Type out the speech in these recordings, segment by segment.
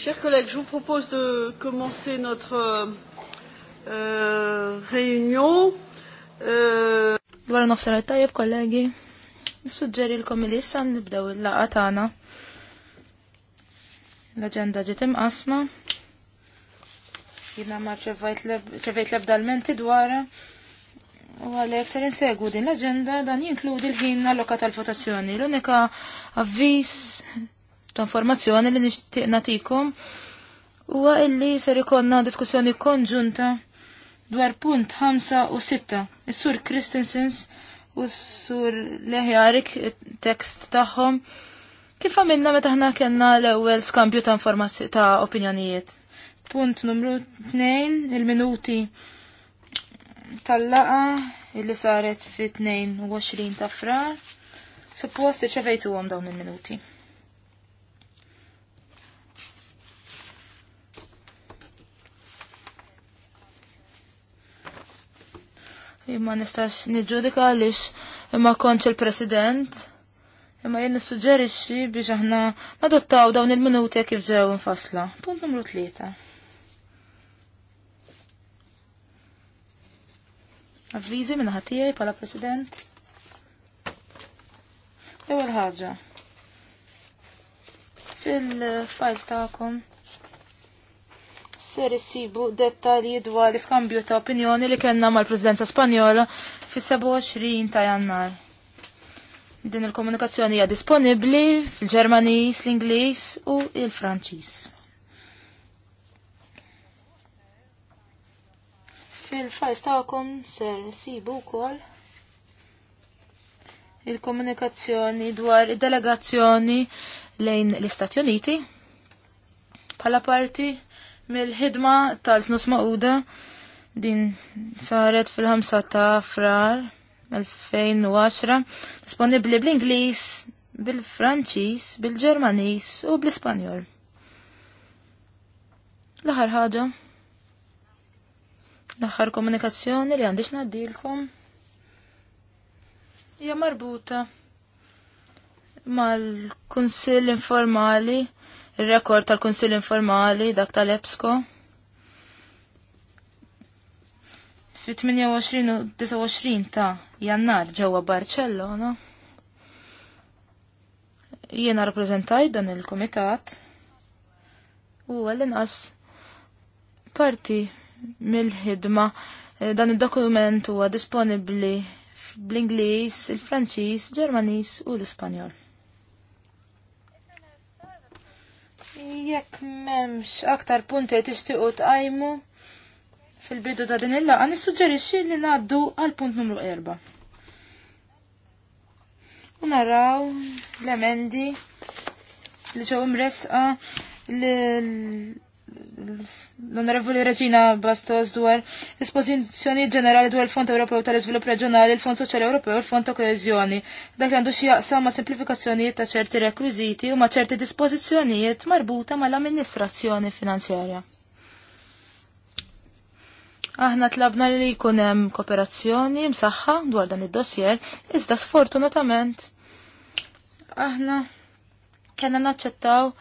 Chers collègues, je vous propose de commencer notre euh, euh réunion. Euh, dwar nofsar tajjeb kollegi, nissuġġeri l-kom li issa nibdew il-laqa tagħna. L-aġenda ġiet imqasma. Jiena ma ċervejt lebda l-menti dwarha. U għalek ser insegu din l-agenda dan jinkludi l-ħin allokat tal votazzjoni L-unika avvis ta' informazzjoni li nixtieq natikom huwa illi ser ikonna diskussjoni konġunta dwar punt 5 u 6. Is-sur Christensens u s-sur Leħjarik tekst tagħhom kif għamilna meta ħna kellna l-ewwel skambju ta' informazzjoni ta' opinjonijiet. Punt numru 2 il-minuti tal-laqa illi saret fit-22 ta' frar. Suppost iċċevejtu għom dawn il-minuti. imma nistax niġġudika għaliex imma konċ il-President. Imma jien nissuġġerixxi biex aħna nadottaw dawn il-minuti kif ġew infasla. Punt numru tlieta. Avviżi minn ħatijaj pala President. Ewwel ħaġa. Fil-files tagħkom ser isibu dettalji dwar l-iskambju ta' opinjoni li kellna mal-Presidenza Spanjola fis-27 ta' Jannar. Din il-komunikazzjoni hija disponibbli fil-Ġermaniż, l-Ingliż u l-Franċiż. Fil-fajs tagħkom ser isibu wkoll il-komunikazzjoni dwar id-delegazzjoni lejn l-Istati Uniti bħala parti mill-ħidma tal-snus maquda din saret fil-5 ta' frar 2010 disponibli bl-Ingliż, bil-Franċiż, bil-Ġermaniż u bl-Ispanjol. L-aħħar ħaġa. L-aħħar komunikazzjoni li għandix ngħaddilkom hija marbuta mal-Kunsill informali il-rekord tal-Konsil Informali dak tal epsco Fi 28 u 29 ta' jannar ġewwa Barcellona. Jiena rappreżentaj dan il-komitat u għall-inqas parti mill-ħidma eh, dan id dokument huwa disponibbli bl-Ingliż, il-Franċiż, Ġermaniż u l-Ispanjol. Jekk memx aktar punti tixtiqu tqajmu fil-bidu ta' din il-laqa, nissuġġerixxi li ngħaddu għal punt numru 4. U naraw l-emendi li ġew imresqa l-Onorevoli Reġina Bastos dwar l esposizjoni ġenerali dwar il-Fond Ewropew tal-Iżvilupp Reġjonali, il-Fond Soċjali Ewropew, il-Fond ta' Koeżjoni. Dak għandu xi jaqsam ma' semplifikazzjonijiet ta' ċerti rekwiżiti u ma' ċerti dispożizzjonijiet marbuta mal-amministrazzjoni finanzjarja. Aħna tlabna li jkun hemm kooperazzjoni msaħħa dwar dan id-dossier, iżda sfortunatament aħna kellna naċċettaw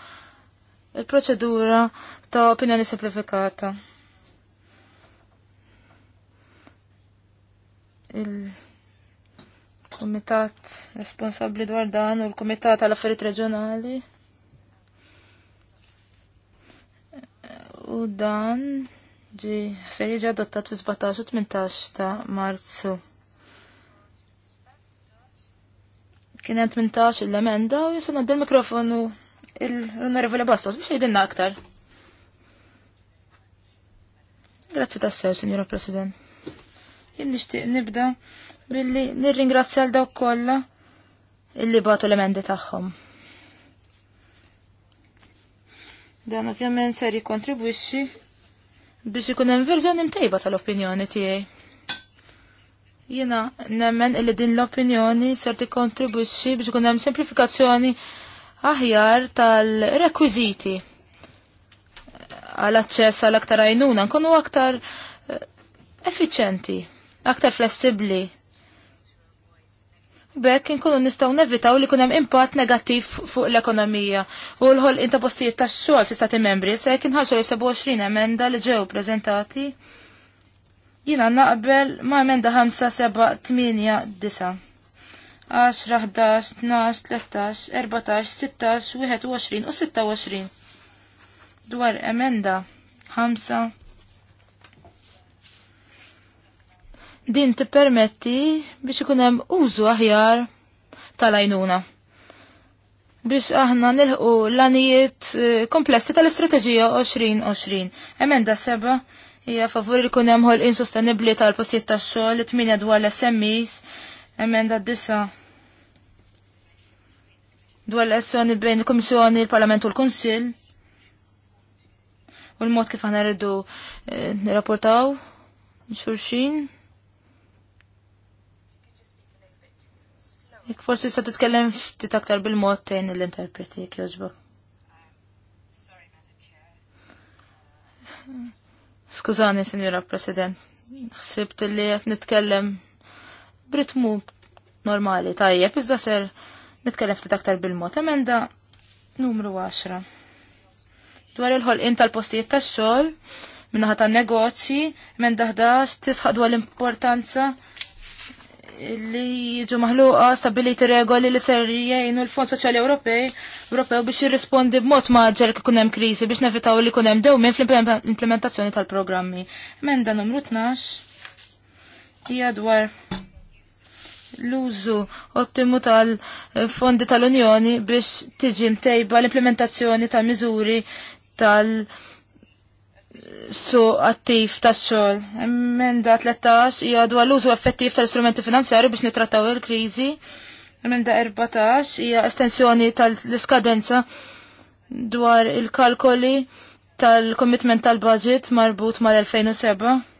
il-proċedura ta' opinjoni simplifikata. Il-Kumitat responsabli dwar dan u l-Kumitat għal affarijiet reġjonali. U dan ġi ser jiġi adottat fi 17 18 ta' Marzu. Kien hemm 18 l-emenda u jisna d-mikrofonu l-Onorevole Bastos biex jgħidilna aktar. Grazzi tassew, Signora President. Jien nixtieq nibda billi nirringrazzja l dawk kollha illi batu l-emendi tagħhom. Dan ovvjament ser jikkontribwixxi biex ikun hemm verżjoni mtejba tal-opinjoni tiegħi. Jiena nemmen illi din l-opinjoni ser tikkontribwixxi biex ikun hemm semplifikazzjoni aħjar tal-rekwiziti għal-aċċess għal-aktar għajnuna, nkunu aktar eh, effiċenti, aktar flessibli. Bekk nkunu nistaw nevitaw li kunem impatt negattiv fuq l-ekonomija u l-ħol inta postijiet ta' xogħol fi stati membri se jekk inħarsu li 27 emenda li ġew prezentati Jina naqbel ma' emenda 5, 7, 8, 9. 10, 11, 12, 13, 14, 16, 21 u 26. Dwar emenda 5. Din tippermetti biex ikun hemm użu aħjar tal-għajnuna. Biex aħna nilħu l-anijiet eh, komplessi tal-istrateġija 2020. Emenda 7 hija favur ikun hemm ħolqien sostenibbli tal-postijiet tax-xogħol, 8 dwar l-SMEs, Emenda dissa dwar essoni bejn il-Komissjoni, il-Parlament u l-Konsil u l-mod kif aħna rridu eh, nirrapportaw xurxin. Ik forsi sta titkellem ftit aktar bil-mod tejn l-interpreti jek jogħġbok. Skużani, Sinjora President, ħsibt li qed nitkellem britmu normali tajjeb, iżda ser nitkellem ftit aktar bil-mod. Emenda numru 10. Dwar il ħolqien tal-postijiet tax-xogħol minnaħa tan-negozji, emenda 11 tisħaq dwar l-importanza li jiġu maħluqa stabiliti regoli li ser jgħinu l-Fond Soċjali Ewropej Ewropew biex jirrispondi b'mod maġġer kif hemm kriżi biex nevitaw li jkun hemm dewmien fl-implementazzjoni tal-programmi. Emenda numru 12 hija dwar l-użu ottimu tal-fondi tal-Unjoni biex tiġi mtejba l-implementazzjoni ta' miżuri tal- su attiv tax xol. Emenda 13 hija dwar l-użu effettiv tal-istrumenti finanzjari biex nitrattaw il-kriżi. Emenda 14 hija estensjoni tal-iskadenza dwar il-kalkoli tal-commitment tal-budget marbut mal-2007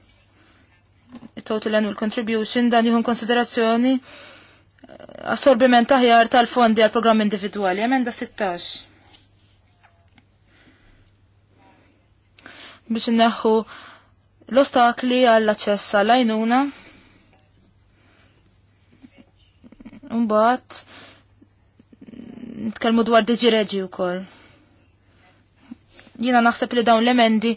total annual contribution dan jihun konsiderazzjoni eh, assorbiment aħjar tal-fondi għal programm individuali. Emenda 16. biex neħu l-ostakli għall-aċċess għall-għajnuna. Umbat, nitkellmu dwar diġi reġi u kol. Jina naħseb li dawn l-emendi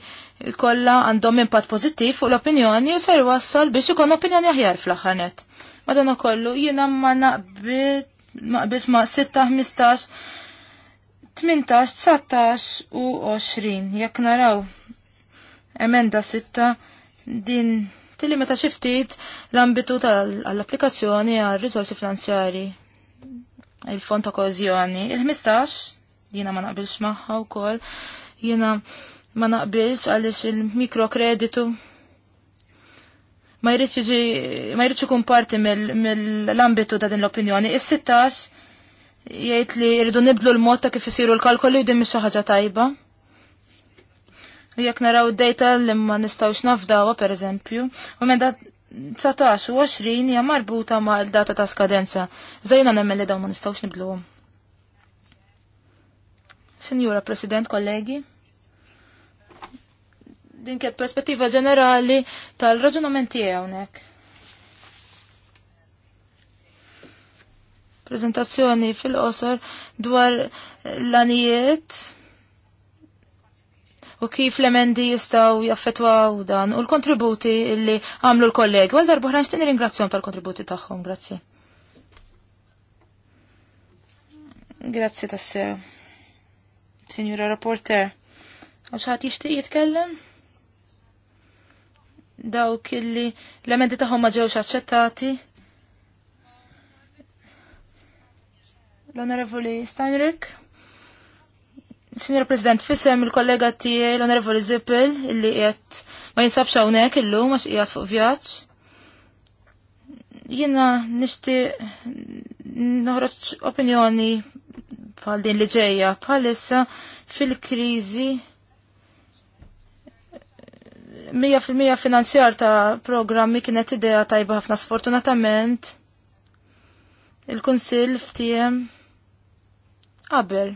kolla għandhom impatt pozittiv fuq l-opinjoni u ser wassal biex ikun opinjoni aħjar fl-aħħar Madonna kollu jina ma naqbit ma qbilx ma 6, 18, 19 u 20. jek naraw emenda 6 din tilli meta xiftit l-ambitu tal-applikazzjoni għal rizorsi finanzjari il-fond ta' kozjoni. Il-15 jina ma naqbilx u wkoll jina ma naqbilx għaliex il-mikrokreditu ma jirriċi kun ikun parti mill-ambitu ta' din l-opinjoni. Is-16 jgħid li jridu nibdlu l-mod ta' kif isiru l-kalkoli u din mhix xi ħaġa tajba. Jekk naraw id-data li ma nistgħux per pereżempju, u menda 19 u 20 hija marbuta ma' l-data ta' skadenza. Zdajna nemmen li dawn ma nistgħux nibdluhom. Sinjura President, kollegi din kiet perspettiva ġenerali tal-raġunamenti hawnhekk. Prezentazzjoni fil-qosor dwar l-anijiet u kif l-emendi jistaw jaffetwaw dan u l-kontributi li għamlu l-kollegi. Għal darbu ħranx tini ringrazzjon tal-kontributi tagħhom, grazzi. Grazzi tassew. Signora Rapporter, għax ħat jishtiq jitkellem? dawk illi l-emendi tagħhom ma ġewx aċċettati. L-Onorevoli Steinrich. Signor President, fissem il-kollega tiegħi l-Onorevoli Zippel illi qiegħed ma jinsabx hawnhekk illum għax jgħat fuq vjaġġ. Jiena nixtieq noħroġ opinjoni bħal din li ġejja bħalissa fil-kriżi 100% finanzjar ta' programmi kienet idea tajba ħafna sfortunatament il-Kunsill ftiem qabel.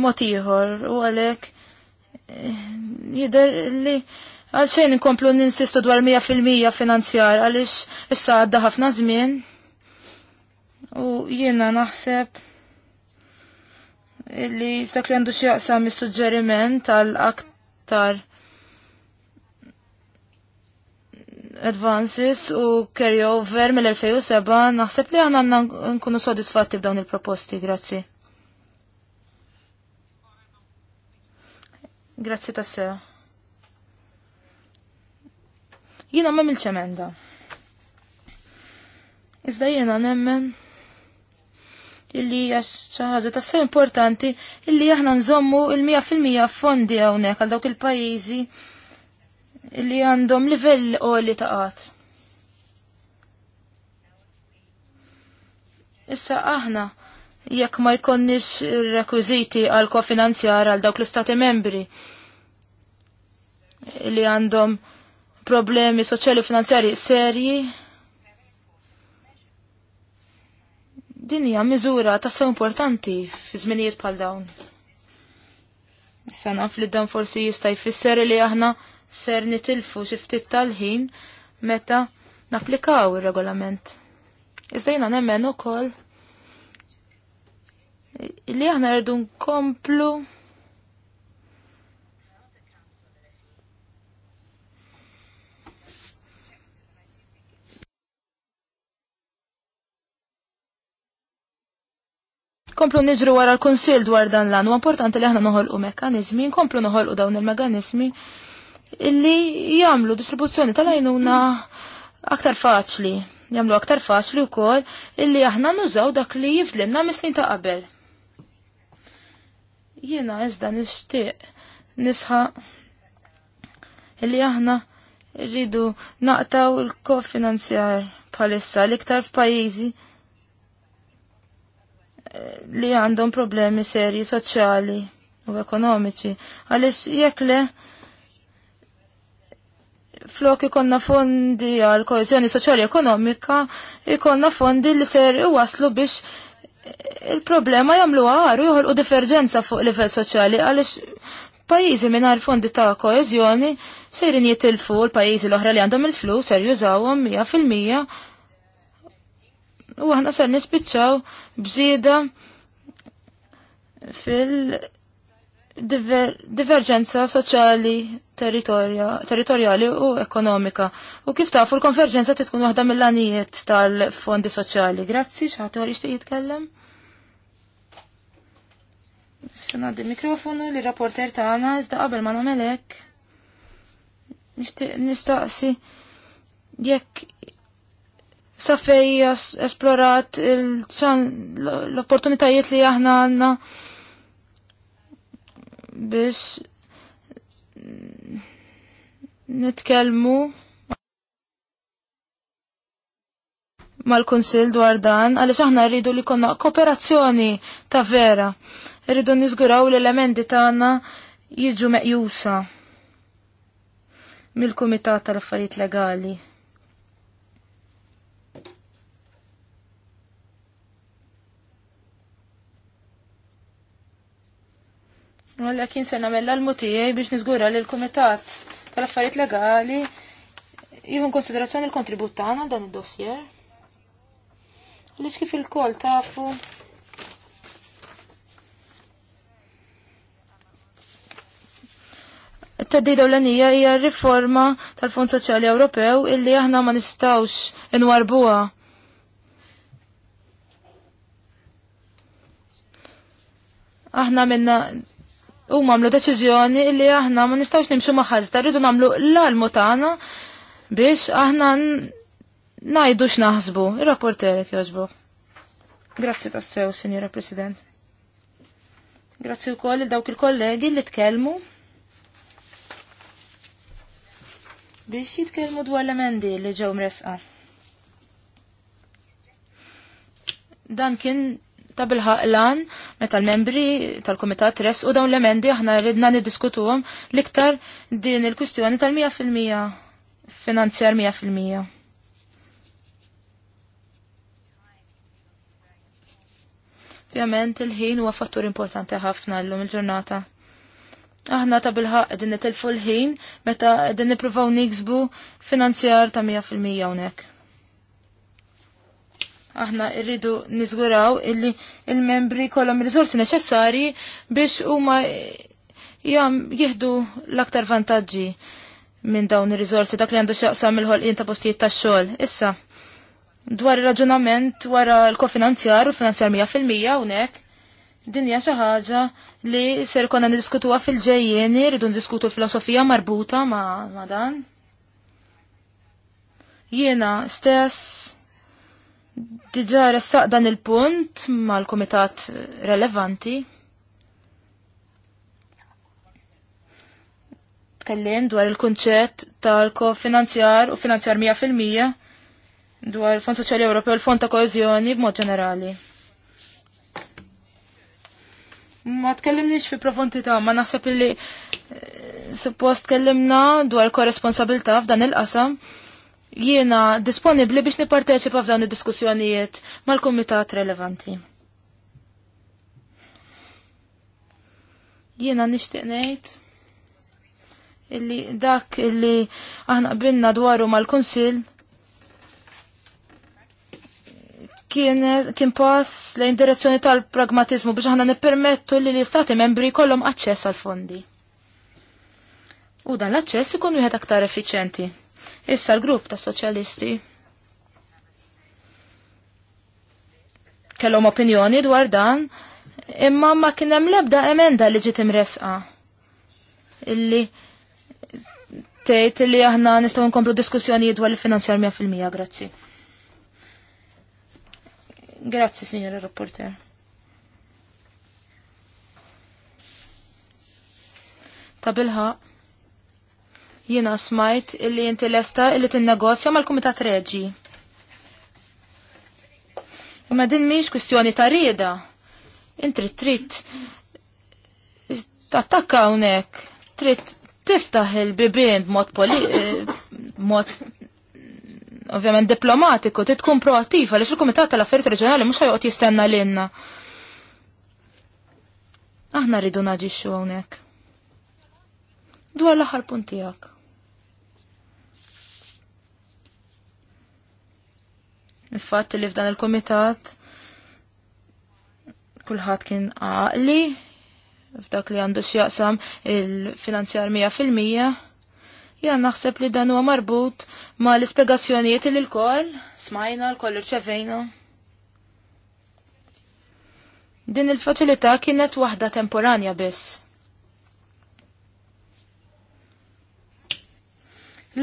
Motiħor, u għalek eh, jider li għalxejn inkomplu ninsistu dwar 100% finanzjar għalix issa għadda ħafna żmien u jiena naħseb illi ftak li għandu xieqsam mis-suġġeriment għal aktar advances u carryover mill-2007 naħseb li għanna nkunu sodisfatti b'dawn il-proposti, grazzi. Grazzi tassew. Jina ma' mil-ċemenda. Iżda jena nemmen illi ħaġa tassew importanti illi aħna nżommu il-100% fondi hawnhekk għal dawk il-pajjiżi illi għandhom livell qoli ta' qatt. Issa aħna jekk ma jkonniex rekwiżiti għal kofinanzjar għal dawk l-istati membri li għandhom problemi soċjali finanzjari serji Din hija miżura so importanti fi żminijiet bħal dawn. Issa naf li dan forsi jista' jfisser li aħna ser nitilfu xi ftit tal-ħin meta napplikaw ir-regolament. Iżda jiena nemmen ukoll li aħna rridu nkomplu komplu niġru wara l-Konsil dwar dan l-an. U importanti li aħna noħolqu mekkanizmi, nkomplu noħolqu dawn il-mekanizmi illi jagħmlu distribuzzjoni tal-għajnuna aktar faċli. Jagħmlu aktar faċli wkoll illi aħna nużaw dak li jifdlimna mis ta' qabel. Jiena iżda nixtieq nisħa illi aħna rridu naqtaw il-kofinanzjar bħalissa l-iktar f'pajjiżi li għandhom problemi serji soċjali u ekonomiċi. Għalix jekk le flok ikonna fondi għal koezjoni soċjali ekonomika, ikonna fondi li ser waslu biex il-problema jamlu għaru u diferġenza fuq livell soċjali għalix pajizi minar fondi ta' koezjoni serin jitilfu l-pajizi l-oħra li għandhom il flu ser jużawhom 100% U aħna sar nispiċċaw bżieda fil divergenza soċjali territorjali u ekonomika. U kif tafu l-konverġenza titkun waħda mill-anijiet tal-fondi soċjali. Grazzi, xaħti għal ixtiq jitkellem. il mikrofonu li rapporter ta' għana, iżda qabel ma' namelek. Nistaqsi, jekk safej esplorat l-opportunitajiet li aħna għanna biex nitkelmu mal konsil dwar dan, għaliex aħna rridu li konna kooperazzjoni ta' vera, rridu nizguraw l-elementi tagħna jiġu meqjusa mill-Kumitat tal-Affarijiet Legali. kien se namella l-mutijaj biex nizgura li l-Komitat tal-Affarijiet Legali jihu konsiderazzjoni l-kontribut tagħna dan id-dossier. Għaliex kif il-kol tafu tad dawlanija hija riforma tal-Fond Soċjali Ewropew illi aħna ma nistawx inwarbuha aħna minna u mamlu deċiżjoni li aħna ma nistawx nimxu maħazda, rridu namlu l-almu tagħna biex aħna najdu x'naħsbu, ir-rapporterek jogħġbu. Grazzi tassew, Sinjora President. Grazzi wkoll il dawk il-kollegi li tkellmu biex jitkellmu dwar l-emendi li ġew mresqa. Dan kien ta' bil-ħaqlan meta l-membri tal-Komitat Res u dawn l-emendi aħna ridna niddiskutuhom l-iktar din il-kwistjoni tal-100% finanzjar 100%. Ovvjament il-ħin huwa fattur importanti ħafna llum il-ġurnata. Aħna ta' bil din nitilfu l-ħin meta din nippruvaw niksbu finanzjar ta' 100% hawnhekk aħna irridu nizguraw illi il-membri kollhom risorsi neċessari biex huma jieħdu l-aktar vantaġġi minn dawn ir-riżorsi dak li għandu x'jaqsam il-ħolqien ta' postijiet tax-xogħol. Issa, dwar ir-raġunament wara l-kofinanzjar u finanzjar 100% hawnhekk din hija xi ħaġa li ser konna niddiskutuha fil-ġejjien, irridu ndiskutu filosofija marbuta ma', ma dan. Jiena stess diġa ressaq dan il-punt mal-komitat relevanti. Tkellim dwar il-kunċett tal-kofinanzjar u finanzjar 100% dwar il-Fond Soċjali Ewropew u l-Fond ta' Koezjoni b'mod ġenerali. Ma tkellimniex fi profondità, ma naħseb li eh, suppost tkellimna dwar korresponsabilità f'dan il-qasam jiena disponibli biex nipparteċipa f'dawn id-diskussjonijiet mal-kumitat relevanti. Jiena nixtieq ngħid illi dak illi aħna binna dwaru mal-Kunsill kien, kien pass lejn direzzjoni tal-pragmatizmu biex aħna nippermettu li l-istati membri kollhom aċċess għal fondi. U dan l-aċċess ikun wieħed aktar effiċenti. Issa l-grupp ta' soċjalisti kellhom opinjoni dwar dan, imma ma kien hemm l-ebda emenda li ġiet imresqa. Illi tgħid li aħna nistgħu nkomplu diskussjonijiet dwar il-finanzjar fil-mija. grazzi. Grazzi, signora rapporter. Ta' bilħaq. Jiena smajt illi inti lesta illi tinnegozja mal-Kumitat Reġi. Ma din miex kwestjoni ta' rieda. Intri trid tattakka hawnhekk, trid tiftaħ il-bibien b'mod poli eh, mod ovvjament diplomatiku, trid tkun proattiva li il-Kumitat tal-Affarijiet Reġjonali mhux ħajqgħod jistenna lilna. Aħna rridu naġixxu hawnhekk. Dwar l-aħħar punt tiegħek. il-fatt li f'dan il-komitat kulħadd kien għaqli f'dak li għandu x'jaqsam il-finanzjar 100% jena naħseb li dan huwa marbut ma l-ispjegazzjonijiet li l-koll smajna l-koll irċevejna. Din il-faċilità kienet waħda temporanja biss.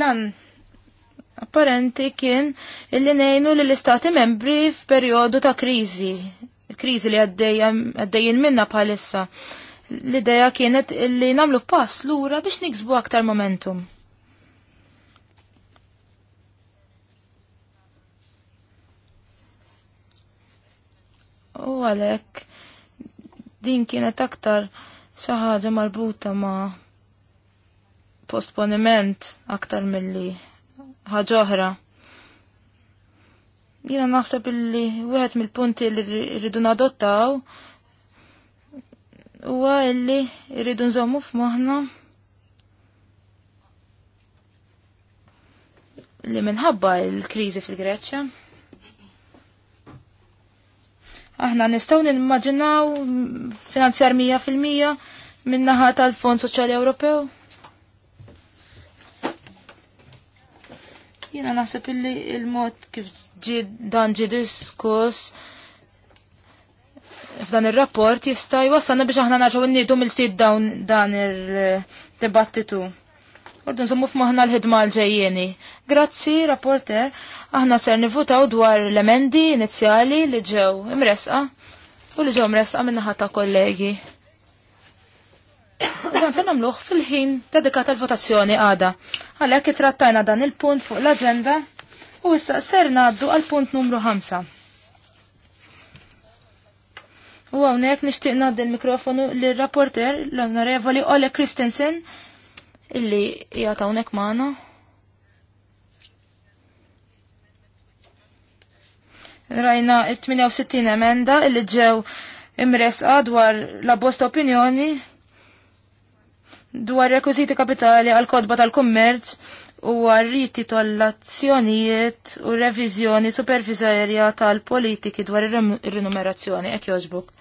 Lan apparenti kien illi nejnu li l-istati membri f'perjodu ta' krizi, krizi li għaddejjin minna bħalissa. L-ideja kienet illi namlu pass lura biex niksbu aktar momentum. U għalek, din kienet aktar saħħaġa marbuta ma' postponiment aktar mill-li ħaġa Jina Jiena naħseb illi wieħed mill-punti li rridu nadottaw huwa li rridu nżommu f'moħħna li minħabba l-kriżi fil-Greċja. Aħna nistgħu nimmaġinaw finanzjar mija fil-mija min-naħa tal-Fond Soċjali Ewropew Jiena naħseb illi il-mod kif dan ġi diskuss f'dan ir-rapport jista' jwassalna biex aħna naġgħu nniedu mill sid dawn dan il dibattitu Ordu nżommu f'maħna l-ħidma l-ġejjeni. Grazzi, rapporter, aħna ser nivutaw dwar l-emendi inizjali li ġew imresqa u li ġew imresqa minnaħa ta' kollegi. U dan se nagħmluh fil-ħin dedikat għal votazzjoni għada. Għalhekk it-trattajna dan il-punt fuq l-aġenda u issa ser ngħaddu għal punt numru 5. U hawnhekk nixtieq ngħaddi l-mikrofonu lir-rapporter l-Onorevoli Ole Christensen illi hija hawnhekk magħna. Rajna 68 emenda illi ġew imresqa dwar la bosta opinjoni dwar rekwiziti kapitali għal kodba tal-kummerċ u tal-azzjonijiet u revizjoni supervizorja tal-politiki dwar il-renumerazzjoni. Ek joġbuk.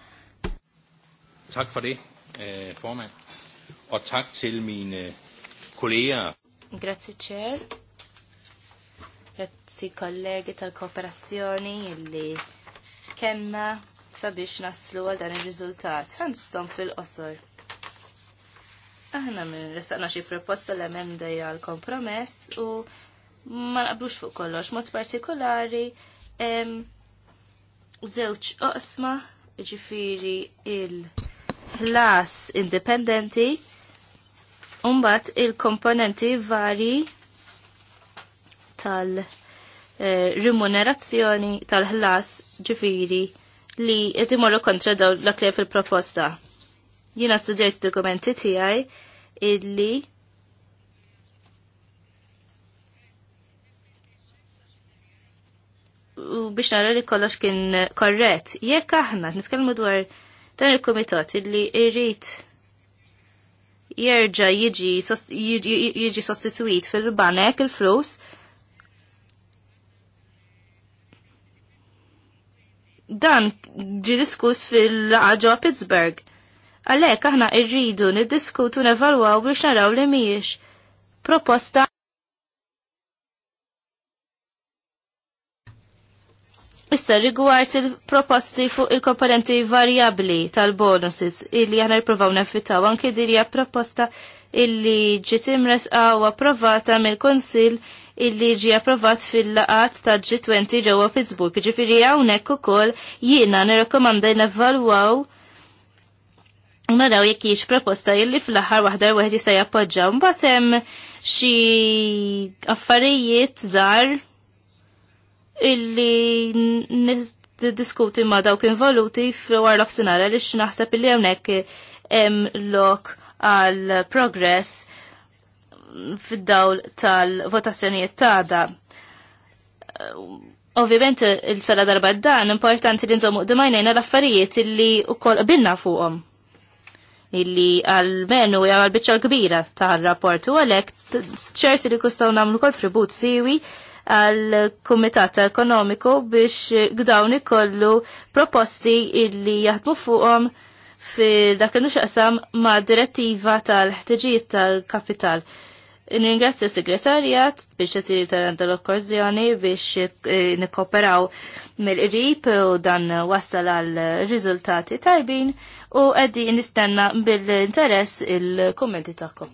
Tak for det, U eh, Og tak til min kollega. Grazie, Chair. Grazie, kollegi tal-kooperazzjoni illi kenna sabiex naslu għal dan il-rizultat. Għandżom fil-qosor Aħna minn restaqna xie proposta l-emenda għal kompromess u ma naqblux fuq kollox, mod partikolari żewġ oqsma ġifiri il-ħlas indipendenti Umbat il-komponenti vari tal-rimunerazzjoni eh, tal-ħlas ġifiri li jtimorru kontra daw l-akle fil-proposta. Jina studjajt dokumenti tijaj, illi u biex nara li kollox kien korrett. Jekk aħna nitkellmu dwar dan il-kumitat illi irrid jerġa' jiġi jiġi sostituit fil-banek il-flus, dan ġi diskuss fil-laqgħa Pittsburgh Għalhekk aħna irridu niddiskutu nevalwaw biex naraw li mhijiex proposta Issa rigward il-proposti fuq il-komponenti variabli tal-bonuses illi aħna jippruvaw nefittaw anke dirja proposta illi ġiet imresqa u approvata mill-Konsil illi ġi approvat fil-laqat ta' G20 ġewwa Pittsburgh. Ġifieri hawnhekk ukoll jiena nirrakkomanda nevalwaw daw jekk jiex proposta illi fl-aħħar waħda wieħed jista' jappoġġa mbagħad hemm xi affarijiet żgħar illi diskuti ma dawk involuti f'war l-ofsinara li x'naħseb illi hemmhekk hemm lok għal progress fid-dawl tal-votazzjonijiet tagħda. Ovvjament il-sala darba dan importanti li nżommu d-dimajnejna l-affarijiet illi u koll binna fuqhom illi għal-menu għal biċċa kbira ta' rapport u għalek ċerti li kustaw namlu kontribut siwi għal-Kumitat Ekonomiku biex gdawn ikollu proposti illi jaħdmu fuqhom fi dak li nuxaqsam ma' direttiva tal-ħtiġijiet tal-kapital. Ningrazzja s-segretarjat biex tal-għanda l-okkorzjoni biex eh, nikoperaw mill-qrib u dan wassal għal riżultati tajbin u għeddi nistenna bil-interess il-kommenti tagħkom.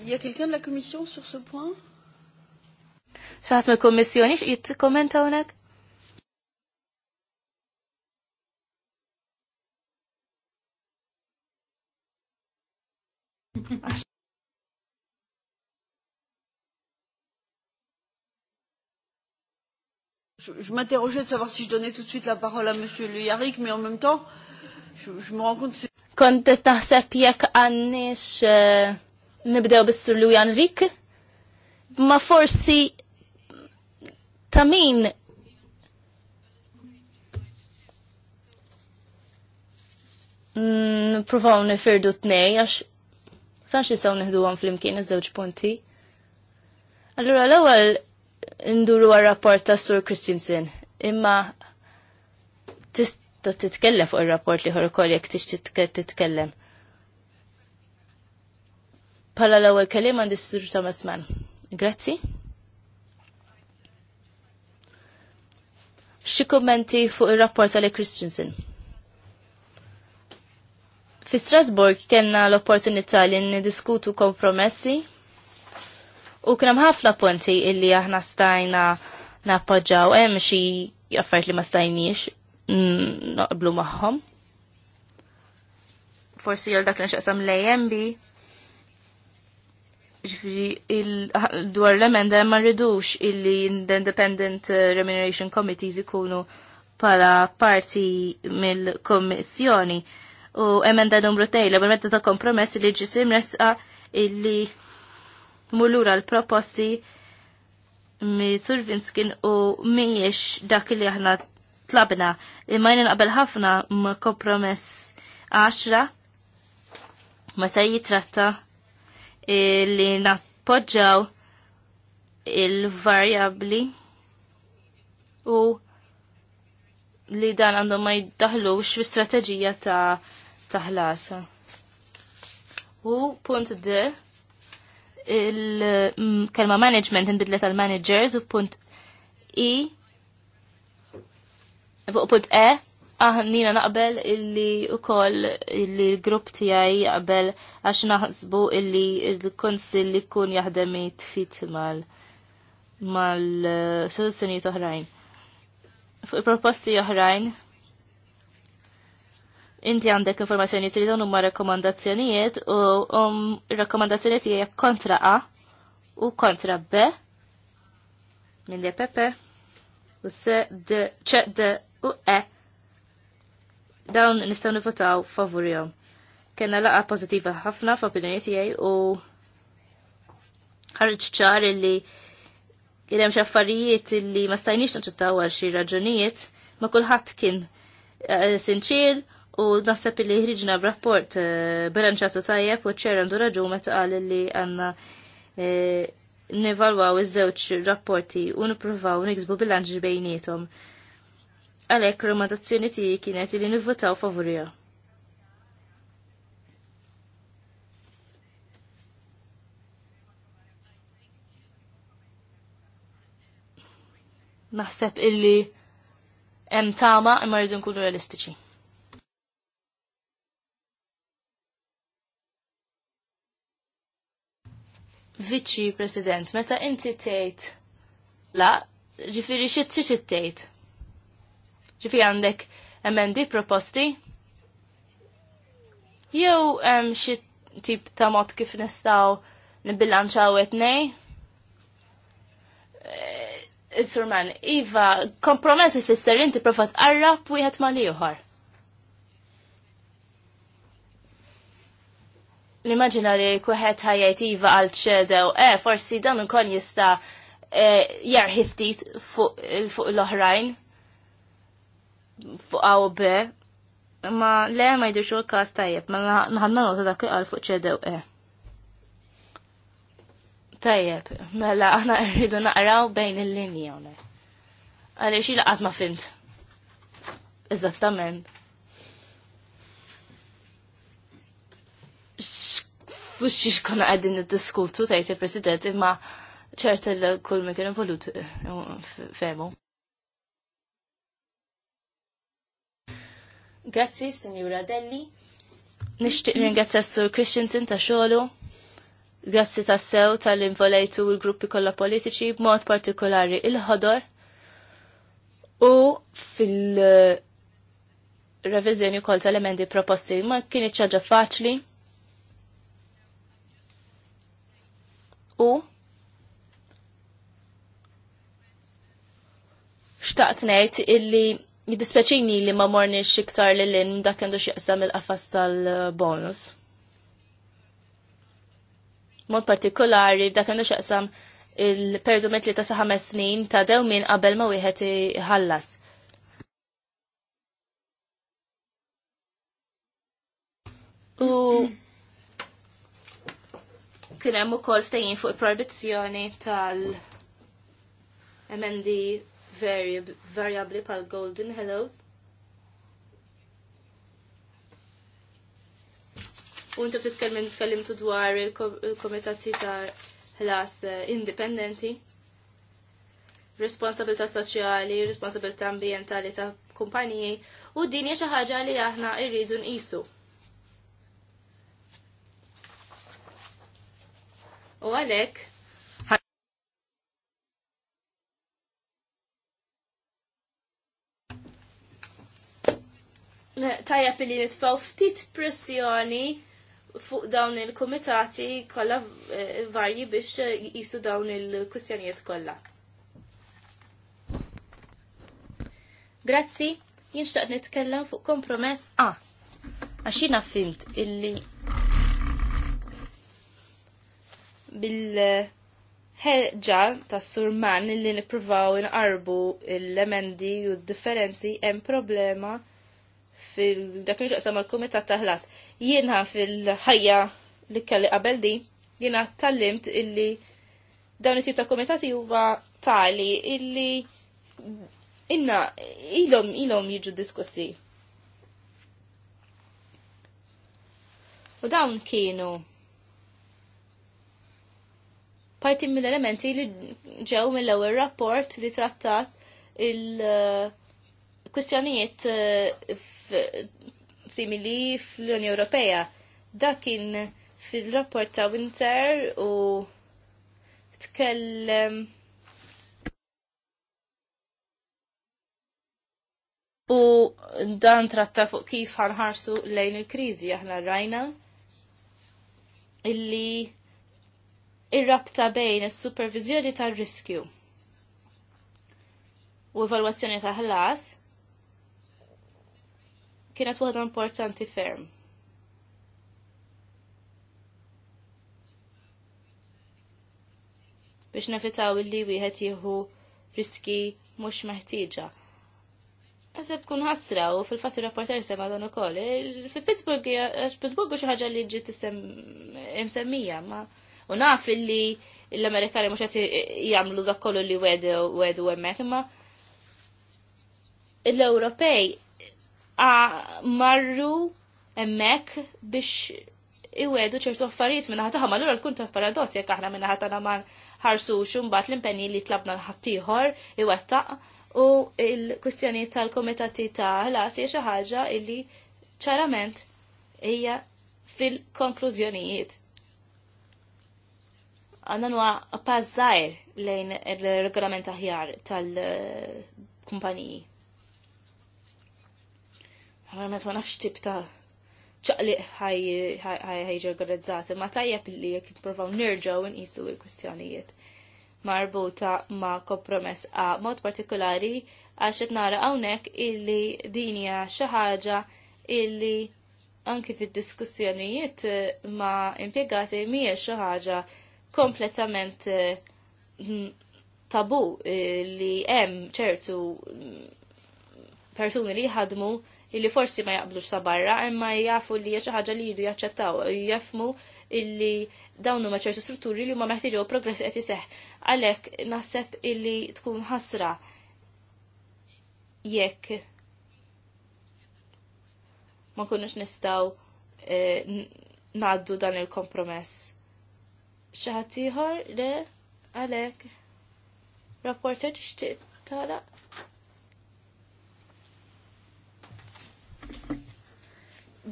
Y a quelqu'un de la commission sur ce point? Xaħat me kommissjoni, x'jiet kommenta unek? Je, m'interrogeais de savoir si je donnais tout de suite la parole à Monsieur Le Yarrick, mais en même temps, je, je me rends compte que Kont taħseb jekk għannix eh, nibdew bis-Sur Lu Janrik, ma forsi ta' min mm, Sanx nisaw nihdu għan fl-imkien iż-żewġ punti. Allura l-ewwel induru għal rapport ta' Sur Christensen, imma tista' titkellem fuq ir-rapport li ħorkoll jekk tix titkellem. Pala l-ewwel keliem għandi Sur Thomas Mann. Grazzi. Xi kummenti fuq ir-rapport tal Christensen? Fi Strasburg kellna l-opportunità li niddiskutu kompromessi u kien hemm ħafna punti illi aħna stajna nappoġġaw hemm xi affarijiet li ma stajniex mm, naqblu magħhom. Forsi jew dak li nxaqsam l-AMB dwar l-emenda ma rridux illi l-Independent uh, Remuneration Committees ikunu pala parti mill-kommissjoni u emenda numru tejla, emenda ta' kompromess li ġisim resqa illi mulura l-proposti mi Survinskin u miex dak li aħna tlabna. Imajnin qabel ħafna ma' kompromess 10 meta jitratta li nappoġġaw il variabli u li dan għandhom ma jiddaħlu fi strateġija ta' ta' ħlasa. U punt D il-kelma management inbidlet tal managers u punt I fuq punt E aħnina ah, naqbel illi u koll illi l-grupp tijaj jaqbel għax naħsbu illi l-konsil li kun jaħdem tfit mal mal eh, soluzzjonijiet oħrajn. Fuq il-proposti oħrajn, inti għandek informazzjoni li dawn huma rakkomandazzjonijiet u um, rakkomandazzjonijiet jie kontra A u kontra B minn pepe u C D C D u E dawn nistgħu nifutaw favorijom kena laqa pozitiva ħafna f'opinjoni tiegħi u ħarġ ċar illi il hemm xi affarijiet illi ma stajniex naċċettaw għal xi raġunijiet ma kulħadd kien eh, sinċir u naħseb li ħriġna b'rapport eh, bilanċatu tajjeb u ċer għandu raġu meta qal li għandna eh, nevalwaw iż-żewġ rapporti u nippruvaw niksbu bilanċ bejnietom. Għalhekk romantazzjoni tiegħi kienet li nivvotaw favurija. Naħseb illi hemm tama imma rridu nkunu realistiċi. viċi president, meta inti tgħid la, ġifieri xi xi tgħid. Ġifieri għandek emendi proposti? Jew hemm xi tip ta' mod kif nistgħu nibbilanċaw etnej? Eh, Is-surman, Iva, kompromessi fisser inti prova tqarrab wieħed ma' ieħor. nimmaġina li kuħet ħajajt iva għal ċedew, eh, forsi dan ukoll jista eh, jarħiftit ftit fuq l-oħrajn, fuq għaw be, ma le ma jidux u kas tajjeb, ma nħanna nota dak għal fuq ċedew, e eh. Tajjeb, mela għana rridu naqraw bejn il-linja unek. Għalli xil laqas ma fimt. Eżattament. x'fux konna qegħdin diskutu tgħid il-President imma ċerta l kull me kien involut eh, fehmu. Grazzi, Signora Delli. Nixtieq ringrazzja Sur Christiansen ta' xogħlu. Grazzi ta' sew tal involajtu l-gruppi kollha politiċi b'mod partikolari il-ħodor u fil- revizjoni kol tal-emendi proposti ma kien iċċaġa faċli u xtaqt ngħid illi jiddispeċini li ma morniex iktar li l-in dak għandu xieqsam il-qafas tal-bonus. Mod partikolari, dak għandu xieqsam il-perdu metli ta' ħames snin ta' dew minn qabel ma wieħed iħallas. U kien hemm ukoll stejjin fuq il-proibizzjoni tal emendi variabli pal Golden Hello. U inti titkellem tkellimtu dwar il-komitati ta' ħlas eh, indipendenti, responsabilità soċjali, responsabilità ambientali ta' kumpaniji u din hija xi ħaġa li aħna rridu nqisu. U għalhekk tajab li nitfaw ftit pressjoni fuq dawn il-komitati kolla eh, varji biex eh, jisu dawn il-kussjonijiet kolla. Grazzi, jinxtaq nitkellem fuq kompromess A. Għaxina fint illi bil-ħeġġa ta' surman li nippruvaw inqarbu l-emendi u d-differenzi hemm problema fil-dak li xaqsam għal kumitat ta' ħlas. Jiena fil-ħajja li kelli qabel di, jiena tallimt illi dawn it-tip ta' kumitati huwa tali illi inna ilhom ilhom jiġu diskussi. U dawn kienu parti mill-elementi li ġew mill-ewwel rapport li trattat il-kwistjonijiet eh, eh, simili fl-Unjoni Ewropea. Dak kien fil-rapport ta' Winter u tkellem U dan tratta fuq kif ħanħarsu lejn il-krizi aħna rajna illi ir-rabta bejn is-supervizjoni tar-riskju u evalwazzjoni ta' ħlas kienet waħda importanti ferm. biex nefitaw illi wieħed jieħu riski mhux meħtieġa. Għazab tkun ħasra u fil-fatt il-rapporter sema dan ukoll. Fi Pittsburgh Pittsburgh xi ħaġa li ġiet imsemmija, ma' U naf illi l-Amerikani mhux qed jagħmlu dak kollu li wedu wedu hemmhekk imma l-Ewropej marru hemmhekk biex iwedu ċertu affarijiet minna ħataħa ma l-ura l-kun ta' paradoss jekk aħna minna ħatana ma xum mbagħad l-impenji li tlabna l-ħaddieħor iwettaq u il kustjoni tal-komitati ta' ħlas jiex xi ħaġa illi ċarament hija fil-konklużjonijiet għanna nwa pazzajr lejn il-regolament aħjar tal-kumpaniji. Għanna nwa nafx tip ta' ċaqliq ħajġa organizzati, ma tajjeb li jek nipprovaw nerġaw nqisu il-kwistjonijiet marbuta ma' kompromess A mod partikolari għax qed nara hawnhekk illi din hija xi ħaġa illi anki fid-diskussjonijiet ma' impjegati mhijiex xi ħaġa kompletament eh, tabu eh, li hemm ċertu mm, persuni li jħadmu illi forsi ma jaqblux sa barra imma jafu li hija xi ħaġa li jidu jaċċettaw jafmu illi dawn huma ċertu strutturi li huma meħtieġa u progress qed iseħħ. Għalhekk naħseb illi tkun ħasra jekk ma kunux nistaw eh, naddu dan il-kompromess xaħatiħor le għalek rapporter xtiq tala.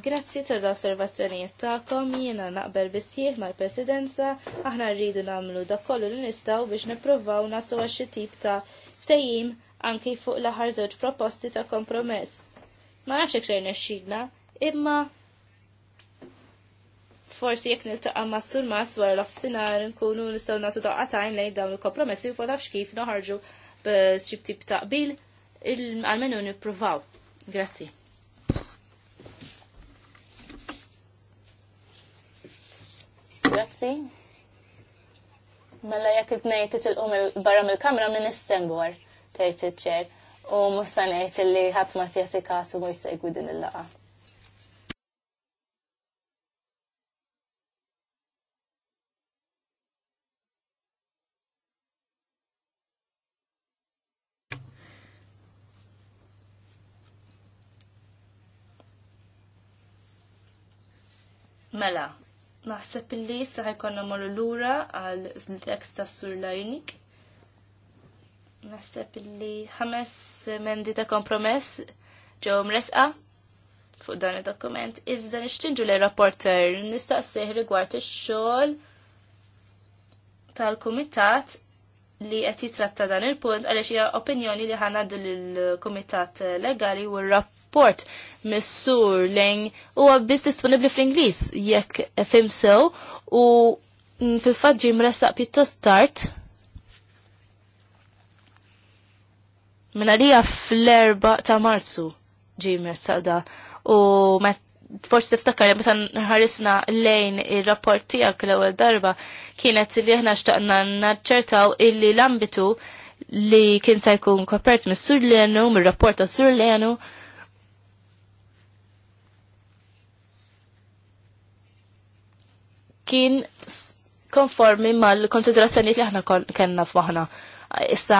Grazzi ta' da' osservazzjonijiet ta'kom, jiena naqbel bisħieħ mal-presidenza, aħna rridu namlu da' kollu li nistaw biex neprovaw nasu xi tip ta' ftejim anki fuq l-aħar żewġ proposti ta' kompromess. Ma nafx xejn xidna, imma forsi jekk niltaqa' ma' sur mas wara l-offsinar nkunu nistgħu nagħtu tajn lejn dawn il-kompromessi u fotafx kif noħarġu b'xi tip ta' qbil għalmenu nippruvaw. Grazzi. Grazzi. Mela jekk it-tnejn titilqu barra mill-kamra minn istembor sembor tgħid ċer u mussa ngħid li ħadd ma tjagħti u mhux segwi din il-laqgħa. Mela, naħseb illi saħi konna morru l-ura għal l-tekst ta' sur lajnik. Naħseb li ħames mendi ta' kompromess ġew mresqa fuq dan id-dokument. Iżda nixtinġu l rapporter nistaqsih rigward ix-xogħol tal-kumitat li qed jitratta dan il-punt għaliex hija opinjoni li ħanaddu lill-kumitat legali u r-rapp trasport missur lejn huwa biss disponibbli fl-Ingliż jekk fim sew u mm, fil-fatt ġi mressaq pjuttost tard. Minna fl 4 ta' Marzu ġi mressaq da u met forsi tiftakar meta ħarisna lejn ir-rapport tiegħek l-ewwel darba kienet li aħna xtaqna naċċertaw illi l-ambitu li kien se jkun kopert mis-Sur Lenu, mir-rapport ta' Sur Lenu, kien konformi mal-konsiderazzjoni li aħna kellna f'waħna. Issa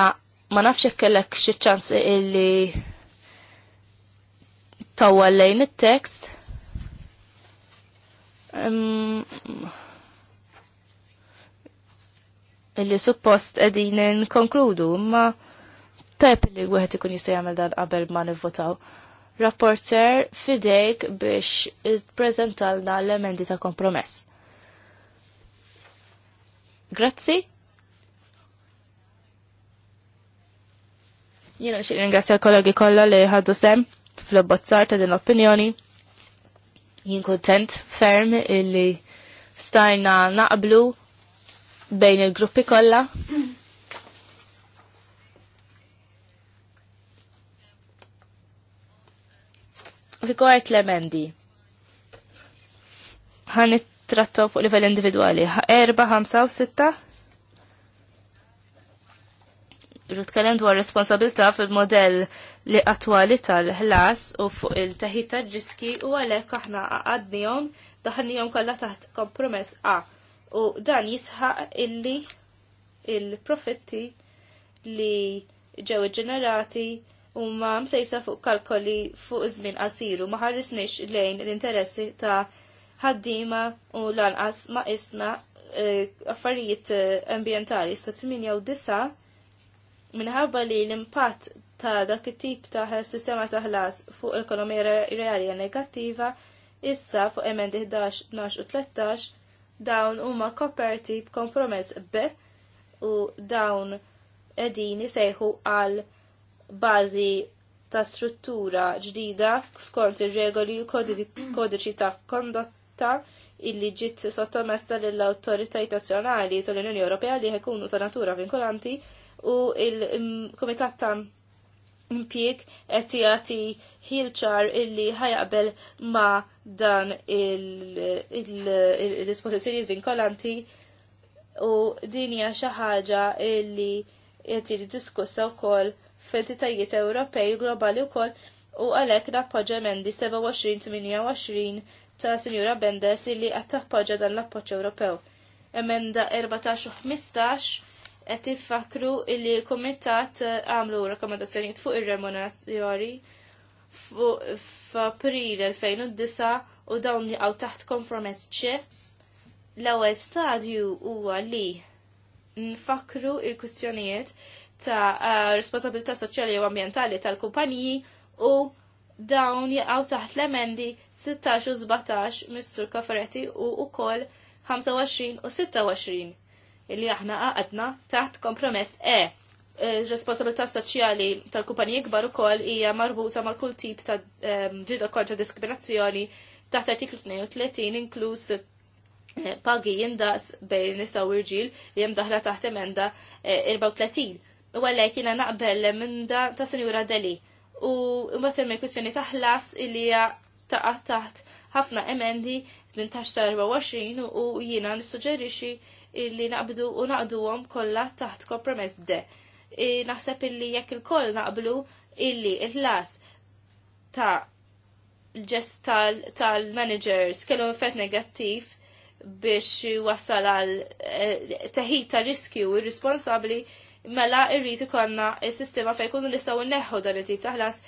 ma nafx jekk kellek xi ċans illi tawwa lejn it-tekst. Illi suppost qegħdin nkonkludu, imma tajb li wieħed ikun jista' jagħmel dan qabel ma nivvotaw. Rapporter fidejk biex ippreżentalna l-emendi ta' kompromess. Grazzi. Jena xie ringrazzja l-kollegi kolla li ħaddu sem fl-abbozzar ta' din opinjoni. Jien kontent ferm illi stajna naqblu bejn il-gruppi kolla. Rigort l-emendi. Ħanit trattaw fuq livell individwali. Erba, ħamsa u sitta. Rutkellem dwar responsabilta fil-modell li attuali tal-ħlas u fuq il-taħit tal-ġiski u għalek aħna għadnijom daħnijom kollha taħt kompromess A. U dan jisħaq illi il-profitti li ġew ġenerati u ma msejsa fuq kalkoli fuq żmien qasiru ma ħarrisnix lejn l-interessi ta' ħaddima u lanqas ma isna e, affarijiet e, ambientali sta' 8 u 9 minħabba li l-impatt ta' dak it-tip ta' sistema ta' ħlas fuq l-ekonomija reali negattiva issa fuq emendi 11, 12 u 13 dawn huma koperti b'kompromess B u dawn edini sejħu għal bażi ta' struttura ġdida skont ir-regoli u kodiċi ta' kondotta rotta illi ġiet sottomessa lill awtoritajiet nazzjonali tal-Unjoni Ewropea li ħekunu ta' natura vinkolanti u il-Kumitat mm, ta' impjieg qed jagħti ħilċar illi ħajaqbel ma' dan il-dispożizzjonijiet vinkolanti u din hija xi ħaġa illi qed jiġi diskussa wkoll f'entitajiet Ewropej globali wkoll u għalhekk nappoġġa emendi 27, 28 ta' Sinjura Bendes illi qed dan l-appoġġ Ewropew. Emenda 14 u 15 qed ifakru illi l-Kumitat għamlu rakkomandazzjonijiet fuq ir-remunerazzjoni f'April 2009 u dawn li għaw taħt kompromess ċe. L-ewwel stadju huwa li nfakru il-kwistjonijiet ta' responsabilità soċjali u ambjentali tal-kumpaniji u dawn jaqgħu taħt l-emendi 16 u 17 mis-Sur Kafaretti u kol 25 u 26 illi aħna għadna taħt kompromess e. e. Responsabilità soċjali tal-kumpaniji kbar ukoll hija marbuta mal kull tip ta' ehm, ġida kontra diskriminazzjoni taħt artiklu 32 inkluż e, pagi jindas bejn nisa u rġil li hemm daħla taħt emenda 34. E, u għalhekk jiena naqbel l-emenda ta' Sinjura Deli u mbagħad hemm kwistjoni ta' ħlas li hija taqa' taħt ħafna emendi 18 sa 24 u jiena nissuġġerixxi illi naqbdu u naqduhom kollha taħt kompromess de. Naħseb illi jekk il-koll naqblu illi il-ħlas ta' l-ġest tal-managers kellu effett negattiv biex wasal għal eh, teħid ta' riskju irresponsabbli mela irrid ikollna s-sistema fejn kunu nistgħu nneħħu dan it-tip ta' ħlas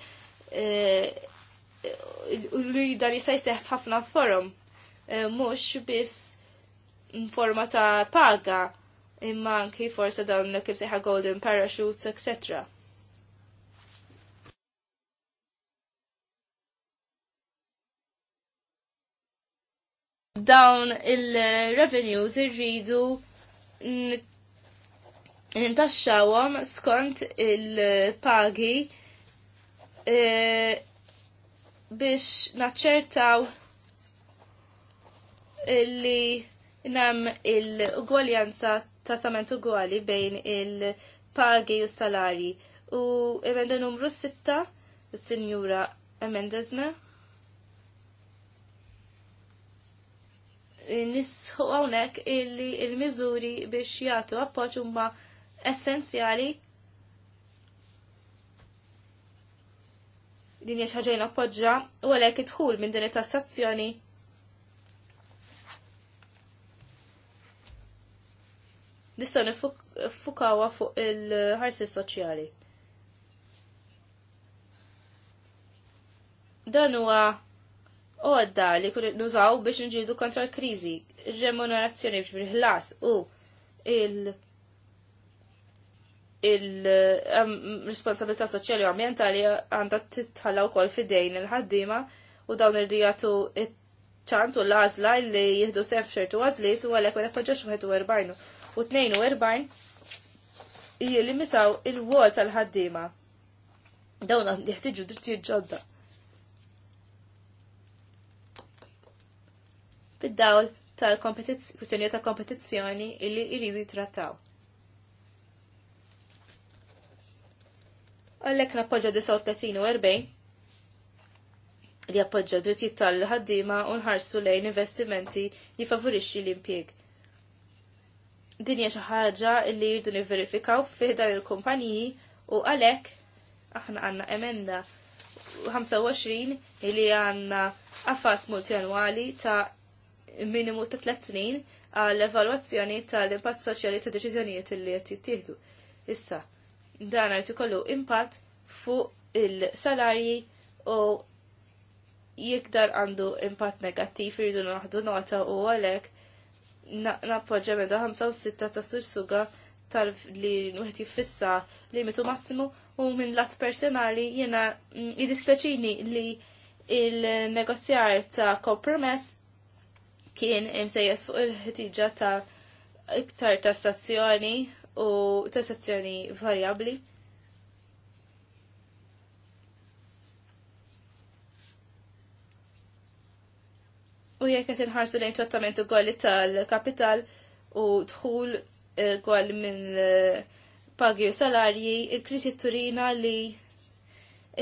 li eh, dan jista' jseħħ ħafna forum eh, mhux biss forma ta' paga imma anki forsa dawn kif seħħa golden parachutes, etc. dawn il-revenues irridu nintaxxawhom skont il-pagi e, biex naċċertaw li nam il-ugwaljanza trattament ugwali bejn il-pagi u salari u emenda numru 6 il-Sinjura Emendezna. nisħu hawnhekk illi il-miżuri biex jagħtu appoġġ huma essenzjali din hija ħaġa appoġġa u għalhekk idħul minn din it-tassazzjoni nistgħu nifukawa fuq il-ħarsi soċjali. Dan huwa għodda li kun nużaw biex nġidu kontra l-krizi, remunerazzjoni biex bil-ħlas u il- il-responsabilità soċjali u ambientali għandha titħallaw kol fidejn il-ħaddima u dawn irdijatu ċans u l-għazla li jihdu sef xertu għazliet u għalek għalek għagġax u 41 u 42 jilimitaw il-wol tal-ħaddima. Dawn għandihtiġu drittijiet ġodda bid-dawl tal-kwistjonijiet ta' kompetizzjoni illi jridu jitrattaw. Għallek nappoġġa 39 li appoġġa drittijiet tal-ħaddiema u nħarsu lejn investimenti li favorixxi l-impjieg. Din hija xi ħaġa li jridu nivverifikaw fih dan il-kumpaniji u għalhekk aħna għandna emenda 25 li għandna affas multjanwali ta' minimu ta' tlet snin għal evalwazzjoni tal-impatt soċjali ta' deċiżjonijiet li qed jittieħdu. Issa, dan ikollu impatt fuq il-salarji u jikdar għandu impatt negattiv irridu naħdu nota u għalhekk nappoġġa minn 56 ta' suga tal li wieħed jiffissa limitu massimu u minn lat personali jiena mm, jiddispjaċini li il-negozjar ta' kompromess kien imsejjes fuq il-ħtiġa ta' iktar tassazzjoni u tassazzjoni varjabbli. U jekk qed inħarsu lejn trattament ukoll tal-kapital u dħul eh, ukoll minn pagi u salarji, il kriżi turina li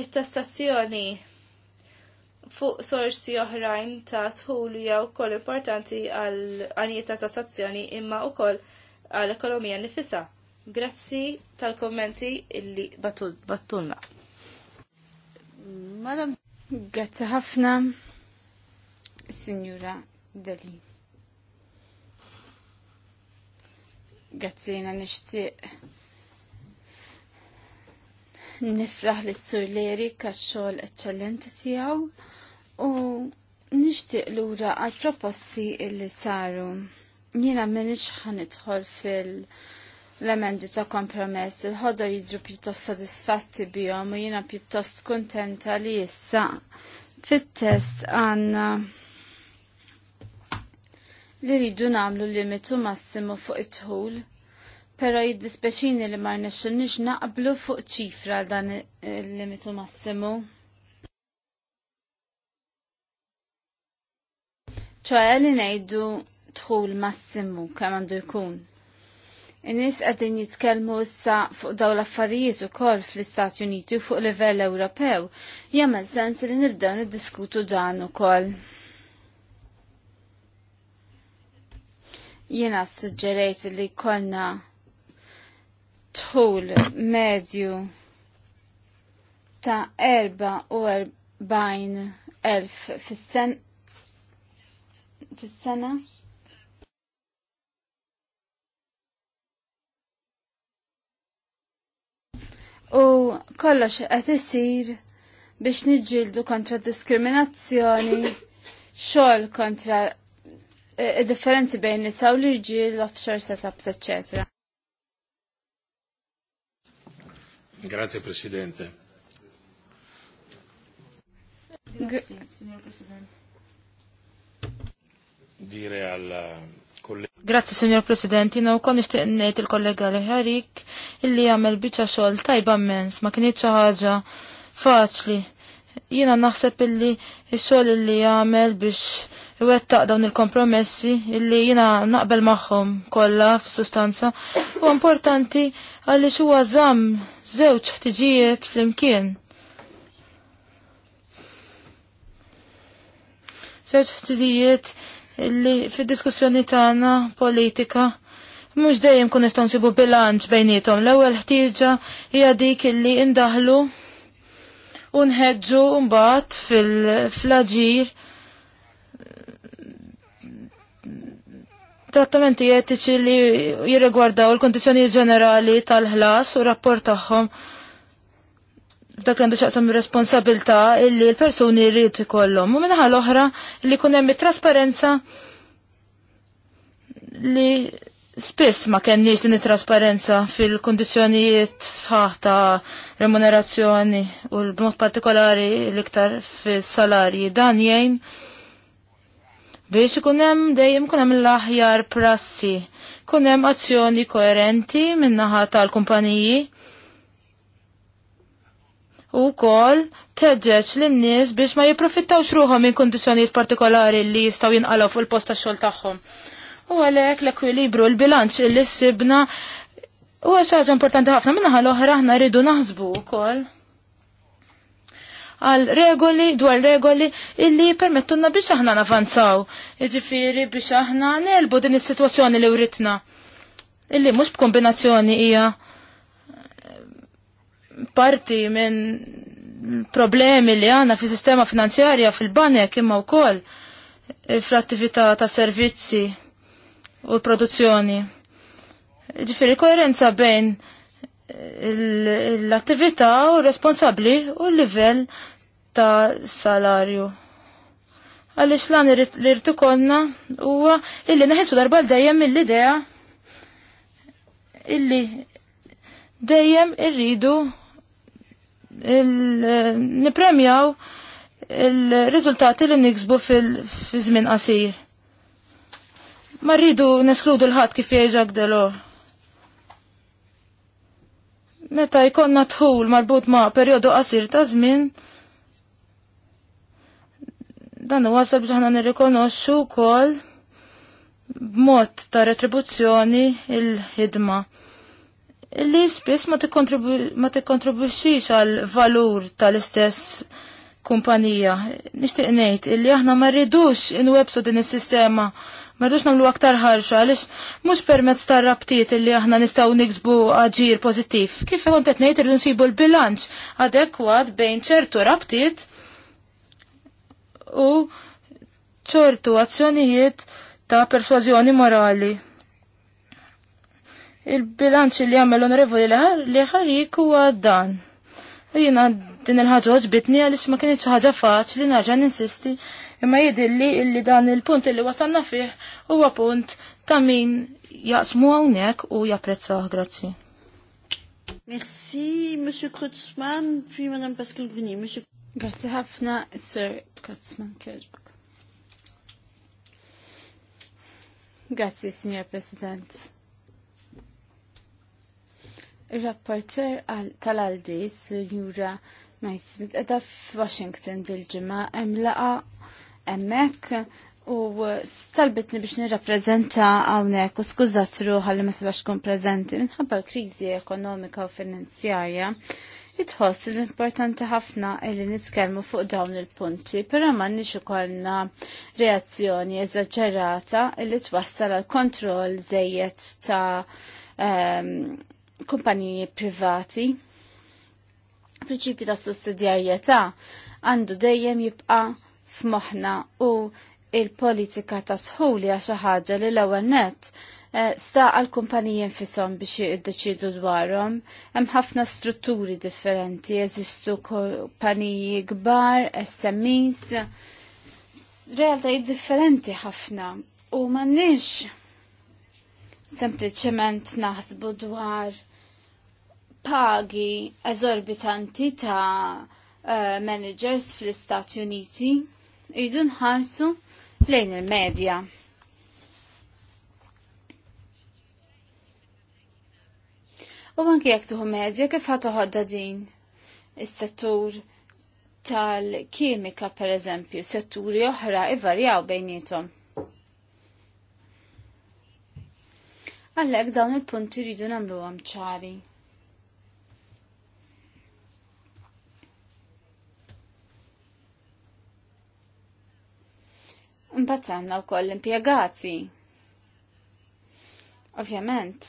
it-tassazzjoni fuq sorsi oħrajn ta' tħulu jew wkoll importanti għal għanijiet ta' stazzjoni imma wkoll għal ekonomija nifisa. Grazzi tal-kommenti illi battulna. Madam, grazzi ħafna, Signora Deli. Grazzi jena nishti. nifraħ l-sur Leri kax-xogħol eċċellenti tiegħu U nixtieq lura għal proposti illi saru. Jiena ħan ħanidħol fil-emendi ta' kompromess, il-ħodor jidru pjuttost sodisfatti bihom u jiena pjuttost kuntenta li issa fit-test għandna li rridu nagħmlu limitu massimu fuq it-tħul pero jiddispeċini li ma nix naqblu fuq ċifra dan il-limitu massimu. ċoħe li nejdu tħul massimu kemm għandu jkun. In-nies qegħdin jitkellmu issa fuq daw l-affarijiet ukoll fl-Istati Uniti u fuq livell Ewropew, jagħmel sens li nibdew niddiskutu dan ukoll. Jiena suġġerejt li konna tħul medju ta' 44 elf fis sena fis sena U kollox qed isir biex niġġieldu kontra diskriminazzjoni, xogħol kontra e, e, differenzi bejn nisa u l-irġiel, offshore setups, eccetera. Grazie Presidente. Grazie, signor Presidente dire għal kollega. Eh, Grazzi, Signor President, jina u konix il-kollega li ħarik illi jagħmel bieċa xogħol tajba mens, ma kienieċ ħaġa faċli. Jiena naħseb illi x-xogħol illi jagħmel biex iwettaq dawn il-kompromessi illi jiena naqbel magħhom kollha f'sustanza, sustanza u importanti għaliex huwa żamm żewġ ħtiġijiet flimkien. Żewġ ħtiġijiet li fid-diskussjoni tagħna politika mhux dejjem kun nistgħu nsibu bilanċ bejnietom. L-ewwel ħtieġa hija dik illi indaħlu u nħeġġu mbagħad fil flagġir trattamenti etiċi li jirregwardaw il-kondizjoni ġenerali tal-ħlas u rapport tagħhom f'dak għandu xaqsam responsabilta illi l-persuni rrit kollom. U minnaħal l-oħra li kunem trasparenza li spiss ma kenniex din it-trasparenza fil-kondizjonijiet sħaħ ta' remunerazzjoni u l-mod partikolari l-iktar fil-salarji dan jgħin biex kunem dejjem kunem l-aħjar prassi, kunem azzjoni koerenti minnaħa tal-kumpaniji u kol teġġeġ l-nies biex ma jiprofittaw xruħom minn kondizjoniet partikolari li jistaw jinqalaw fuq il-posta xogħol tagħhom. U għalhekk l-ekwilibru l-bilanċ li sibna huwa xi ħaġa importanti ħafna minnaħa l-oħra aħna rridu naħsbu wkoll għal regoli dwar regoli illi permettunna biex aħna navanzaw. Iġifiri biex aħna nelbu din is-sitwazzjoni li writna. Illi mhux b'kombinazzjoni hija parti minn problemi li għanna fi sistema finanzjarja fil-banek imma u kol eh, fl-attività ta' servizzi u produzzjoni. Ġifiri koerenza bejn eh, l-attività u responsabli u l-livell ta' salarju għalix lan l-irtu konna u illi neħisu darba l-dajem mill-idea illi dejjem irridu Eh, nipremjaw il-riżultati li niksbu fil-żmien qasir. Ma rridu neskludu l-ħadd kif jgħid delo. Meta jkollna tħul marbut ma' perjodu qasir ta' żmien, dan huwa wasal biex nirrikonoxxu wkoll b'mod ta' retribuzzjoni il-ħidma li spiss ma tikkontribwixx għal valur tal-istess kumpanija. Nixtieq ngħid illi aħna ma rridux inwebsu din is-sistema, ma rridux nagħmlu aktar ħarxa għaliex mhux permezz tar-rabtiet illi aħna nistgħu niksbu aġir pożittiv. Kif kont qed ngħid irridu nsibu l-bilanċ adekwat bejn ċertu rabtiet u ċertu azzjonijiet ta' persważjoni morali il-bilanċ li għamel onorevoli liħar ħarik għaddan. dan. Jina din il-ħagġa uġbitni għalix ma kienieċ ħaġa faċli narġa' ninsisti imma jidilli illi dan il-punt illi wasanna fih huwa punt ta' min jaqsmu hawnhekk u japprezzah grazzi. Merci, M. Kreutzmann, puis Mme Pascal Bruni. Grazie ħafna, Sir Kutzman kieġbak. Grazie, Signor President. Il-rapporter tal-Aldi, Jura Majsmit, edha f'Washington dil ġima hemm laqa hemmhekk u talbitni biex nirrappreżenta hawnhekk u skużatru ruħa li ma setax kun minħabba l-kriżi ekonomika u finanzjarja. Itħoss l-importanti ħafna li nitkellmu fuq dawn il-punti, però m'għandniex ukollna reazzjoni eżaġġerata li twassal għal kontroll żejjed ta' ehm, kumpaniji privati. Prinċipju ta' sussidjarjetà għandu dejjem jibqa' f'moħħna u il-politika ta' sħuli għax ħaġa li l-ewwel net eh, sta għal kumpaniji nfisom biex jiddeċidu dwarhom. Hemm ħafna strutturi differenti, jeżistu kumpaniji kbar, SMEs, realtajiet differenti ħafna u m'għandniex sempliċement naħsbu dwar pagi eżorbitanti ta' uh, managers fl-Istati Uniti jridu nħarsu lejn il-medja. U anke jekk tuħu medja kif ħatoħodda din is-settur tal-kimika per eżempju, setturi oħra ivarjaw bejnietom. Għallek dawn il-punti rridu nagħmluhom ċari. Mbagħad għandna wkoll impjegati. Ovvjament.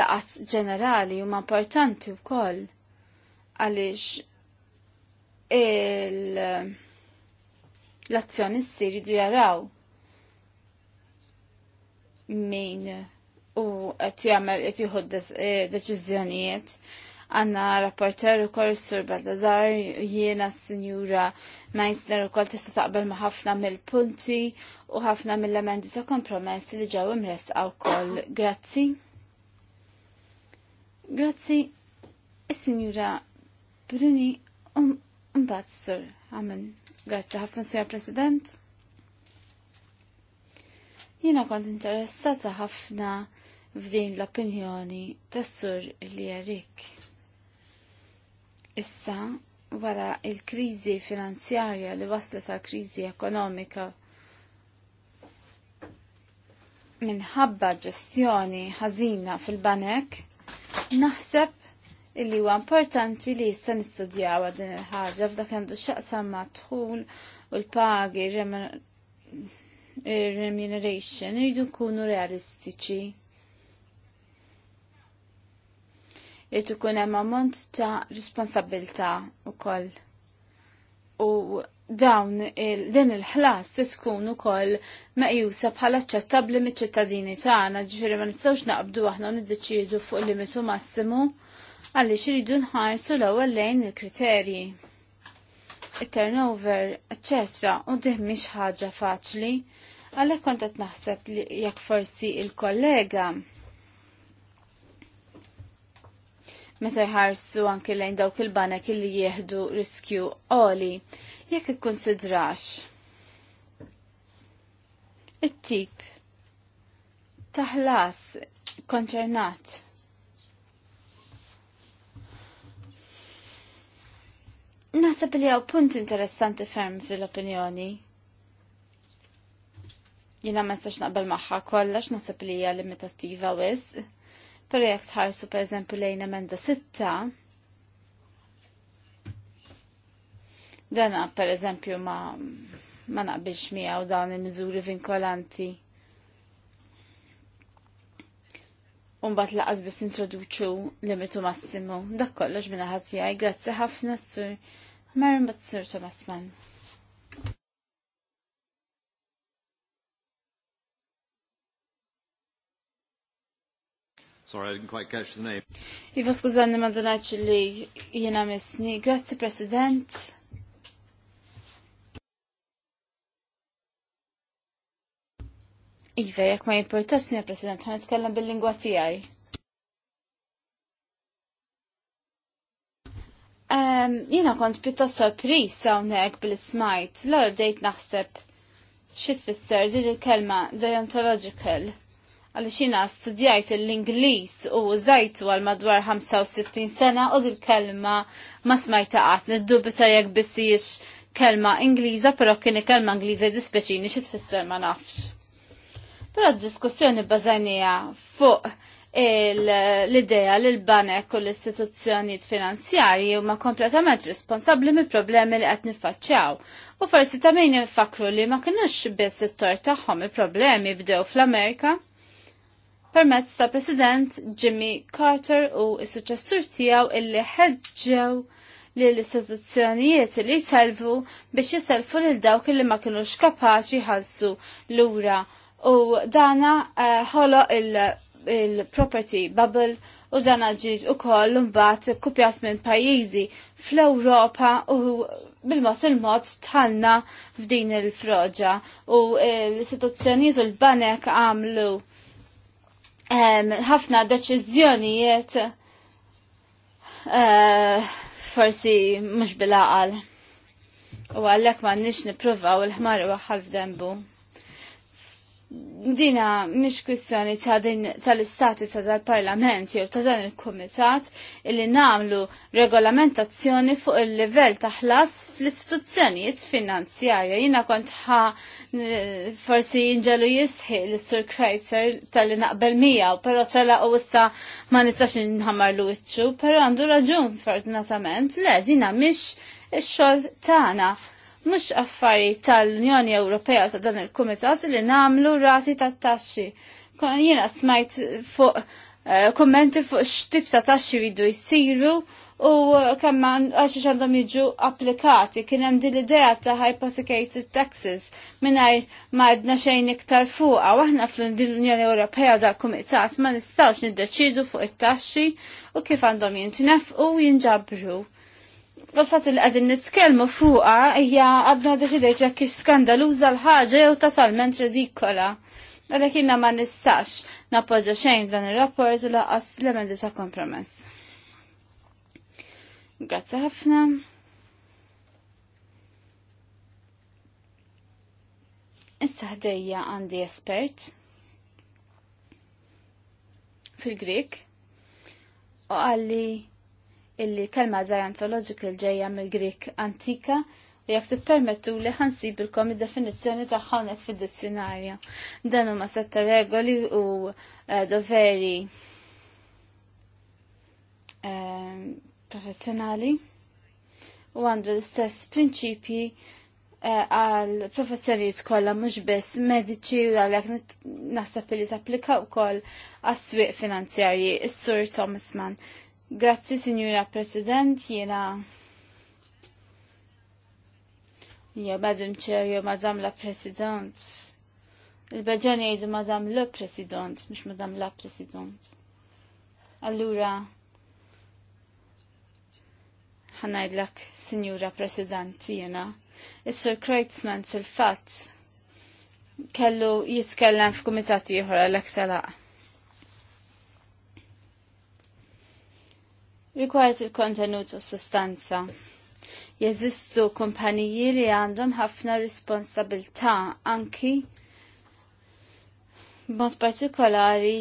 Laqat ġenerali huma importanti wkoll għaliex l-azzjonisti jridu jaraw min u qed jagħmel qed jieħu deċiżjonijiet għanna rapporter u kol sur Baldazar, jiena s-senjura Meissner u kol tista taqbel ma ħafna mill-punti u ħafna mill-emendi ta' kompromess li ġew imres għaw kol. Grazzi. Grazzi, s-senjura Bruni, un um, bad sur, għamen. Grazzi ħafna, s President. Jiena kont interessata ħafna f'din l-opinjoni tas-sur li għalik. Issa, wara il-krizi finanzjarja li waslet għal krizi ekonomika minħabba ġestjoni ħażina fil-banek, naħseb illi huwa importanti li jista' nistudjaw din il-ħaġa f'dak għandu x'aqsam ma' u l-pagi remuneration irridu nkunu realistiċi. li tkun hemm ammont ta' responsabilità ukoll. U dawn il din il-ħlas tiskun ukoll meqjusa bħala ċċettabbli miċ-ċittadini tagħna, ġifieri ma nistgħux naqbdu aħna niddeċiedu fuq limitu massimu għaliex iridu nħarsu l-ewwel lejn il-kriterji. It-turnover, eċċetra, u dih mhix ħaġa faċli, għalhekk kont qed naħseb li jekk forsi il-kollega meta jħarsu anki lejn dawk il-banek illi jieħdu riskju oli jekk ikkonsidrax it-tip taħlas konċernat. Nasab li għaw punt interessanti ferm fil-opinjoni. Jina ma s-sax naqbel maħħa kollax, nasab li hija limitattiva wis. Pero jek tħarsu per eżempju lejn emenda sitta, dana per eżempju ma, ma naqbilx miegħu dawn il-miżuri vinkolanti. Umbat laqas biss introduċu limitu massimu. Dak kollox minna ħatijaj, grazzi ħafna s-sur. Marim bat s-sur Thomas Mann. Sorry, I didn't quite catch the name. Iva skużanni ma li jena misni. Grazzi, President. Iva, jak ma jimportax, Signor President, għan itkellem bil-lingwa tijaj. jena kont pittos sorpris sawnek bil-smajt. l ordejt dejt naħseb xis fisser din il-kelma deontological għaliex xina studjajt l-Ingliż u żajtu għal madwar 65 sena u dil-kelma ma smajta qatt sa jekk bissiex kelma Ingliża però kien kelma Ingliża dispeċini xi tfisser ma nafx. Però d-diskussjoni bazzajnija fuq l-idea li l-banek u l-istituzzjonijiet finanzjarji huma kompletament responsabbli mill problemi li qed niffaċċjaw. U forsi ta' min li ma kinux biss it-tort tagħhom il-problemi bdew fl-Amerika permezz ta' President Jimmy Carter u s-suċessur tiegħu illi ħeġġew li l-istituzzjonijiet li jiselvu biex jiselfu lil dawk li ma kienux kapaċi ħalsu lura u dana eh, ħolo il-property bubble u dana ġiġ u koll l-umbat kopjat minn pajjiżi fl-Ewropa u bil-mod il-mod tħalna f'din il-froġa u l-istituzzjonijiet u l-banek għamlu ħafna deċiżjonijiet eh, forsi mhux bil-aqal. U għallek ma nix nipruvaw il-ħmar u għal f'dembu dina mish kwistjoni ta' din tal-istati ta' tal-parlament jew ta' dan il-komitat illi namlu regolamentazzjoni fuq il-livell ta' ħlas fl-istituzzjonijiet finanzjarja. Jina kont ħa eh, forsi jinġalu jisħi l-Sur Kreitzer tal-li naqbel miegħu, però tala u wissa ma nistax nħammar l iċċu, però għandu raġun sfortunatament, le dina mish ix-xogħol tagħna mhux affari tal-Unjoni Ewropea ta' dan il-Kumitat li nagħmlu rati tat-taxxi. Jiena smajt fuq eh, kommenti fuq x'tip ta' taxxi ridu jsiru u kemm għax għandhom jiġu applikati kien hemm din l-idea ta' hypothecated taxes mingħajr ma għadna xejn iktar fuqha f'lun aħna fl-Unjoni Ewropea da' kumitat ma nistgħux niddeċidu fuq it-taxxi u kif għandhom jintinefqu u jinġabru l-fat li għadin nitkelmu fuqa hija għadna deċidejt jekk skandaluża l-ħaġa jew totalment ridikola. Għalhekk jiena ma nistax napoġa xejn dan ir-rapport u laqas l-emendi ta' kompromess. Grazzi ħafna. Issa ħdejja għandi espert fil grik u għalli illi kelma Zionthological ġejja mill-Grik antika u jekk tippermettu li ħansibilkom id-definizzjoni tagħha hawnhekk fid dizzjonarja Dan huma setta regoli u eh, doveri eh, professjonali u għandu l-istess prinċipji eh, għal professjonijiet kollha mhux biss mediċi u għalhekk naħseb li tapplika wkoll għas-swieq finanzjarji s sur Thomas Mann. Grazzi, Signora President, jena Ja, Madam Chair, ja, Madam la President. Il-Belġan jgħidu Madam le President, mux Madam la President. Allura, ħanajdlak Signora President jena. Is-Sir Kreitzman fil-fat kellu jitkellem f'kumitati jħor għal aksalaq Rigward il-kontenut u sustanza. Jeżistu kumpaniji li għandhom ħafna responsabilta anki b'mod partikolari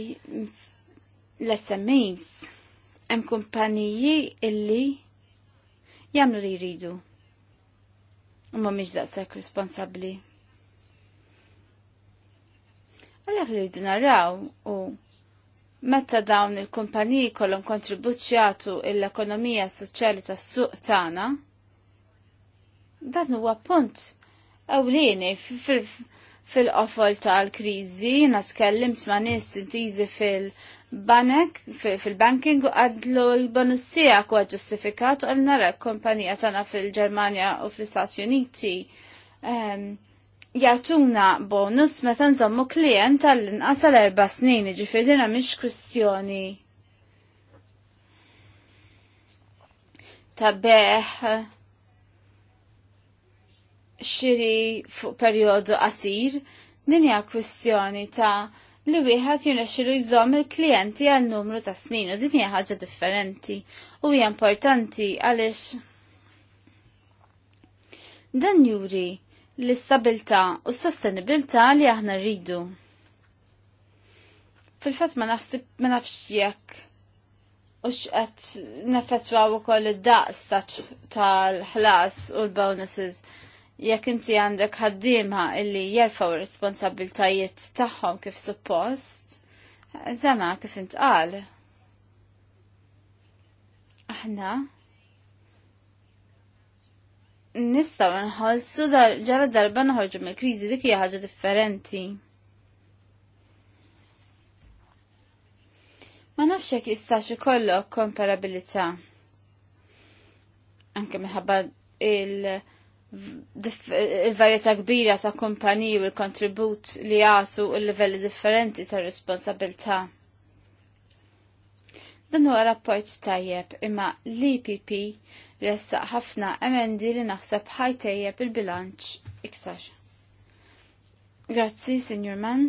l-SMEs. Hemm kumpaniji illi jagħmlu li jridu. U mhumiex daqshekk responsabbli. Għalhekk li jridu naraw u Meta dawn il-kumpaniji kollhom kontribuzzjatu l-ekonomija soċjali tas-suq tagħna, dan huwa punt ewlieni fil-qofol tal-kriżi, jiena kellimt ma' nies intiżi fil- banek fil-banking u għadlu l-bonus tijak u għadġustifikat u għal l-kompanija tana fil-ġermania u fil-Stati Uniti ehm, jagħtuna bonus meta nżommu klient għall-inqas erba' snin, jiġifieri dinha mhix kwistjoni ta' beħ xiri fuq periodu qasir, din hija kwistjoni ta' li wieħed jirnexxilu jżomm il-klijenti għal numru ta' snin u din hija ħaġa differenti u hija importanti għaliex dan juri l-istabilta u s-sostenibilta li aħna rridu. Fil-fat ma naħsib ma nafx jekk u xqed u ukoll id-daqs tal-ħlas u l-bonuses jekk inti għandek ħaddiema illi jerfaw responsabiltajiet tagħhom kif suppost, zama kif intqal. Aħna nistaw nħolsu ġara darba nħorġu mill kriżi dik hija ħaġa differenti. Ma nafx jekk jistax ikollok komparabilità. Anke minħabba il-varjetà kbira ta' kumpaniji u l-kontribut li jagħtu l-livelli differenti ta' responsabilità. Dan huwa rapport tajjeb imma l-IPP ressaq ħafna emendi li naħseb ħajtejjeb il-bilanċ iktar. Grazzi, Signor Mann.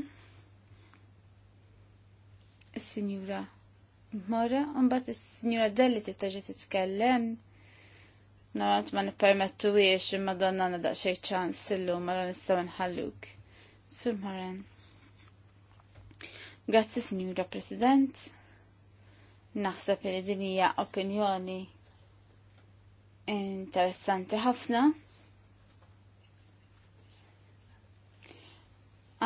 Signora Mora, mbagħad is-Signora Delli tittaġi titkellem. Narant ma nippermettu wiex imma donna ċan s ċans illum l mela nistaw nħalluk. Sur Moran. Grazzi, Signora President. Naħseb li din hija opinjoni interessanti ħafna.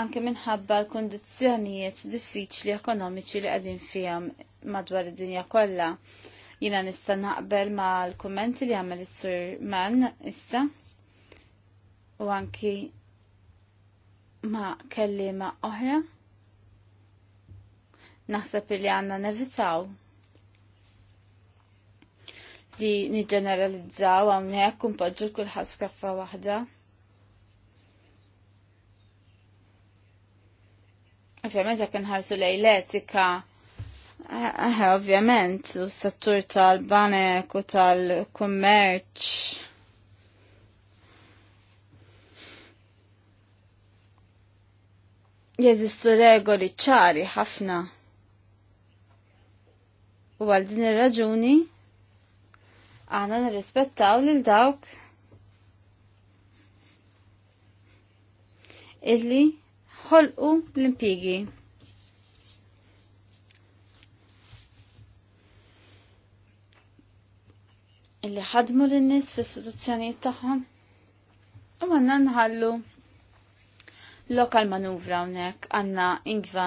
Anke minħabba l-kondizzjonijiet diffiċli ekonomiċi li qegħdin fihom madwar id-dinja kollha. Jiena nista' naqbel ma' l-kummenti li għamel is-Sur Man issa u anki ma' kellima oħra. Naħseb li għandna nevitaw li niġġeneralizzaw hawnhekk u npoġġu kulħadd f'kaffa waħda. Ovvjament jekk nħarsu lejn l-etika eh, eh, ovvjament, u s-settur tal-banek u tal-kummerċ. Jeżistu regoli ċari ħafna. U għal din ir-raġuni Għana nirrispettaw lil dawk illi ħolqu l-impigi. illi ħadmu l-nis fi istituzzjonijiet tagħhom. U għanna nħallu lokal manuvra unnek għanna ingva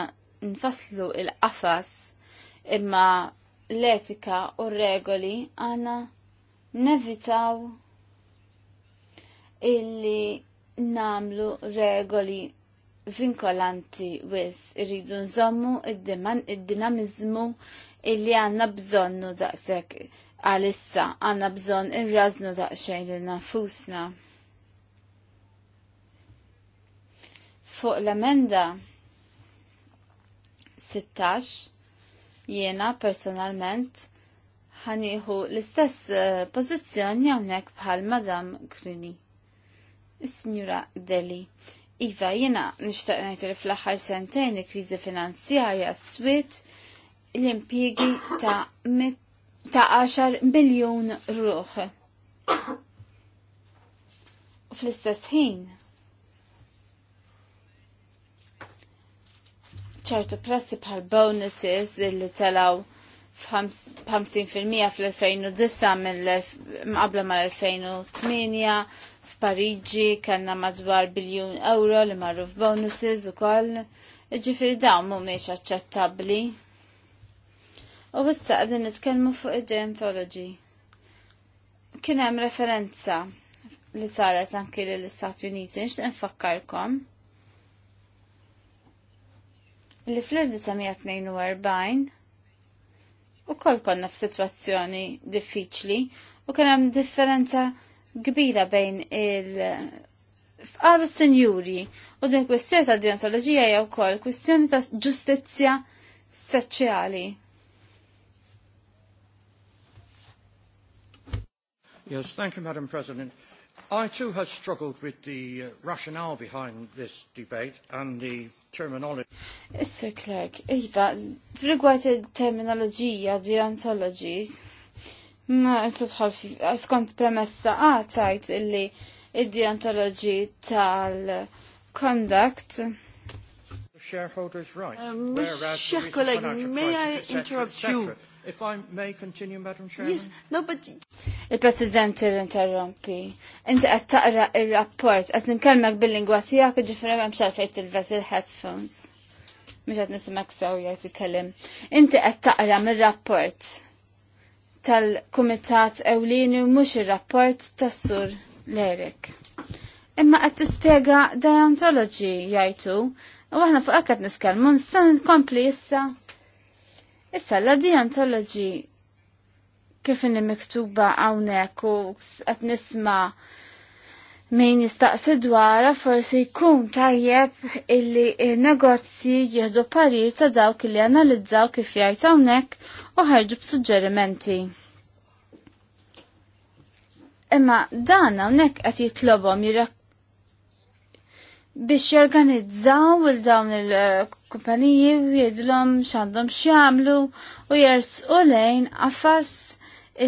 nfasslu il-qafas imma l-etika u r regoli għanna nevitaw illi namlu regoli vinkolanti wis irridu nżommu id-dinamizmu illi għanna bżonnu daqsek għalissa għanna bżon irraznu daqxejn li nafusna. Fuq l-emenda 16 jiena personalment ħanieħu l-istess eh, pożizzjoni hawnhekk bħal Madam Grini. Is-Sinjura Deli. Iva, jiena nixtaq ngħid li fl-aħħar sentejn il-kriżi finanzjarja swit l-impjiegi ta' ta' 10 biljun ruħ. U fl-istess ħin, ċertu prassi bħal bonuses li telaw 50% fl-2009 mill-qabla mal-2008 f'Pariġi kellna madwar biljun euro li marru f'bonuses ukoll. Ġifieri dawn mhumiex aċċettabbli. U issa qegħdin nitkellmu fuq id-deontology. Kien hemm referenza li saret anki li l-Istati Uniti, nix nfakkarkom. Li fl-1942 u kol konna f-situazzjoni diffiċli u kien hemm differenza kbira bejn il- f'qaru senjuri u din kwistjoni ta' djonsologija jew kol kwestjoni ta' ġustizzja soċjali. Yes, thank you, Madam President. I too have struggled with the uh, rationale behind this debate and the terminology. Sir Clark, iva, rigward il-terminologija, the ontologies, ma tadħol skont premessa A tajt illi id-deontology tal-conduct. Shareholders' rights, um, whereas... Mr. colleague, may I interrupt you? If I may continue, Madam Chairman. Yes, no, but... Il-President interrompi. Inti għed taqra il-rapport, għat nkellmek bil-lingwa tijak, ġifri ma mxalfejt il-vez il-headphones. Mħiġ għed nisimak sew jgħat il-kellim. Inti għed taqra mil rapport tal-Kumitat Ewlini u mux il-rapport tas-sur l-erik. Imma għat tispiega deontologi jgħajtu, u għahna fuq għakat niskalmu, nistan kompli issa Issa di antologi kif inni miktuba hawnhekk u qed nisma' min jistaqsi dwara forsi jkun tajjeb illi negozji jieħdu parir ta' dawk li analizzaw kif jgħid hawnhekk u ħarġu b'suġġerimenti. Imma dan hawnhekk qed jitlobhom jirak biex jorganizzaw il dawn il-kumpaniji u jidlom xandom xamlu u jers u lejn għafas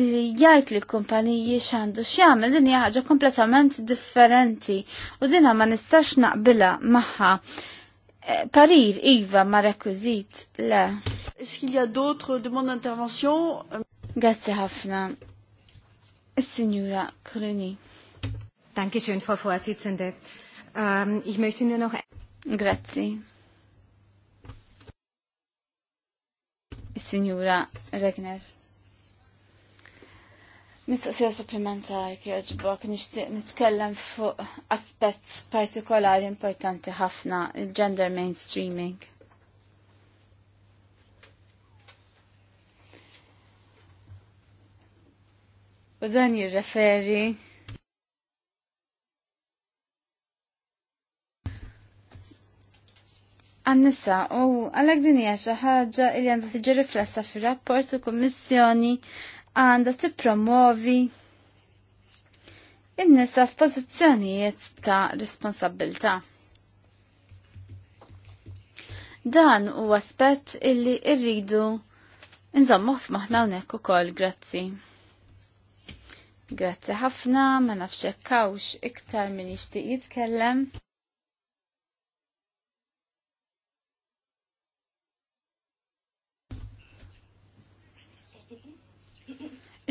li jgħid li kumpaniji xandu xjamel din hija kompletament differenti u dinha ma nistax naqbilha magħha. Eh, parir, Iva, ma rekwizit, le. Est-ce d'otru y a d'autres demandes d'intervention Grazie ħafna. Signora Kroni. Dankeschön, Frau Vorsitzende. Ähm, ich möchte nur noch... Grazie. Signora Regner. Mistaqsija supplementari jogħġbok nixtieq nitkellem fuq aspett partikolari importanti ħafna, il-gender mainstreaming. U dan jirreferi għannissa u għalek din hija xi ħaġa li għandha tiġi riflessa fir-rapport u kummissjoni għandha tippromovi in-nisa f'pożizzjonijiet ta' responsabilità. Dan u aspett illi rridu nżommu f'maħna hawnhekk ukoll grazzi. Grazzi ħafna, ma nafx kawx iktar min jixtieq jitkellem.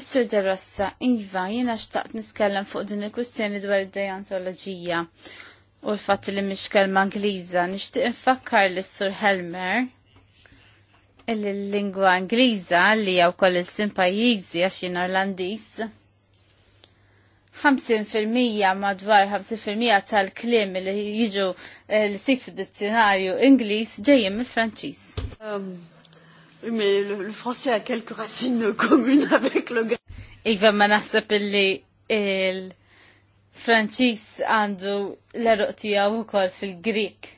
Is-Sur De Rossa, Iva, jiena xtaqt niskellem fuq din il-kustjoni dwar id-dejantoloġija u l-fatt li mhix kelma Angliża. Nixtieq infakkar lis sur Helmer l lingwa Angliża li hija wkoll il-sim pajjiżi għax jien Irlandiż. 50% madwar 50% tal-klim li jiġu eh, l sif fid-dizzjonarju Ingliż ġejjin mill-Franċiż. Um, mais le, le français a quelques racines communes avec le grec. Iva ma naħseb illi il franċiż għandu l eroq tiegħu wkoll fil-Grik.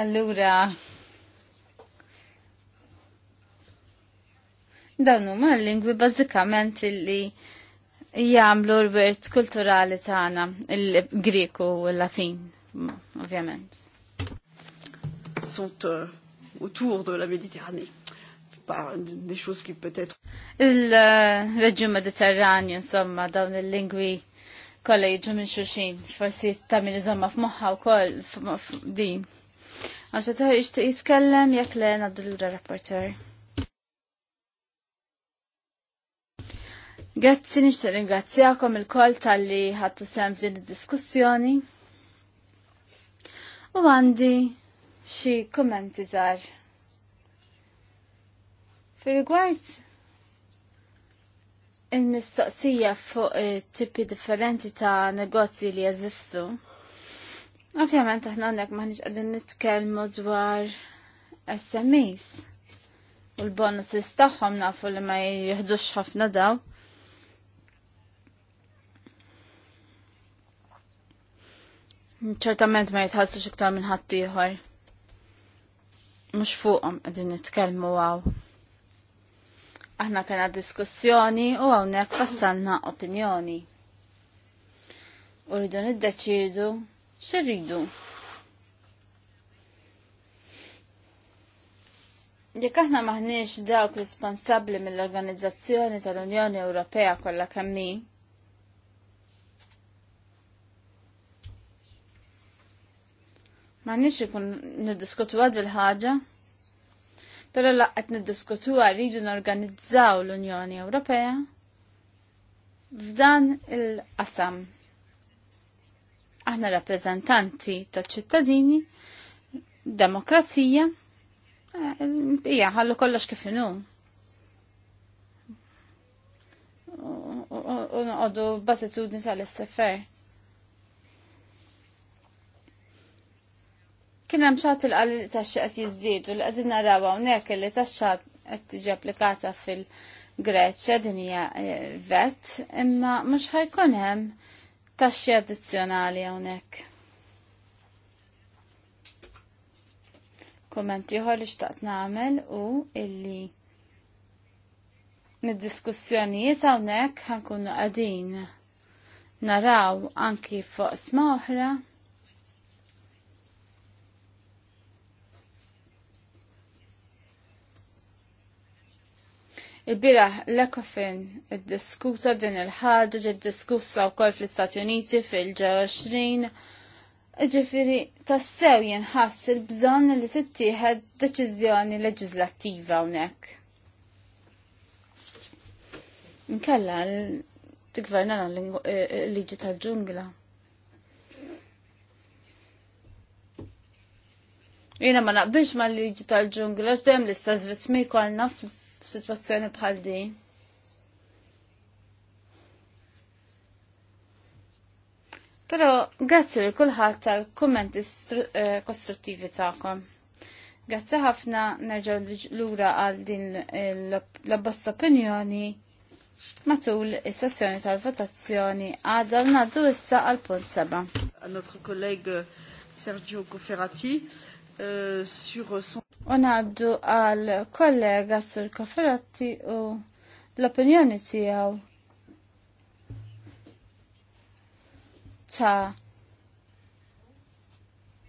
Allura dawn huma l-lingwi bażikament illi jagħmlu l-wirt kulturali tagħna il-Griku u l-Latin, ovvjament. Sont euh, autour de la Méditerranée par des choses Il-reġjun Mediterranju, insomma, dawn il-lingwi kolla jiġu minn xuxin, forsi ta' tamil iżomma f'moħħa u koll din. Għaxa taħri ixtiq jitkellem jekk le naddu l rapporter. Grazzi nixtieq ringrazzjakom il-koll tal-li ħattu sem din id-diskussjoni. U għandi xi kummenti żgħar. Fil-rigward il-mistoqsija fuq eh, tipi differenti ta' negozji li jeżistu, ovvjament aħna għandek maħniġ għadin nitkelmu dwar SMEs u l-bonuses tagħhom nafu li ma jihdux ħafna daw. ċertament ma jitħallsux iktar minn ħadd ieħor. Mhux fuqhom qegħdin nitkellmu għaw. Aħna kena diskussjoni u hawnhekk fassalna opinjoni. U rridu niddeċidu x'irridu. Jekk aħna maħniex dawk responsabbli mill-Organizzazzjoni tal-Unjoni Ewropea kollha kemm Maħniex ikun niddiskutu għad bil ħaġa Pero laqqet niddiskutu rridu norganizzaw l-Unjoni Ewropea f'dan il-qasam. Aħna rappreżentanti ta' ċittadini, demokrazija, hija eh, ħallu kollox kif inhu. U noqogħdu b'attitudni tal-istefer. Kien hemm xagħat il li taxxi qed jiżdiedu li qegħdin naraw hawnhekk li taxxa qed tiġi applikata fil-Greċja din hija eh, vet, imma mhux ħajkun hemm taxxi addizzjonali hawnhekk. Kumment ieħor li xtaqt nagħmel u illi mid-diskussjonijiet hawnhekk ħankunu qegħdin naraw anki fuq sma oħra Il-biraħ l-Ekofin id-diskuta din il-ħadġ id-diskussa u koll fl-Istati Uniti fil-20 Iġifiri, tassew jenħass il-bżon li tittieħed deċiżjoni leġislattiva unek. Nkella t-gvernana l-liġi eh, eh, tal-ġungla. Jena ma naqbilx ma l-liġi tal-ġungla, ġdem l istazvitmi vitmi kolna f-situazzjoni bħal din. Pero grazzi li kullħat tal kommenti eh, kostruttivi ta'kom. Grazzi ħafna nerġaw l-ura għal din l-abbost opinjoni matul il sessjoni tal-votazzjoni għadha naddu issa għal punt seba'. Notre collègue Sergio Cofferati euh, sur son Unaddu għal kollega Sur Kafaratti u l-opinjoni tijaw ta'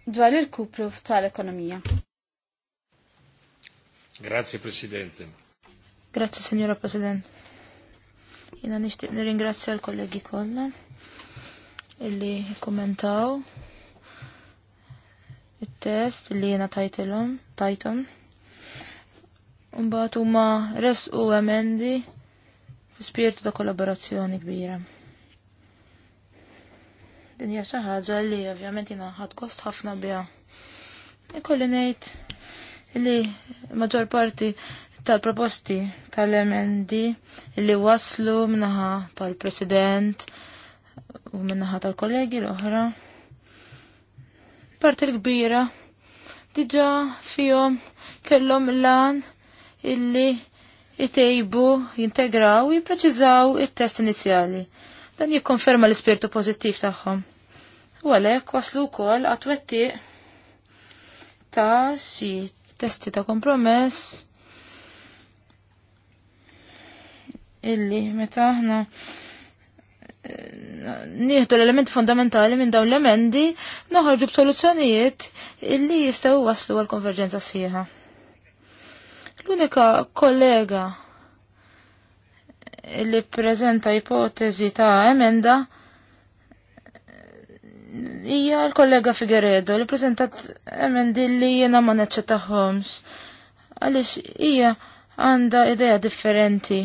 dwar il-kupru tal-ekonomija. Grazie Presidente. Grazie Signora Presidente. Jina nishtiq nirringrazzja l-kollegi Kollan illi kommentaw il-test li jena tajtilom, tajtom. Umbat huma res u emendi fi spiritu ta' kollaborazzjoni kbira. Din hija xi ħaġa li ovvjament jiena ħadd kost ħafna biha. Ikolli ngħid li maġġor parti tal-proposti tal-emendi li waslu minnaħa tal-President u minnaħa tal-kollegi l-oħra parti l-kbira diġa fihom kellhom lan illi jtejbu, jintegraw, jippreċiżaw it-test inizjali. Dan jikkonferma l-ispirtu pożittiv tagħhom. U għalhekk waslu wkoll għatwetti ta' xi testi ta' kompromess illi meta aħna eh, nieħdu l elementi fondamentali minn dawn l-emendi noħorġu b'soluzzjonijiet illi jistgħu waslu għal konverġenza sħiħa. L-unika kollega illi prezenta ipotezi ta' emenda hija l-kollega Figueredo li prezentat emendi li jiena ma neċċetaħħomx għaliex hija għandha idea differenti.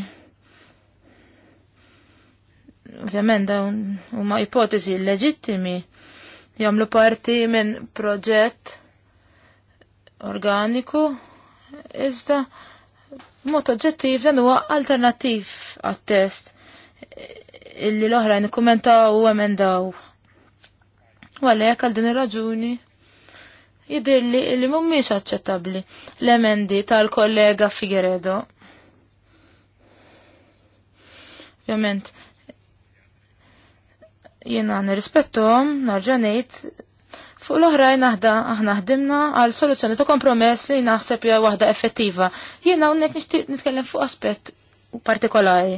Ovvjament dawn huma ipotezi leġittimi jagħmlu parti minn proġett organiku iżda mod oġġettiv dan huwa alternattiv għat-test illi l-oħrajn ikkumentaw u emendaw. U għalhekk għal din ir-raġuni jidirli illi mhumiex aċċettabbli l-emendi tal-kollega Figueredo. Ovvjament, Jena nirrispettom, narġanejt, fuq l-oħrajn naħda, aħna ħdimna għal soluzzjoni ta' kompromess li naħseb hija waħda effettiva. Jiena hawnhekk nixtieq nitkellem fuq aspett partikolari.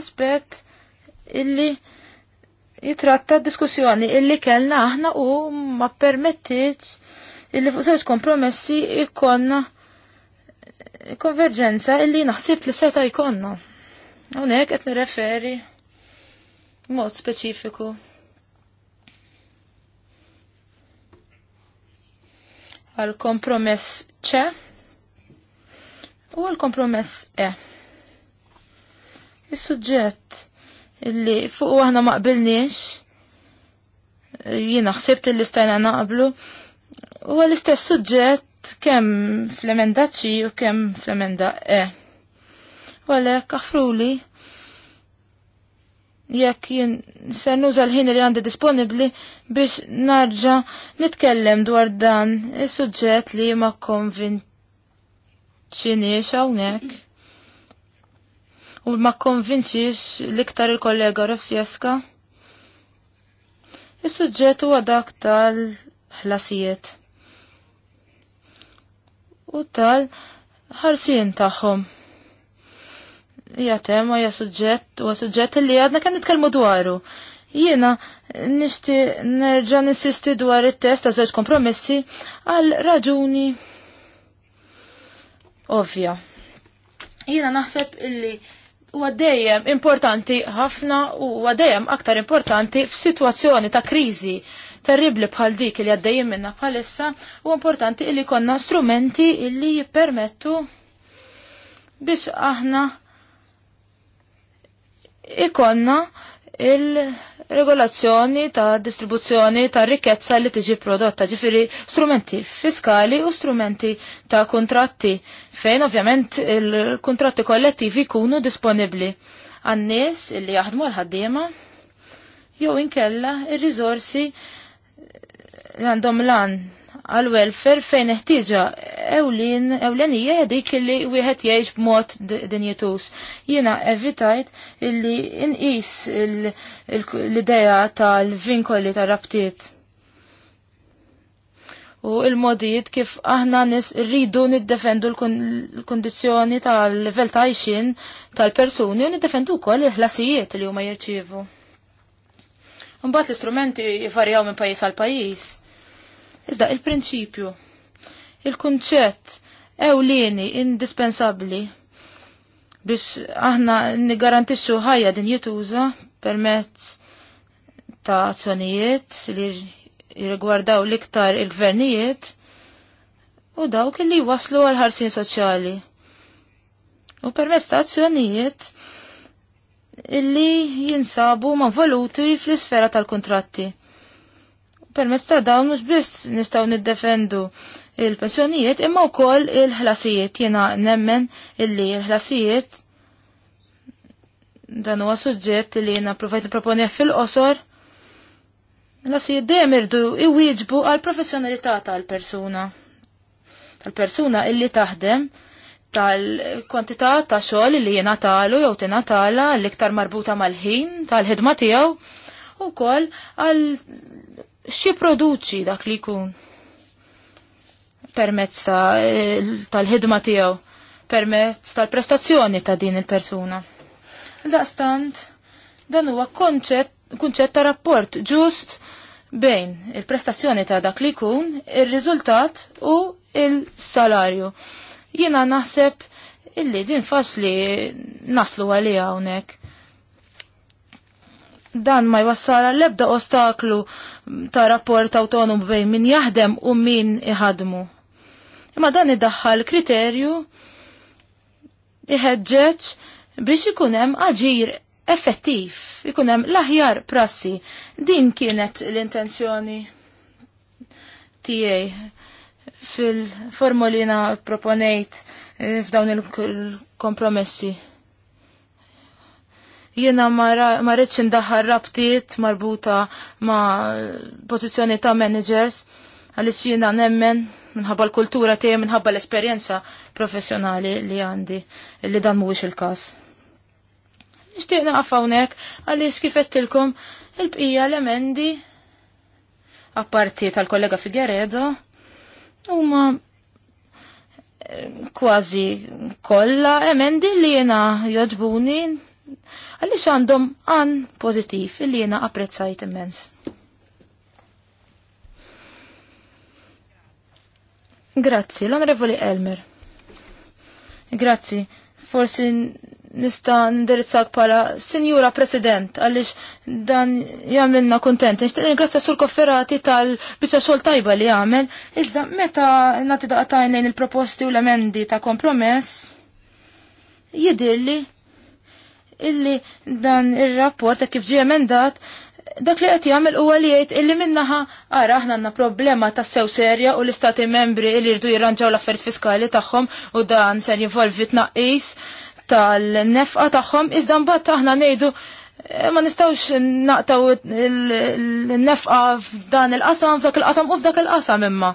Aspett illi jitratta diskussjoni illi kellna aħna u ma permettit illi fuq żewġ kompromessi jkollna konverġenza illi naħsib li seta jkollna. Hawnhekk qed nirreferi mod speċifiku. għal kompromess ċe u għal kompromess e. Is-suġġett illi fuq aħna ma qbilniex jiena xsebt illi stajna naqblu u għal istess suġġett kemm fl-emenda ċi u kemm fl-emenda e. U għalhekk aħfruli jekk jien se nuża l-ħin li għandi disponibbli biex narġa nitkellem dwar dan is-suġġett li ma konvinċiniex hawnhekk. U ma konvinċiex l-iktar il-kollega Rafsieska. Is-suġġett huwa dak tal-ħlasijiet. U tal-ħarsien tagħhom hija tema, hija suġġett, huwa suġġett li għadna kemm nitkellmu dwaru. Jiena nixti nerġa' nissisti dwar it-test ta' żewġ kompromessi għal raġuni ovvja. Jiena naħseb illi huwa dejjem importanti ħafna u huwa dejjem aktar importanti f'sitwazzjoni ta' kriżi terribli bħal dik li għaddejjem minna bħalissa u importanti illi konna strumenti illi jippermettu biex aħna ikonna il-regolazzjoni ta' distribuzzjoni ta' rikkezza li tiġi prodotta, ġifiri strumenti fiskali u strumenti ta' kontratti, fejn ovvjament il-kontratti kollettivi kunu disponibli għannis li jaħdmu għal-ħaddiema, jew inkella il-rizorsi li għandhom lan għal welfare fejn eħtieġa ewlin ewlenija dik illi wieħed jgħix b'mod dinjetus. Jiena evitajt illi inqis l-idea tal-vinkoli tar-rabtiet. U il-modijiet kif aħna nis rridu niddefendu l-kondizjoni tal-level ta' tal-persuni u niddefendu kol il-ħlasijiet li huma jirċivu. Mbagħad l-istrumenti jvarjaw minn pajjiż għal pajjiż Iżda il-prinċipju, il-kunċett ewlieni indispensabbli biex aħna nigarantixxu ħajja din jituża permezz ta' azzjonijiet li jirgwardaw l-iktar il-gvernijiet u dawk li waslu għal ħarsin soċjali. U permezz ta' azzjonijiet illi jinsabu ma' voluti fl-isfera tal-kontratti. Permezz ta' dawn mhux biss nistgħu niddefendu il-pensjonijiet imma wkoll il-ħlasijiet jena nemmen illi il-ħlasijiet dan huwa suġġett li jiena provajt nipproponih fil-qosor l ħlasijiet dejjem irdu iwieġbu għal professjonalità tal-persuna tal-persuna illi taħdem tal-kwantità ta' xogħol li jiena talu jew tala l-iktar marbuta mal-ħin tal-ħidma tiegħu ukoll għal xie produċi dak li jkun permezz eh, tal-ħidma tiegħu, permezz tal-prestazzjoni ta' din il-persuna. Daqstant, dan huwa kunċett ta' rapport ġust bejn il-prestazzjoni ta' dak li jkun, ir-riżultat u il-salarju. Jiena naħseb illi din fasli naslu għalija hawnhekk dan ma jwassara l-ebda ostaklu ta' rapport autonom bejn min jaħdem u min iħadmu. Imma dan iddaħħal kriterju iħeġġeġ biex ikun hemm aġir effettiv, ikun hemm l-aħjar prassi. Din kienet l-intenzjoni tiegħi fil-formulina proponejt eh, f'dawn il-kompromessi. il kompromessi Jiena ma rridx indaħħal rabtiet marbuta ma' pożizzjoni ta' managers għaliex jiena nemmen minħabba l-kultura tiegħi minħabba l-esperjenza professjonali li għandi li dan mhuwiex il-każ. Nixtieq naqaf hawnhekk għaliex kif qedtilkom il-bqija l-emendi apparti tal-kollega Figueredo huma eh, kważi kollha emendi li jena joġbuni għaliex għandhom għan pozitif illi jena apprezzajt immens. Grazzi, l-Onorevoli Elmer. Grazzi, forsi nista ndirizzak pala Sinjura President, għalix dan jamilna kontent. Nishtiq ringrazzja sur kofferati tal-bicċa xol tajba li għamel, iżda meta nati daqatajn lejn il-proposti u l-emendi ta' kompromess, jidirli illi dan ir-rapport kif ġie emendat dak li qed jagħmel huwa li jgħid illi minnaħa ara aħna għandna problema ta' sew serja u l-istati membri li jridu jirranġaw l-affarijiet fiskali tagħhom u dan se jinvolvi tnaqqis tal-nefqa tagħhom iżda mbagħad aħna ngħidu eh, ma nistawx naqtaw il-nefqa f'dan il-qasam, f'dak il-qasam u f'dak il-qasam imma.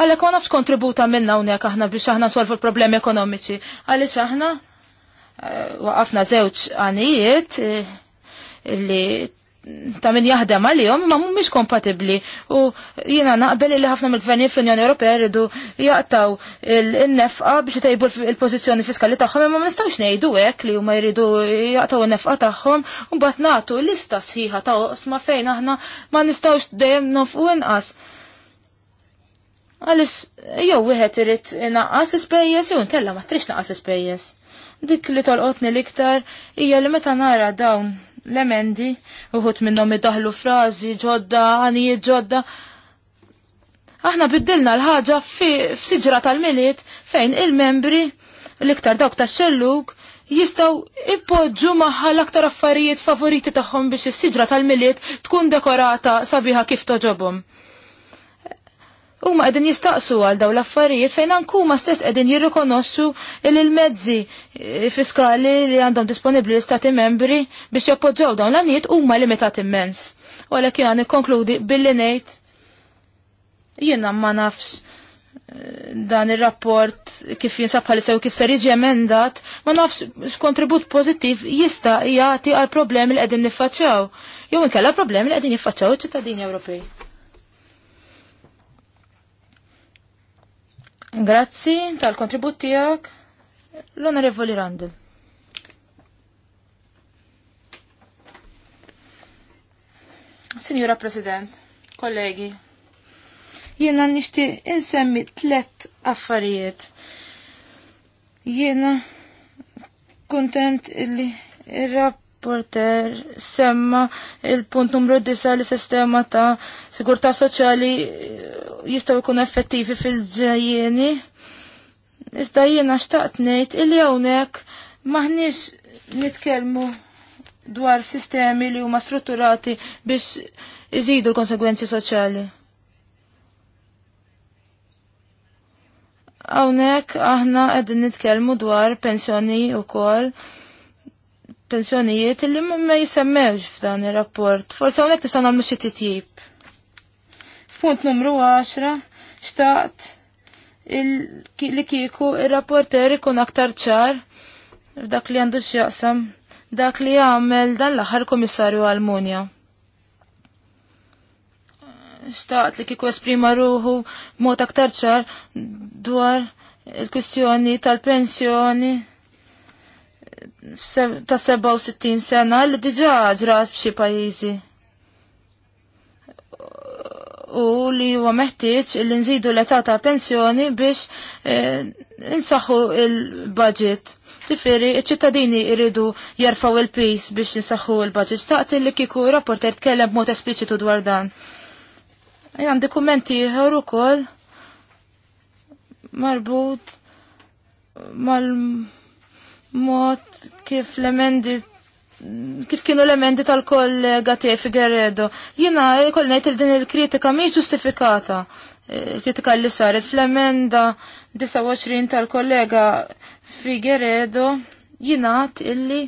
Għalek ma nafx kontributa minna unek aħna biex aħna solvu l-problemi ekonomiċi. Għalix aħna Eh, waqafna żewġ għanijiet eh, li ta' min jaħdem għalihom ma mhumiex kompatibbli u jiena naqbel li ħafna mill-gvernijiet fl-Unjoni Ewropea jridu jaqtaw il-nefqa biex jtejbu il-pożizzjoni fiskali tagħhom imma ma nistgħux ngħidu hekk li huma jridu jaqtaw in-nefqa tagħhom u mbagħad nagħtu lista sħiħa ta' oqsma fejn aħna ma nistgħux dejjem nofqu inqas. Għaliex jew wieħed irid inaqqas l-ispejjeż jew inkella ma trix naqqas l-ispejjeż. Dik li tolqotni liktar hija li meta nara dawn l-emendi, uħut minnom id-daħlu frazi ġodda, għani ġodda. Aħna biddilna l-ħagġa f'siġra tal-miliet fejn il-membri l-iktar dawk ta' xelluk jistaw ippoġġu maħħa l-aktar affarijiet favoriti tagħhom biex is-siġra tal-miliet tkun dekorata sabiħa kif toġobhom. U ma edin jistaqsu għal daw l-affarijiet fejn anku ma stess edin jirrikonossu il-mezzi eh, fiskali li għandhom disponibli l-istati membri biex joppoġġaw dawn l-għaniet u ma limitat immens. U għalek jina nikonkludi billi nejt jina ma nafx eh, dan il-rapport kif jinsab sew kif ser jiġi emendat, ma nafx kontribut pozittiv jista jagħti għal problemi li qegħdin niffaċċjaw. Jew inkella problemi li qegħdin jiffaċċjaw ċittadini Ewropej. Grazzi tal-kontribut tiegħek l-Onorevoli Randall. Signora President, kollegi, jiena nishti insemmi tlet affarijiet. Jiena kontent illi il-rapp Porter semma il-punt numru 9 li sistema ta' sigurta' soċjali eh, jistgħu jkunu effettivi fil ġajjeni Iżda jiena xtaqt ngħid il hawnhekk maħniex nitkellmu dwar sistemi li huma strutturati biex iżidu l-konsegwenzi soċjali. Hawnhekk aħna qegħdin nitkellmu dwar pensjoni wkoll Pensjonijiet li ma jisemmewx f'dan ir-rapport. Forse hawnhekk nistgħu nagħmlu xi titjib. F'punt numru 10 xtaqt li kieku il rapporter ikun aktar ċar f'dak li għandu x'jaqsam dak li għamel dan l-aħħar kummissarju għall-munja. Xtaqt li kieku esprima ruħu mot aktar ċar dwar il-kwistjoni tal-pensjoni ta' 67 sena li diġa ġrat f'xi pajjiżi. U li huwa meħtieġ li nżidu l-età ta' pensjoni biex insaħħu e, il-budget. Tifiri, iċ-ċittadini jridu jerfaw il-pis biex insaħħu il-budget. Taqti li kiku rapporter tkellem b'mod espliċitu dwar dan. Jan dokumenti ħor ukoll marbut mal mod kif l-emendi kif kienu l-emendi tal-kollega tiegħi Figueredo. Jiena jkoll ngħid din il-kritika mhix ġustifikata. Eh, Kritika li saret fl-emenda 29 tal-kollega Figueredo jingħad illi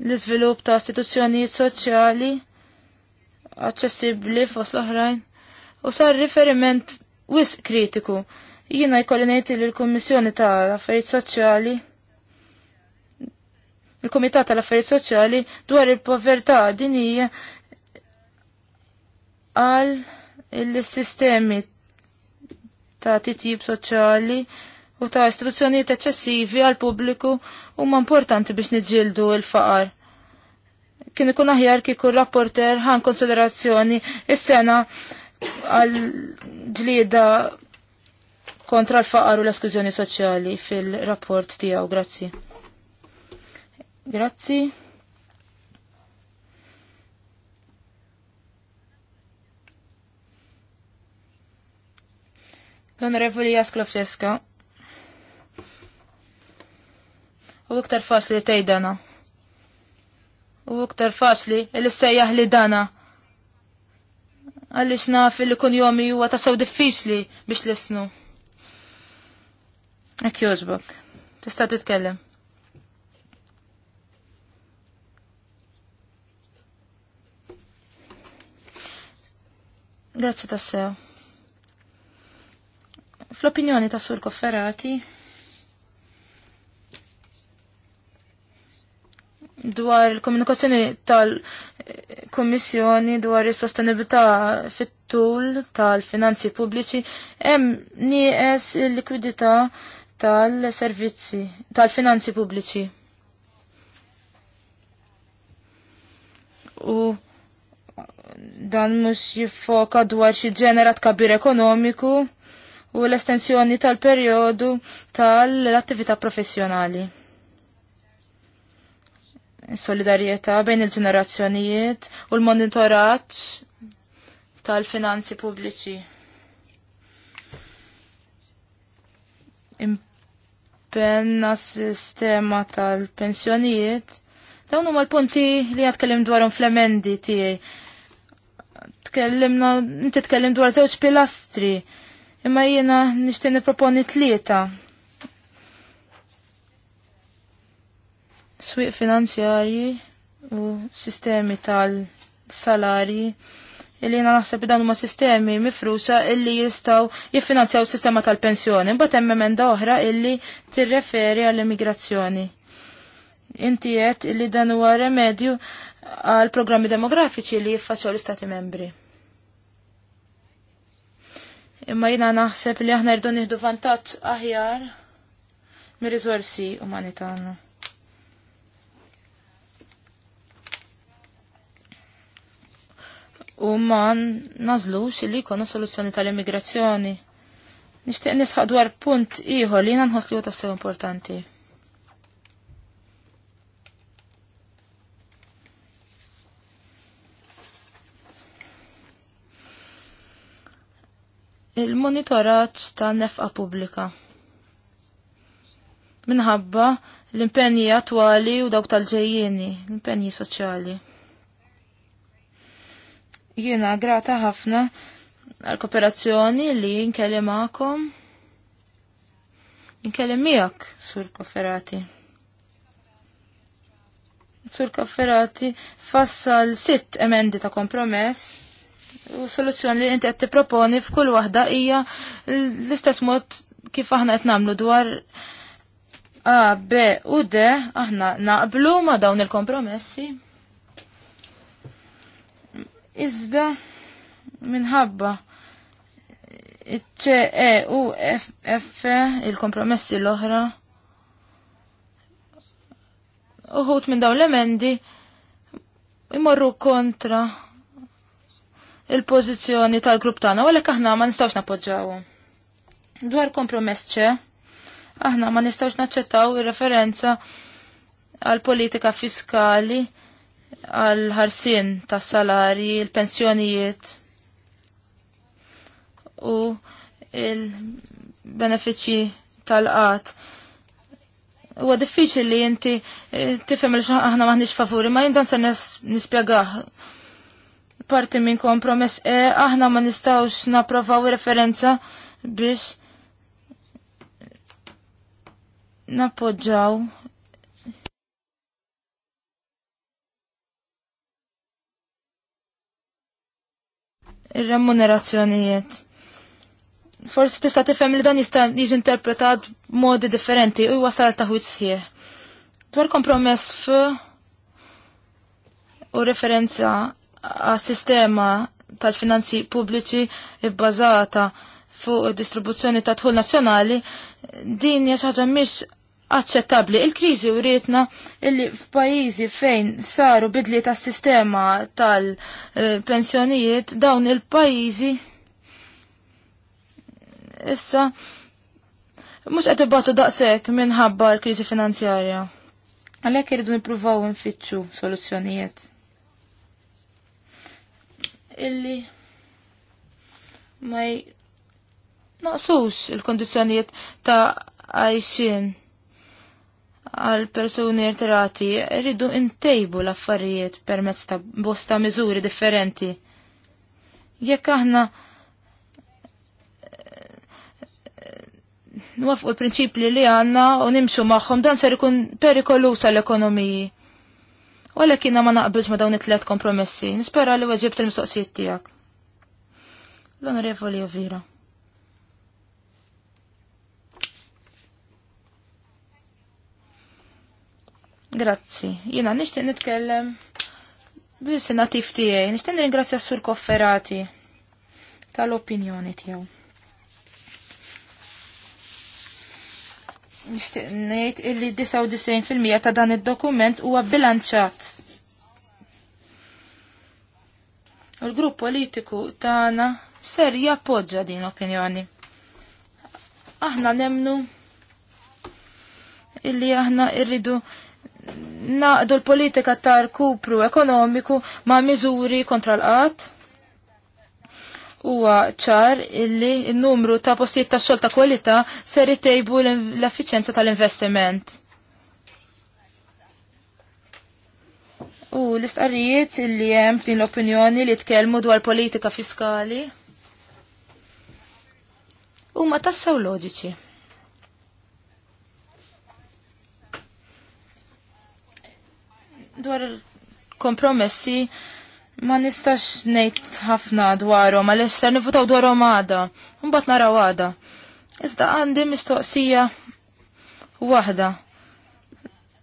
l-iżvilupp ta' istituzzjonijiet soċjali aċċessibbli fost l-oħrajn u sar riferiment wisq kritiku. Jiena jkolli ngħid li kummissjoni ta' Affarijiet Soċjali il-Komitat tal-Affarijiet Soċjali dwar il-povertà din hija għal il-sistemi ta' titjib soċjali u ta' istituzzjonijiet eċċessivi għal pubbliku huma importanti biex niġġieldu l-faqar. Kien ikun aħjar kieku rapporter ħan konsiderazzjoni is-sena għal ġlieda kontra l-faqar u l-eskużjoni soċjali fil-rapport tiegħu. Grazzi. Grazzi. L-Onorevoli Jasklofseska. U iktar faċli tej dana. U iktar faċli il-sejjaħ li dana. Għalix naf li kun jomi huwa tasaw diffiċli biex l-isnu. jogħġbok, Tista' titkellem. Grazie tassew. Fl-opinjoni ta' Sur Kofferati dwar il-komunikazzjoni tal-Kommissjoni dwar is-sostenibilità fit-tul tal-finanzi pubbliċi hemm nieqes il-likwidità tal-servizzi tal-finanzi pubbliċi. U dan mhux jiffoka dwar xi ġenerat kabir ekonomiku u l-estensjoni tal-perjodu tal-attività professjonali. Solidarjetà bejn il-ġenerazzjonijiet u l monitorat tal-finanzi pubbliċi. Impenna s-sistema tal-pensjonijiet Dawn huma l-punti li għatkellim dwarhom fl-emendi tiegħi tkellimna, inti tkellim dwar żewġ pilastri, imma jiena nixtieq proponi tlieta. Swieq finanzjarji u sistemi tal-salari illi jiena naħseb dan huma sistemi mifrusa illi jistgħu jiffinanzjaw sistema tal-pensjoni, imbagħad hemm emenda oħra illi tirreferi għall-immigrazzjoni. Inti qed illi dan huwa remedju għal programmi demografiċi li jiffaċċjaw l-Istati membri. Imma jina naħseb li aħna rridu nieħdu vantaġġ aħjar mir-riżorsi umani tagħna. U ma nażlux li jkunu soluzzjoni tal-immigrazzjoni. Nixtieq nisħaq dwar punt ieħor li jiena nħossli tassew importanti. il-monitoraġġ ta' nefqa pubblika. Minħabba l-impenji attwali u dawk tal-ġejjieni, l-impenji soċjali. Jiena grata ħafna għal-kooperazzjoni li jinkeli ma'kom. Jinkeli miegħek, Sur Kofferati. Sur Kofferati fassal sitt emendi ta' kompromess U soluzzjoni li inti qed tipproponi f'kull waħda hija l-istess mod kif aħna qed nagħmlu dwar A, B u D aħna naqblu ma dawn il-kompromessi. Iżda minħabba C, E u F, F il-kompromessi l-oħra. Uħut minn dawn l-emendi imorru kontra il-pożizzjoni tal-grupp tagħna, għalhekk aħna ma nistgħux nappoġġaw. Dwar kompromess ċe, aħna ma nistgħux naċċettaw ir-referenza għal politika fiskali għal ħarsin tas salari il-pensjonijiet u il-benefiċi tal-qat huwa diffiċli li inti eh, tifhem li aħna maħniex favuri, ma jindan se nispjegah parti minn kompromess e aħna ma nistawx naprovaw referenza biex nappoġġaw remunerazzjonijiet Forsi tista' tifhem li dan jista' jiġi interpretat modi differenti u wasal taħwit sħiħ. Dwar kompromess f u referenza għas-sistema tal-finanzi pubbliċi bbażata fuq id distribuzzjoni ta' tħul nazzjonali, din hija ħaġa mhix aċċettabbli. Il-kriżi wrietna illi f'pajjiżi fejn saru bidli ta' sistema tal-pensjonijiet dawn il-pajjiżi issa mhux qed ibatu daqshekk minħabba l-kriżi finanzjarja. Għalhekk irridu nippruvaw nfittxu soluzzjonijiet illi ma naqsus il kondizjoniet ta' għajxin għal persuni irtirati rridu intejbu l-affarijiet permezz ta' bosta miżuri differenti. Jekk aħna eh, nwafqu l-prinċipli li għanna u nimxu maħħom dan ser ikun perikolus għall-ekonomiji. U għalek ma naqbilx ma dawn it-tlet kompromessi, nispera li weġib il-mistoqsijiet tijak. L-onorevoli Javira. Grazzi. Jina nishtiq nitkellem bil senatif tijaj. Nishtiq nirringrazzja s-sur kofferati tal-opinjoni tijaw. nixtieq ngħid illi 99% ta' dan id-dokument huwa bilanċat. U l-grupp politiku tagħna ser jappoġġa din opinjoni. Aħna nemnu illi aħna irridu naqdu l-politika tar kupru ekonomiku ma' miżuri kontra l-qatt huwa ċar illi n-numru ta' postijiet ta' xogħol ta' kwalità ser itejbu l-effiċenza tal-investiment. U l-istqarrijiet illi hemm f'din l-opinjoni li tkellmu dwar politika fiskali huma tassaw loġiċi. Dwar kompromessi Ma nistax nejt ħafna dwarhom għaliex ser nifutaw dwarhom għada. Mbagħad naraw għada. Iżda għandi mistoqsija waħda.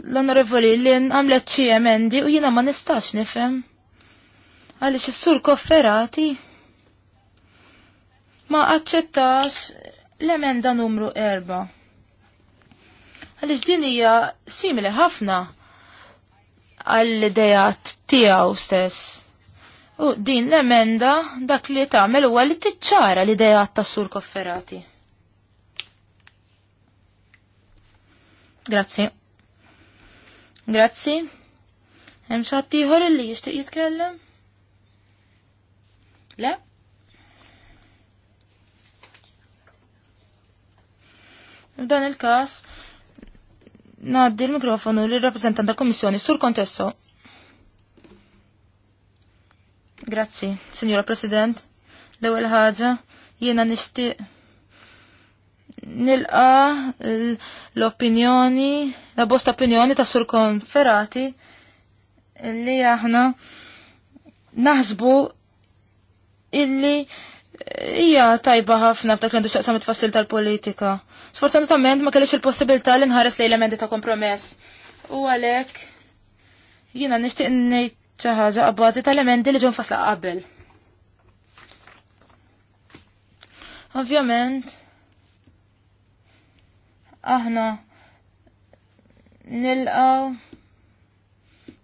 L-onorevoli l-in għamlet xi emendi u jiena ma nistax nifhem. Għaliex is-sur kofferati ma aċċettax l-emenda numru erba. Għaliex din hija simili ħafna għall-idejat tiegħu stess. U din l-emenda dak li tagħmel huwa li tiċċara l-idea tas-sur kofferati. Grazzi. Grazzi. Hemm xi ieħor li jixtieq jitkellem? Le? F'dan il-każ ngħaddi l-mikrofonu lir rappreżentant tal-Kummissjoni sur kontesto. Grazzi, Signora President. L-ewwel ħaġa jiena nixtieq nilqa l-opinjoni, la bosta opinjoni ta' Sur Konferati li aħna naħsbu illi hija tajba ħafna f'dak l għandu xaqsam it-fassil tal-politika. Sfortunatament ma kellix il-possibilità li nħares li l ta' kompromess. U għalek, jina nishtiq ċi ħaġa tal-elementi li ġun fasla qabel. Ovvjament, aħna nilqaw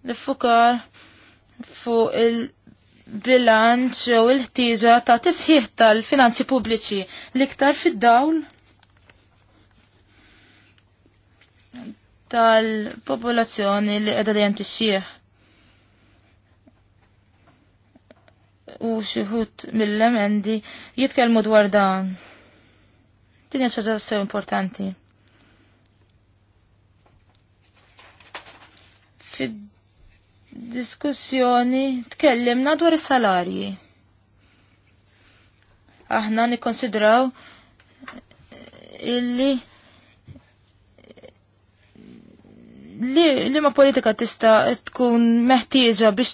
l-fukar fuq il-bilanċ u l-ħtiġa ta' tisħiħ tal-finanzi pubbliċi l-iktar fid-dawl tal-popolazzjoni li qiegħda dejjem tixxieħ. u xieħut mill-emendi jitkelmu dwar dan. Din hija xaġa sew importanti. Fid-diskussjoni tkellimna dwar is-salarji. Aħna nikkonsidraw illi li, li ma politika tista tkun meħtieġa biex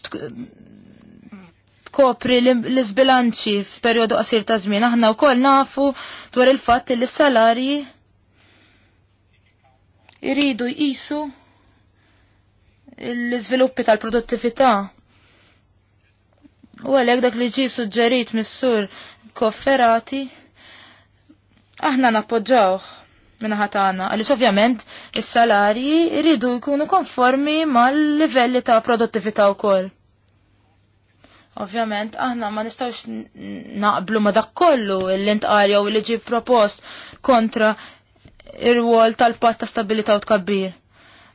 tkopri l-izbilanċi f'perjodu qasir ta' żmien. Aħna wkoll nafu dwar il-fatt li s-salarji iridu jqisu l-iżviluppi tal-produttività. U għalhekk dak li ġie suġġerit mis-sur kofferati aħna nappoġġawh minna tagħna għaliex ovvjament is-salarji iridu jkunu konformi mal-livelli ta' produttività wkoll. Ovvjament, aħna ma nistawx naqblu ma dak kollu l-intqal jew li ġib propost kontra ir-wol tal-patt ta' stabilità u tkabbir.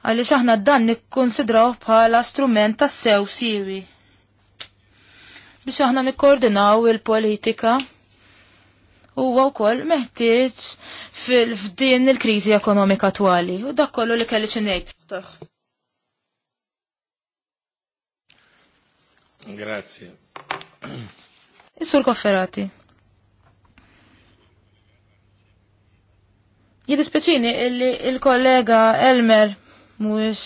Għaliex aħna dan nikkonsidraw bħala strument ta' sew siwi. Biex aħna nikkoordinaw il-politika huwa wkoll meħtieġ fil-fdin il-kriżi ekonomika attwali u dak kollu li kelli ngħid. Grazie. Is-sur kofferati. Jidispeċini illi il-kollega Elmer mux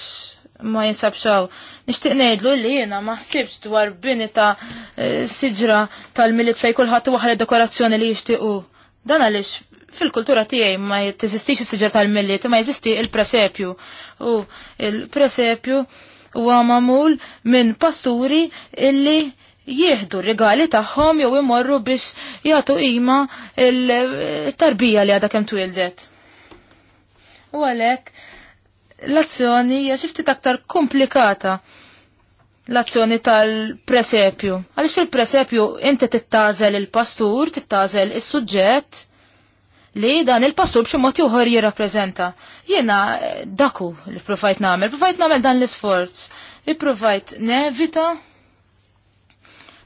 ma jinsabxaw. Nishtiq nejdlu illi jena ma ħsibx dwar bini ta' eh, siġra tal-milit fej kullħat waħle dekorazzjoni li jishtiqu. Dan għalix fil-kultura tiegħi ma jittizistix is-siġra tal-milit, ma jeżisti il-presepju. U il-presepju il presepju u il presepju huwa mamul minn pasturi illi jieħdu regali tagħhom jew imorru biex jagħtu qima il-tarbija li għadha kemm twildet. U għalhekk l-azzjoni hija xi ftit aktar komplikata l-azzjoni tal-presepju. Għaliex fil-presepju inti tittażel il-pastur, tittażel is-suġġett, li dan il-pastur b'xi mod ieħor jirrappreżenta. Jiena eh, daku li provajt nagħmel, provajt nagħmel dan l-isforz. Ipprovajt nevita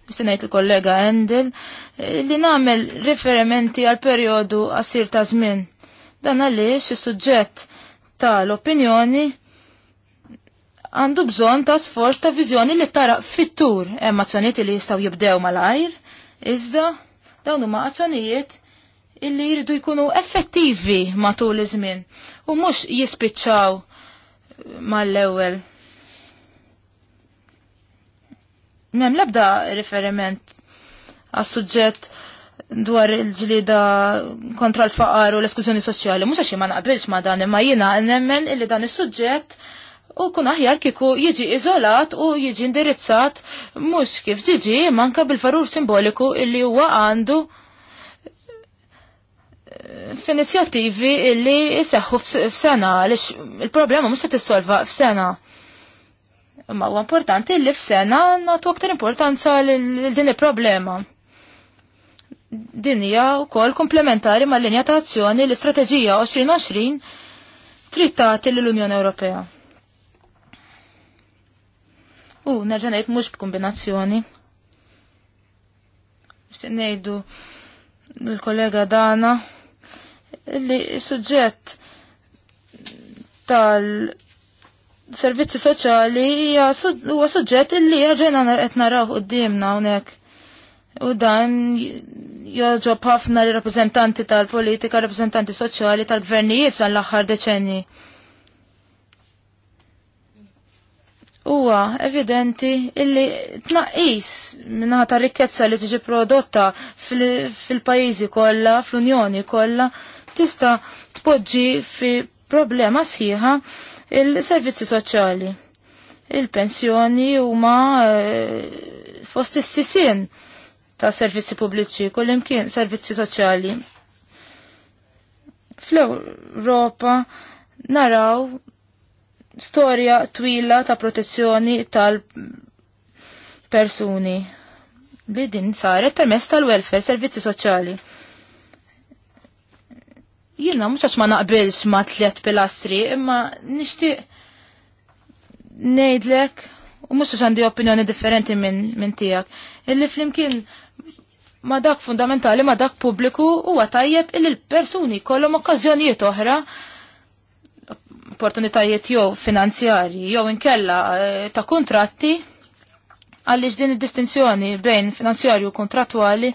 ngħid il-kollega Endel eh, li nagħmel riferimenti għal perjodu qasir ta' żmien. Dan għaliex is-suġġett tal-opinjoni għandu bżonn ta' sforz ta' viżjoni li tara fit-tur hemm li jistgħu jibdew mal-ajr, iżda dawn huma azzjonijiet illi jridu jkunu effettivi matul iż-żmien u mhux jispiċċaw mal-ewwel. Mem lebda riferiment għas suġġett dwar il-ġlida kontra l-faqar u l-eskużjoni soċjali. Mhux għaxi ma naqbilx ma dan imma jiena nemmen illi dan is-suġġett u kun aħjar kiku jiġi iżolat u jiġi indirizzat mhux kif ġiġi manka bil-farur simboliku illi huwa għandu f'inizjattivi li jiseħħu f'sena, għaliex il-problema mhux se tissolva f'sena. Imma huwa importanti li f'sena nagħtu aktar importanza lil din il-problema. Din hija wkoll komplementari mal-linja ta' azzjoni l-istrateġija 2020 20 tagħti lill-Unjoni Ewropea. U nerġa' ngħid mhux b'kombinazzjoni. Nixtieq ngħidu l-kollega Dana li suġġett tal-servizzi soċjali huwa suġġett li ġejna qed naraw qudiemna hawnhekk. U dan joġob ħafna li rappreżentanti tal-politika, rappreżentanti soċjali tal-gvernijiet fl aħħar deċenni. Huwa evidenti illi tnaqqis minnaħa ta' rikkezza li tiġi prodotta fil-pajjiżi kollha, fl-Unjoni kollha, tista' tpoġġi fi problema sħiħa il-servizzi soċjali. Il-pensjoni huma e, fost istisien ta' servizzi pubbliċi, kullimkien servizzi soċjali. Fl-Europa naraw storja twila ta' protezzjoni tal-persuni li din saret permess tal-welfare, servizzi soċjali. Jina, mux għax ma naqbilx ma tliet pilastri, imma nishti nejdlek, u mux għax għandi opinjoni differenti minn min tijak, illi flimkien ma dak fundamentali, ma dak publiku, u għatajjeb illi l-persuni kollom okkazjonijiet oħra, opportunitajiet jew finanzjari, jew inkella eh, ta' kontratti, għalli din id-distinzjoni bejn finanzjarju u kontratwali, kontratwali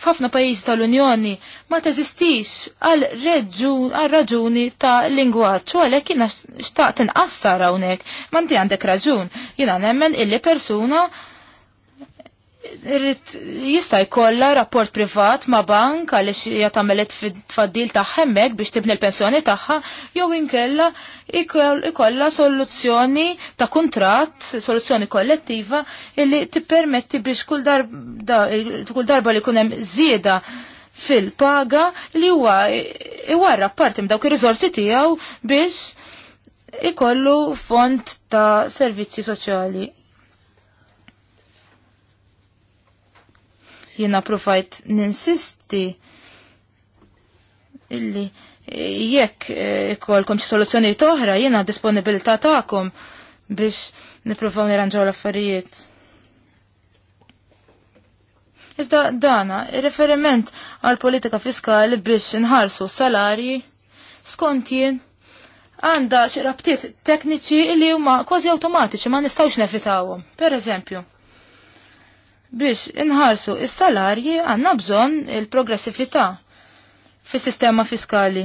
f'ħafna pajjiżi tal-Unjoni ma teżistix għal raġuni ta' lingwaġġ u għalhekk jiena xtaqt inqassar hawnhekk. M'għandi għandek raġun, jiena nemmen illi persuna jista' jkollha rapport privat ma' bank għaliex hija tagħmelet tfaddil ta' hemmhekk biex tibni l-pensjoni tagħha jew inkella ikollha soluzzjoni ta' kuntratt, soluzzjoni kollettiva illi tippermetti biex kull darba kull darba li jkun hemm żieda fil-paga li huwa iwarra parti dawk ir-riżorsi tiegħu biex ikollu fond ta' servizzi soċjali jina profajt ninsisti illi jekk eh, ikolkom xi soluzzjoni toħra jiena disponibilità tagħkom biex nippruvaw nirranġaw l-affarijiet. Iżda dana, referiment għal politika fiskali biex nħarsu salarji skont jien għandha xi rabtiet tekniċi li huma kważi awtomatiċi ma nistgħux nefitawhom. Per eżempju, biex inħarsu is-salarji għandna bżonn il-progressività fis-sistema fiskali.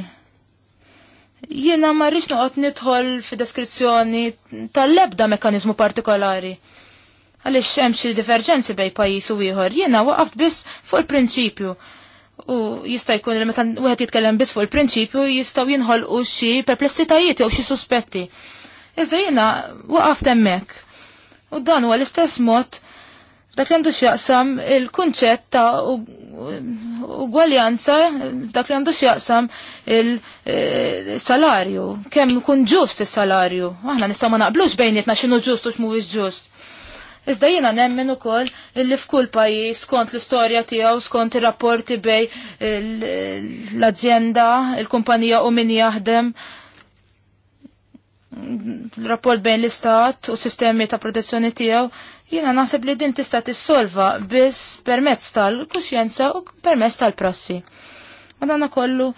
Jiena ma rridx noqgħod nidħol fi deskrizzjoni tal-ebda mekkaniżmu partikolari. Għaliex hemm xi diverġenzi bejn pajjiż u ieħor, jiena waqaft biss fuq il-prinċipju. U jista' jkun li meta wieħed jitkellem biss fuq il-prinċipju jistgħu jinħolqu xi perplessitajiet jew xi suspetti. Iżda jiena waqaf hemmhekk. U dan huwa l-istess mod Dak li għandu xjaqsam il-kunċett ta' ugwaljanza, dak li għandu xjaqsam il-salarju, eh, kemm kun ġust il-salarju. Aħna nistgħu ma naqblux bejnietna x'inhu ġust u x'mhuwiex ġust. Iżda jiena nemmen ukoll li f'kull pajjiż skont l-istorja tiegħu, skont ir-rapporti bej l azienda il-kumpanija u min jaħdem, l-rapport bejn l-istat u sistemi ta' protezzjoni tiegħu, Jiena naħseb li din tista' tissolva biss permezz tal-kuxjenza u permezz tal prossi Madonna kollu,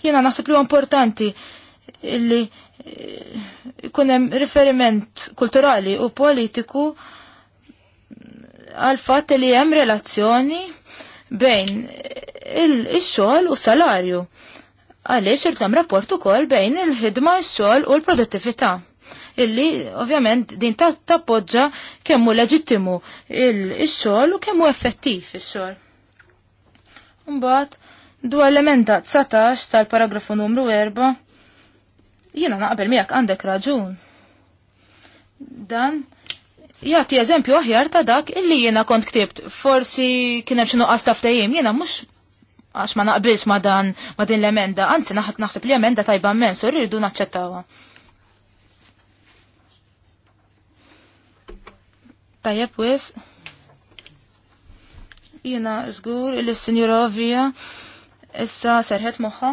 jiena naħseb li importanti illi eh, kunem hemm riferiment kulturali u politiku għal fatt li hemm relazzjoni bejn il-xogħol u salarju. Għaliex irid rapport ukoll bejn il-ħidma, x-xogħol u l-produttività illi ovvjament din tappoġġa kemmu leġittimu il-xogħol u kemmu effettiv ix-xogħol. Mbagħad dwar l-emenda 19 tal-paragrafu numru 4 jiena naqbel miegħek għandek raġun. Dan jagħti eżempju aħjar ta' dak illi jiena kont ktibt. Forsi kien hemm xi nuqqas ta' jiena mhux għax ma naqbilx ma dan ma din l-emenda, anzi naħseb li emenda tajba men, so rridu naċċettawha. Tajjeb wis. Ina żgur li s-Sinjura Ovvija issa serħet moħħa.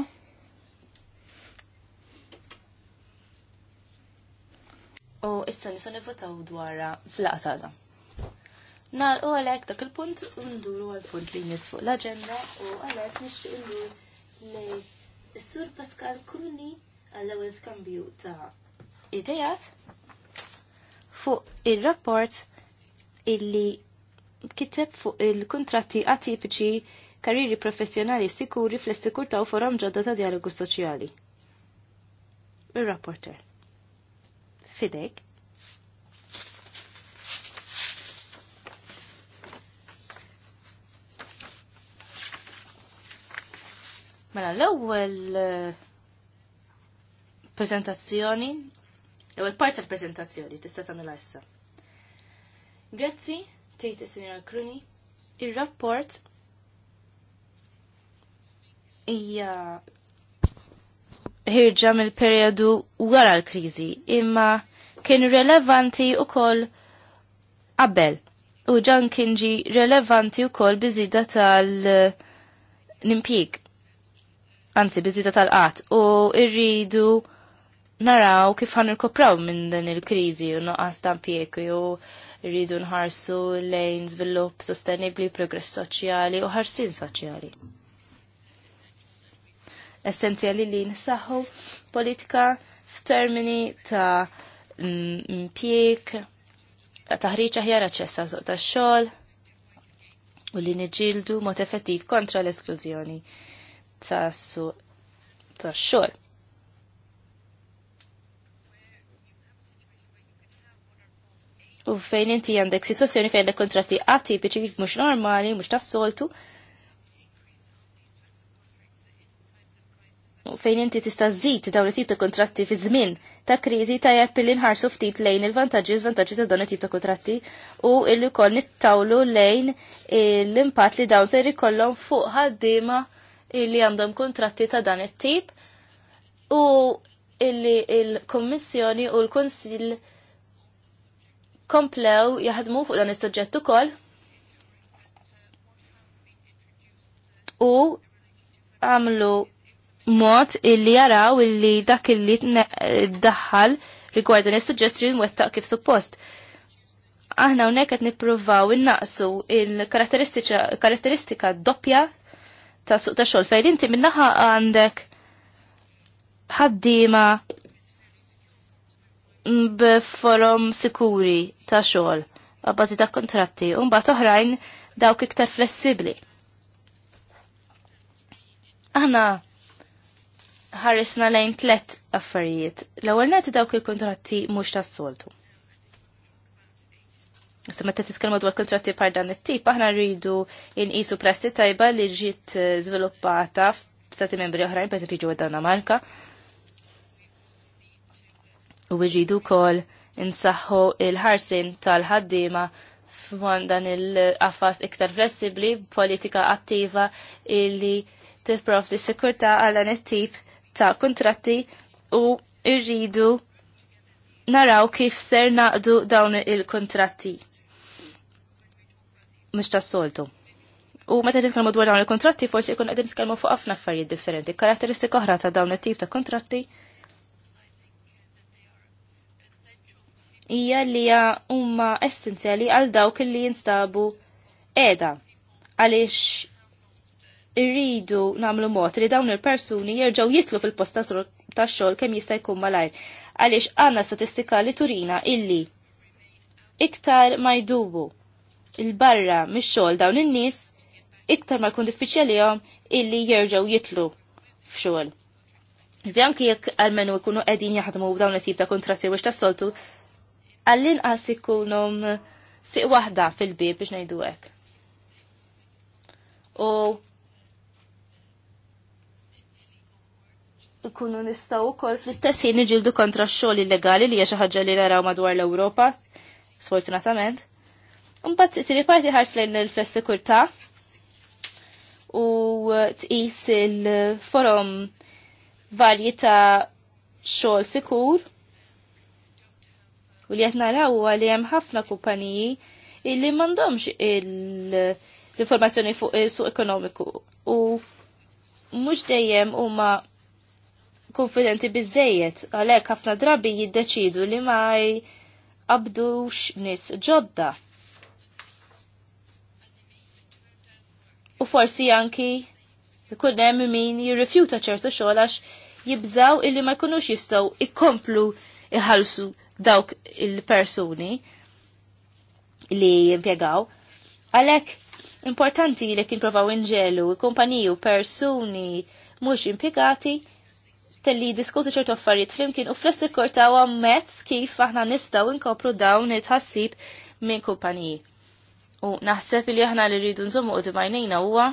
U issa nisa nivotaw dwarra fl-laqtada. Nar u għalek dak il-punt nduru għal-punt li jmiss fuq l-agenda u għalek nishtiq ndur lej Is-Sur Pascal Kruni għall-ewwel skambju ta' idejat fuq ir-rapport illi kiteb fuq il-kontratti atipiċi karriri professjonali sikuri fl ta' u forum ġodda ta' dialogu soċjali. Il-rapporter. Fidek. Mela, l-ewwel eh, prezentazzjoni, l-ewwel parti tal-prezentazzjoni tista' tagħmilha issa. Grazzi, tejt il-Sinjora Kruni. Il-rapport hija ħirġa mill-perjodu wara l-kriżi, imma kien relevanti ukoll qabel u ġan kien ġi relevanti wkoll biżida tal-impjieg. Anzi, biżida tal-qat u irridu naraw kif ħan minn din il-kriżi u noqqas ta' u rridu nħarsu lejn żvilupp sostenibli, progress soċjali u ħarsin soċjali. Essenzjali li nsaħħu politika f'termini ta' mm, impjieg, taħriġ aħjar aċċessa aċċess tax-xogħol u li niġġieldu mod effettiv kontra l-esklużjoni tas-suq tax-xogħol. u fejn inti għandek situazzjoni fejn għandek kontratti atipiċi mhux normali, mhux tas-soltu. U fejn inti tista' żid dawn it-tip ta' kontratti fi żmien ta' kriżi tajjeb li nħarsu ftit lejn il-vantaġġi żvantaġġi ta' dawn it-tip ta' kontratti u illi wkoll nittawlu lejn l-impatt li dawn se jkollhom fuq ħaddiema illi għandhom kontratti ta' dan it-tip u illi il-Kommissjoni u l-Konsil il komplew jaħdmu fuq dan is-suġġett ukoll. U għamlu mod illi jaraw illi dak illi daħħal rigward dan is-suġġestri mwettaq kif suppost. Aħna hawnhekk qed nippruvaw innaqsu il-karatteristika doppja ta' suq ta' xogħol fejn inti minnaħa għandek ħaddiema b'forom sikuri ta' xogħol għabbażi ta' kontratti u mbagħad oħrajn dawk iktar flessibbli. Aħna ħarisna lejn tlett affarijiet. L-ewwel nett dawk il-kontratti mhux tas-soltu. Issa meta titkellmu dwar kontratti par dan it-tip, aħna rridu inqisu presti tajba li ġiet eh, żviluppata f'stati membri oħrajn, pereżempju ġewwa dawn marka u iġidu kol insaħħu il-ħarsin tal-ħaddima f'man dan il-qafas iktar flessibli, politika attiva illi tipprovdi sikurta għal dan it-tip ta' kontratti u irridu naraw kif ser naqdu dawn il-kontratti. Mux ta' soltu. U meta titkellmu dwar dawn il-kontratti, forsi jkun qegħdin nitkellmu fuq ħafna affarijiet differenti. Karatteristika oħra ta' dawn it-tip ta' kontratti hija li huma essenzjali għal dawk li jinstabu qiegħda għaliex irridu namlu mod li dawn il-persuni jerġgħu jitlu fil-post tax-xogħol kemm jista' jkun malajr għaliex għandna statistika li turina illi iktar ma jdubu il-barra mix-xogħol dawn in-nies iktar ma jkun diffiċjalihom illi jerġgħu jitlu f'xogħol. Vi anki jekk għalmenu jkunu qegħdin jaħdmu b'dawn it-tip ta' kontratti biex tas-soltu għallin inqas ikunhom siq waħda fil-bib biex ngħidu hekk. U ikunu nistgħu wkoll fl-istess ħin kontra x-xogħol illegali li hija xi ħaġa li naraw madwar l-Ewropa, sfortunatament. Mbagħad tiri parti ħars lejn il-flessikurtà u t-is il-forum varji ta' xogħol sikur U li qed raw huwa li hemm ħafna kumpaniji illi m'għandhomx l-informazzjoni fuq il suq ekonomiku u mhux dejjem huma konfidenti biżejjed għalhekk ħafna drabi jiddeċidu li ma jabdux nis ġodda. U forsi anki ikun hemm min jirrifjuta ċertu xolax jibżaw illi ma jkunux jistgħu ikomplu iħallsu dawk il-persuni li jimpiegaw. Għalek, importanti li kinprovaw inġelu kumpaniju persuni mux impiegati telli diskutu ċertu affarijiet flimkien u flessi kortaw mezz kif aħna nistaw inkopru dawn it-ħassib minn kumpaniji. U naħseb li aħna li rridu nżommu u dimajnejna huwa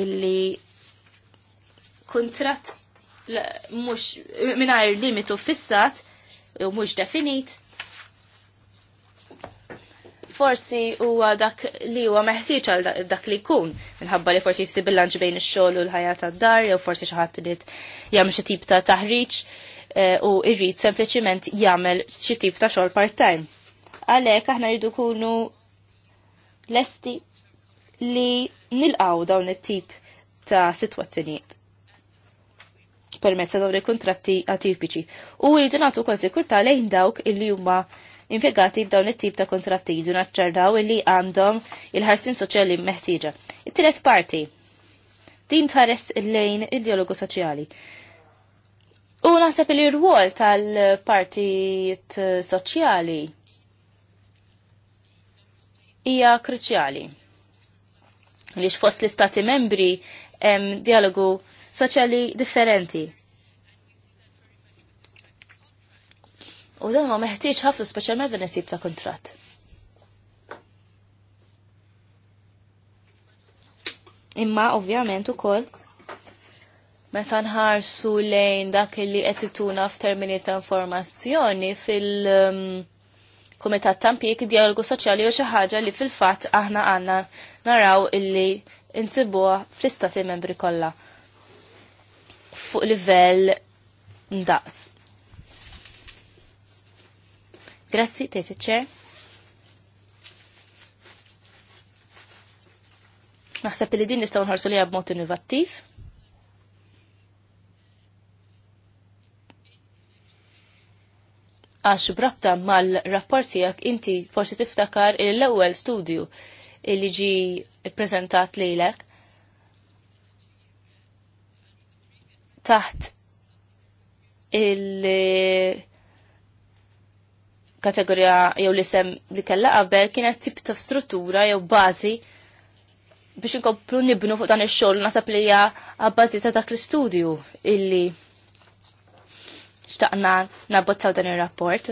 illi kontrat mux minar limitu fissat u mux definit forsi huwa dak li huwa meħtieġ għal dak li jkun minħabba li forsi jsib il bejn ix-xogħol u l-ħajja tad-dar jew forsi xi ħadd irid jagħmel xi tip ta' taħriġ eh, u jrid sempliċiment jagħmel xi tip ta' xogħol part-time. Għalhekk aħna rridu kunu lesti li nilqgħu dawn it-tip ta' sitwazzjonijiet permessa dawn il-kontratti atipiċi. U jridu nagħtu wkoll lejn dawk illi huma impjegati f'dawn it-tip ta' kontratti jridu naċċardaw illi għandhom il-ħarsin soċjali meħtieġa. It-tielet parti din tħares lejn id-dialogu soċjali. U naħseb li r-wol tal-partijiet soċjali hija kruċjali. Lix fost l-istati membri em, dialogu soċjali differenti. U dan ma meħtieġ ħafna speċjalment din it-tip ta' kontratt. Imma ovvjament ukoll meta nħarsu lejn dak li qed ituna f'termini ta' informazzjoni fil- um, Kumitat Tampik dialogu soċjali u xi ħaġa li fil-fatt aħna għandna naraw illi insibuha fl-istati membri kollha fuq livell ndaqs. Grazzi, te iċ Naħseb li din nistgħu nħarsu li b'mod innovattiv. Għax brabta mal-rapport tiegħek inti forsi tiftakar l-ewwel studju li ġi ppreżentat lilek taħt il- kategorija jew l-isem li kella qabel kienet tip ta' struttura jew bażi biex nkomplu nibnu fuq dan ix-xogħol nasab li hija għabbażi ta' dak l-istudju illi xtaqna nabottaw dan ir-rapport.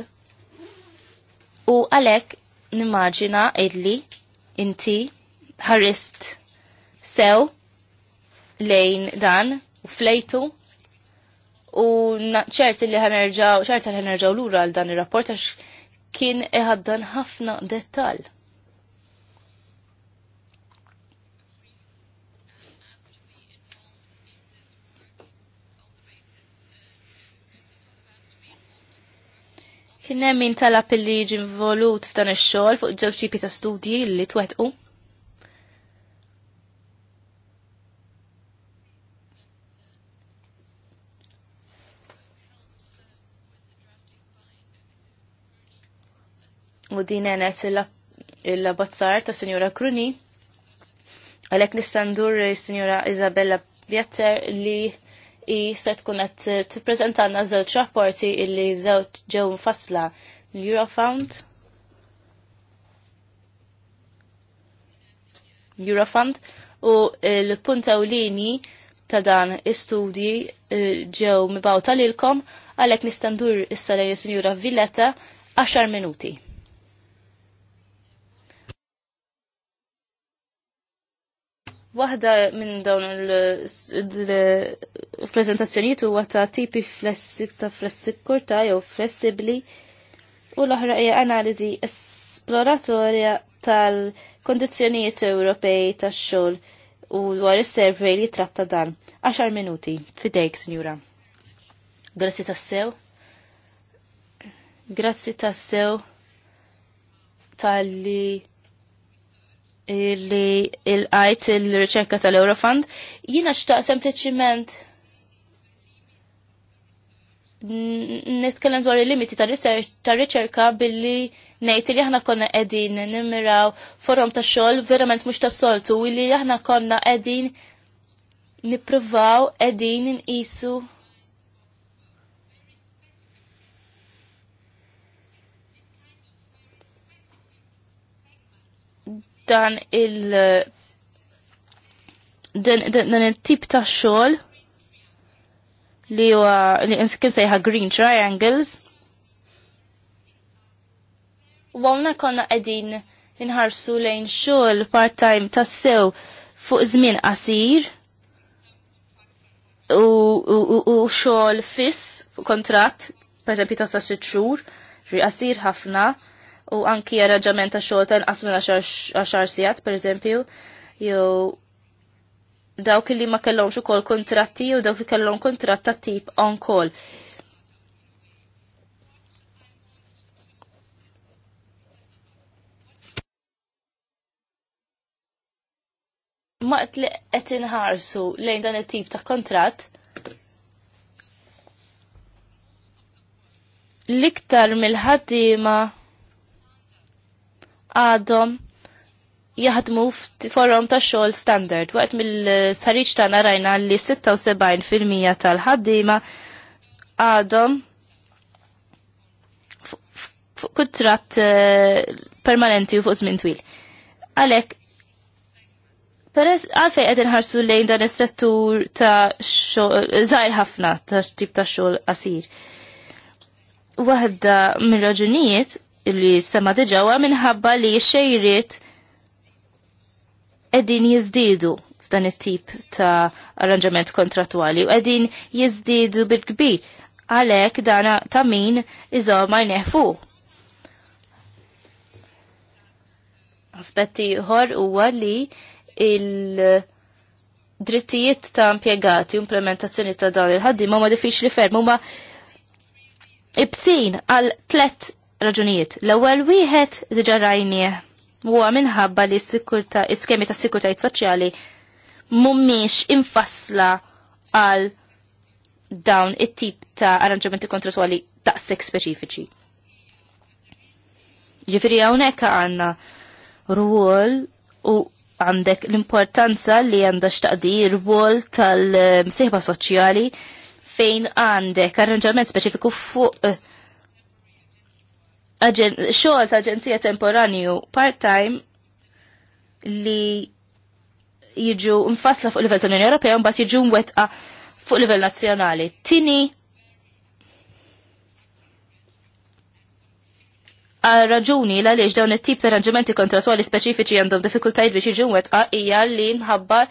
U għalhekk nimmaġina illi inti ħarrist sew lejn dan u flejtu u ċert li ħanerġaw, ċert li ħanerġaw l-ura għal dan il rapport għax kien iħaddan ħafna dettal. Kien hemm min talab illi jiġi involut f'dan ix-xogħol fuq żewġ tipi ta' studji li twettqu. u din il labazzar ta' Sinjora Kruni, għalek nistandur eh, Sinjora Isabella Bjatter li i se tkun qed eh, tippreżentanna żewġ rapporti illi żewġ ġew fasla l-Eurofound. Eurofund u l-punt ewlieni ta' dan istudji eh, ġew mibgħu tal-ilkom għalhekk nistandur issa lejn Sinjura Villetta 10 minuti. Waħda minn dawn il-prezentazzjonijiet huwa ta' tipi flessik ta' flessik kurta jew flessibli u l-oħra hija analiżi esploratorja tal kondizjonijiet Ewropej tax-xogħol u dwar is-servej li tratta dan. 10 minuti fidejk, Sinjura. Grazzi tassew. Grazzi tassew tal-li li il-għajt il reċerka tal-Eurofund, jina xtaq sempliciment nitkellem dwar il-limiti ta' riċerka billi ngħid li aħna konna qegħdin nimmiraw forum ta' xogħol verament mhux ta' soltu u li aħna konna qegħdin nippruvaw qegħdin nqisu dan il- dan il-tip ta' xogħol li huwa li kif sejħa green triangles. Walna konna qegħdin inħarsu lejn xogħol part-time tassew fuq żmien qasir u, u, u, u xogħol fiss fuq kontratt, pereżempju ta' sa' xi xhur, qasir ħafna u anki arraġament ta' xogħol ta' inqas minn għaxar sigħat pereżempju jew dawk li ma kellhomx ukoll kontratti u dawk li kellhom kontratt ta' tip on call. Maqt li qed inħarsu lejn dan it-tip ta' kontratt l-iktar mill-ħaddiema għadhom jaħdmu forum ta' xogħol standard. Waqt mill-sħariġ ta' narajna li 76% tal-ħaddiema għadhom fuq kutratt eh, permanenti u fuq żmien twil. Għalhekk Peress għalfej qed inħarsu lejn dan is-settur ta' eh, żgħir ħafna ta' tip ta' xogħol qasir. Waħda mir-raġunijiet li sema diġawa minħabba li xejriet edin jizdidu f'dan it-tip ta' arranġament kontratwali u edin jizdidu bil kbi għalek dana ta' min iżo ma' jneħfu. Aspetti ħor huwa li il- drittijiet ta' impiegati, implementazzjoni ta' dan il-ħaddim ma' diffiċli ferm, ma' ibsin għal tlet raġunijiet. L-ewwel wieħed diġà rajnieh huwa minħabba li s-sikurta iskemi ta' sikurtajiet soċjali mhumiex infassla għal dawn it-tip ta' arranġamenti kontratwali daqshekk speċifiċi. Ġifieri hawnhekk għandna rwol u għandek l-importanza li għandha xtaqdi rwol tal-msieħba soċjali fejn għandek arranġament speċifiku fuq uh, xogħol ta' aġenzija temporanju part-time li jiġu mfasla fuq livell tal-Unjoni Ewropea mbagħad jiġu mwettqa fuq livell nazzjonali. Tini għal raġuni l għaliex dawn it-tip ta' arranġamenti kontratwali speċifiċi għandhom diffikultajiet biex jiġu mwettqa hija li mħabba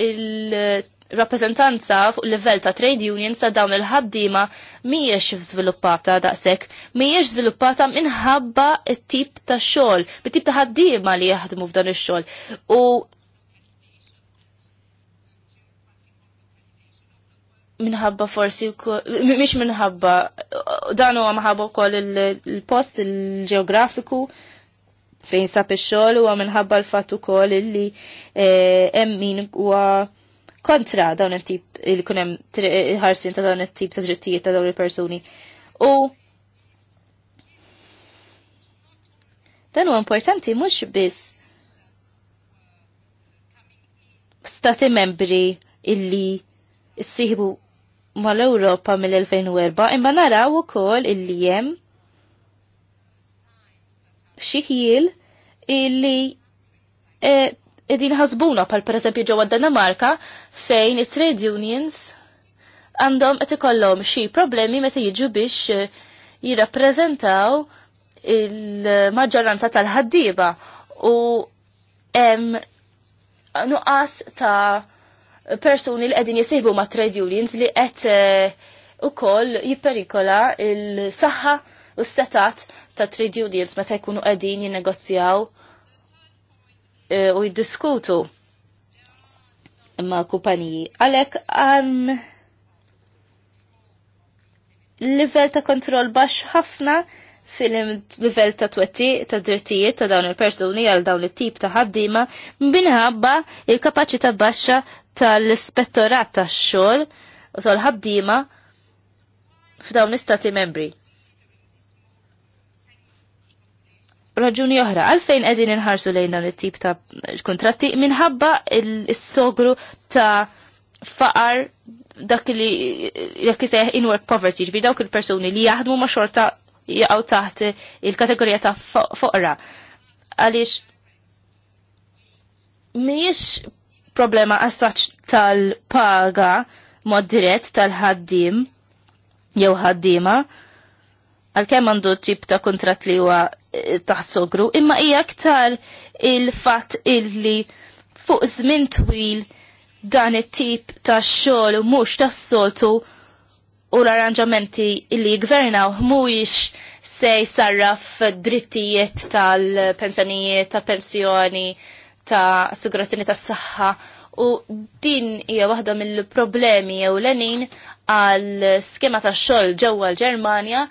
il- rappresentanza fuq livell ta' trade unions ta' dawn il-ħaddima mhijiex żviluppata daqshekk, mhijiex żviluppata minħabba t-tip ta' xogħol, bit-tip ta' ħaddiema li jaħdmu f'dan ix-xogħol. U minħabba forsi mhix minħabba dan huwa maħabba wkoll il-post il-ġeografiku fejn sab ix-xogħol huwa minħabba l-fatt ukoll illi eh, hemm min huwa kontra dawn it-tip li kunem ħarsin ta' dawn it-tip ta' drittijiet ta' dawn il-persuni. U dan huwa importanti mhux biss stati membri illi issieħbu mal-Ewropa mill-2004 imma naraw ukoll illi jem xieħil illi eh, edin ħasbuna pal per eżempju ġewwa Danimarka fejn it-trade unions għandhom qed ikollhom xi problemi meta jiġu biex eh, jirrappreżentaw il-maġġoranza tal-ħaddieba u hemm nuqqas ta' persuni li qegħdin jisihbu ma' trade unions li qed eh, ukoll jipperikola il-saħħa u s-setat ta' trade unions meta jkunu qegħdin jinnegozjaw Eh, u jiddiskutu ma' kumpaniji. Għalek għan livell ta' kontroll baxx ħafna fil-livell ta' twetti ta' drittijiet ta' dawn il-persuni għal dawn it-tip ta' ħaddima minħabba il-kapaċità baxxa tal-ispettorat tax-xogħol u tal-ħaddima f'dawn l-istati membri. raġuni oħra, għalfejn qegħdin inħarsu lejn dawn it-tip ta' kontratti minħabba il-sogru ta' faqar dak li jekk jisejħ in-work poverty, ġbi dawk il-persuni li jaħdmu ma' xorta jaqgħu taħt il-kategorija ta' foqra. Għaliex mhijiex problema assaċ tal-paga mod dirett tal-ħaddim jew ħaddima għalkemm għandu tip ta' kontrat li huwa taħsogru, sogru, imma hija aktar il-fatt illi fuq żmien twil dan it-tip ta' xogħol mhux tas-soltu u l-arranġamenti illi jgvernaw mhuwiex se jsarraf drittijiet tal-pensjonijiet, ta' pensjoni, ta' assigurazzjoni tas-saħħa u din hija waħda mill-problemi ewlenin għal skema ta' xogħol ġewwa l-Ġermanja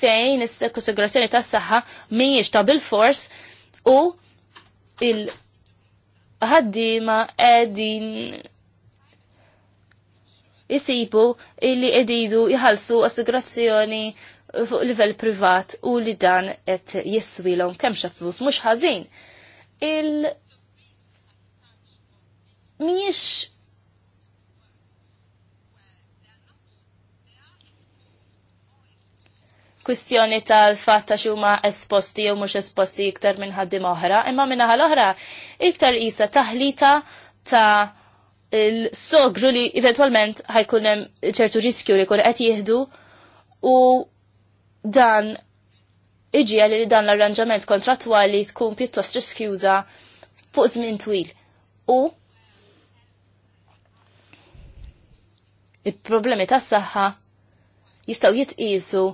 fejn is-assigurazzjoni tas-saħħa mhijiex ta' bil-fors u il ħaddiema qegħdin jisibu illi qegħdu jħallsu assigurazzjoni fuq livell privat u li dan qed jiswilhom kemm xa flus mhux ħażin. Il miex kwistjoni tal fat ta' xuma esposti u mhux esposti iktar minn ħaddim oħra, imma minna ħal-oħra iktar isa taħlita ta' il-sogru li eventualment ħajkun hemm ċertu riskju li kun qed jieħdu u dan iġi li dan l-arranġament kontratwali tkun pjuttost riskjuża fuq żmien twil. U il-problemi tas-saħħa jistgħu jitqiesu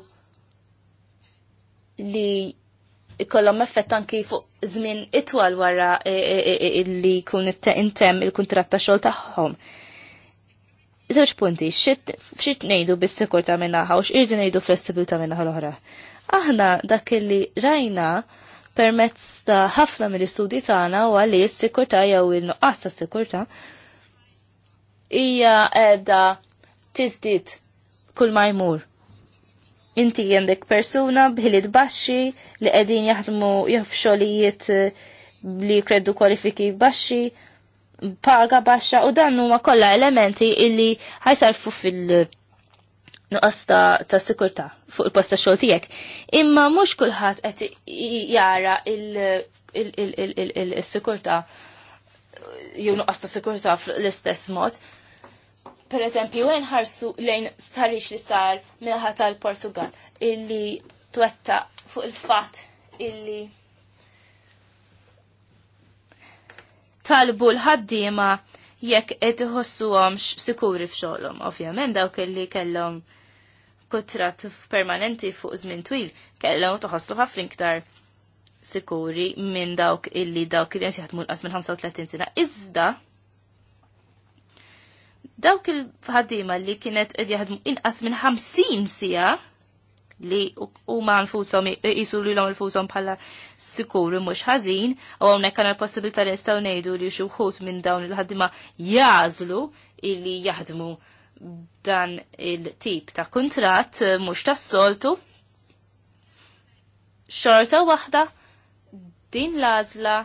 li kollom effett anki fuq żmien itwal wara e, e, e, li kun intem il-kuntratt ta' xogħol tagħhom. Żewġ punti, xit ngħidu bis minn minnaħa u x'irdu ngħidu flessibilità minn l-oħra. Aħna dak li rajna permezz ta' ħafna mill-istudji tagħna u għalli s sikurtà jew il-nuqqas ta' sikurta hija qiegħda tiżdied kull ma jmur inti jendek persuna bħilit baxxi li qegħdin jaħdmu jafxolijiet li kreddu kwalifiki baxxi paga baxxa u dan huma kollha elementi illi ħajsarfu fil- nuqqas ta' sikurta fuq il-posta xogħol tiegħek. Imma mhux kulħadd qed jara il-sikurta jew nuqqas ta' sikurta fl-istess mod. Per eżempju, ħarsu lejn starix li sar minnaħat tal-Portugal illi twetta fuq il-fat illi talbu l-ħaddima jekk qed iħossuhomx sikuri f'xogħolhom. Ovvjament dawk illi kellhom kutrat permanenti fuq żmien twil kellhom toħossu ħafna iktar sikuri minn dawk illi dawk li jaħdmu l-qas minn 35 sena. Iżda Dawk il-ħaddima li kienet qed jaħdmu inqas minn 50 sija li huma nfushom qisu lilhom infushom bħala sikuru mhux ħażin, u hawnhekk għandna l-possibilità li jistgħu ngħidu li xi wħud minn dawn il-ħaddima jażlu illi jaħdmu dan il-tip ta' kuntratt mhux tas-soltu. Xorta waħda din l-għażla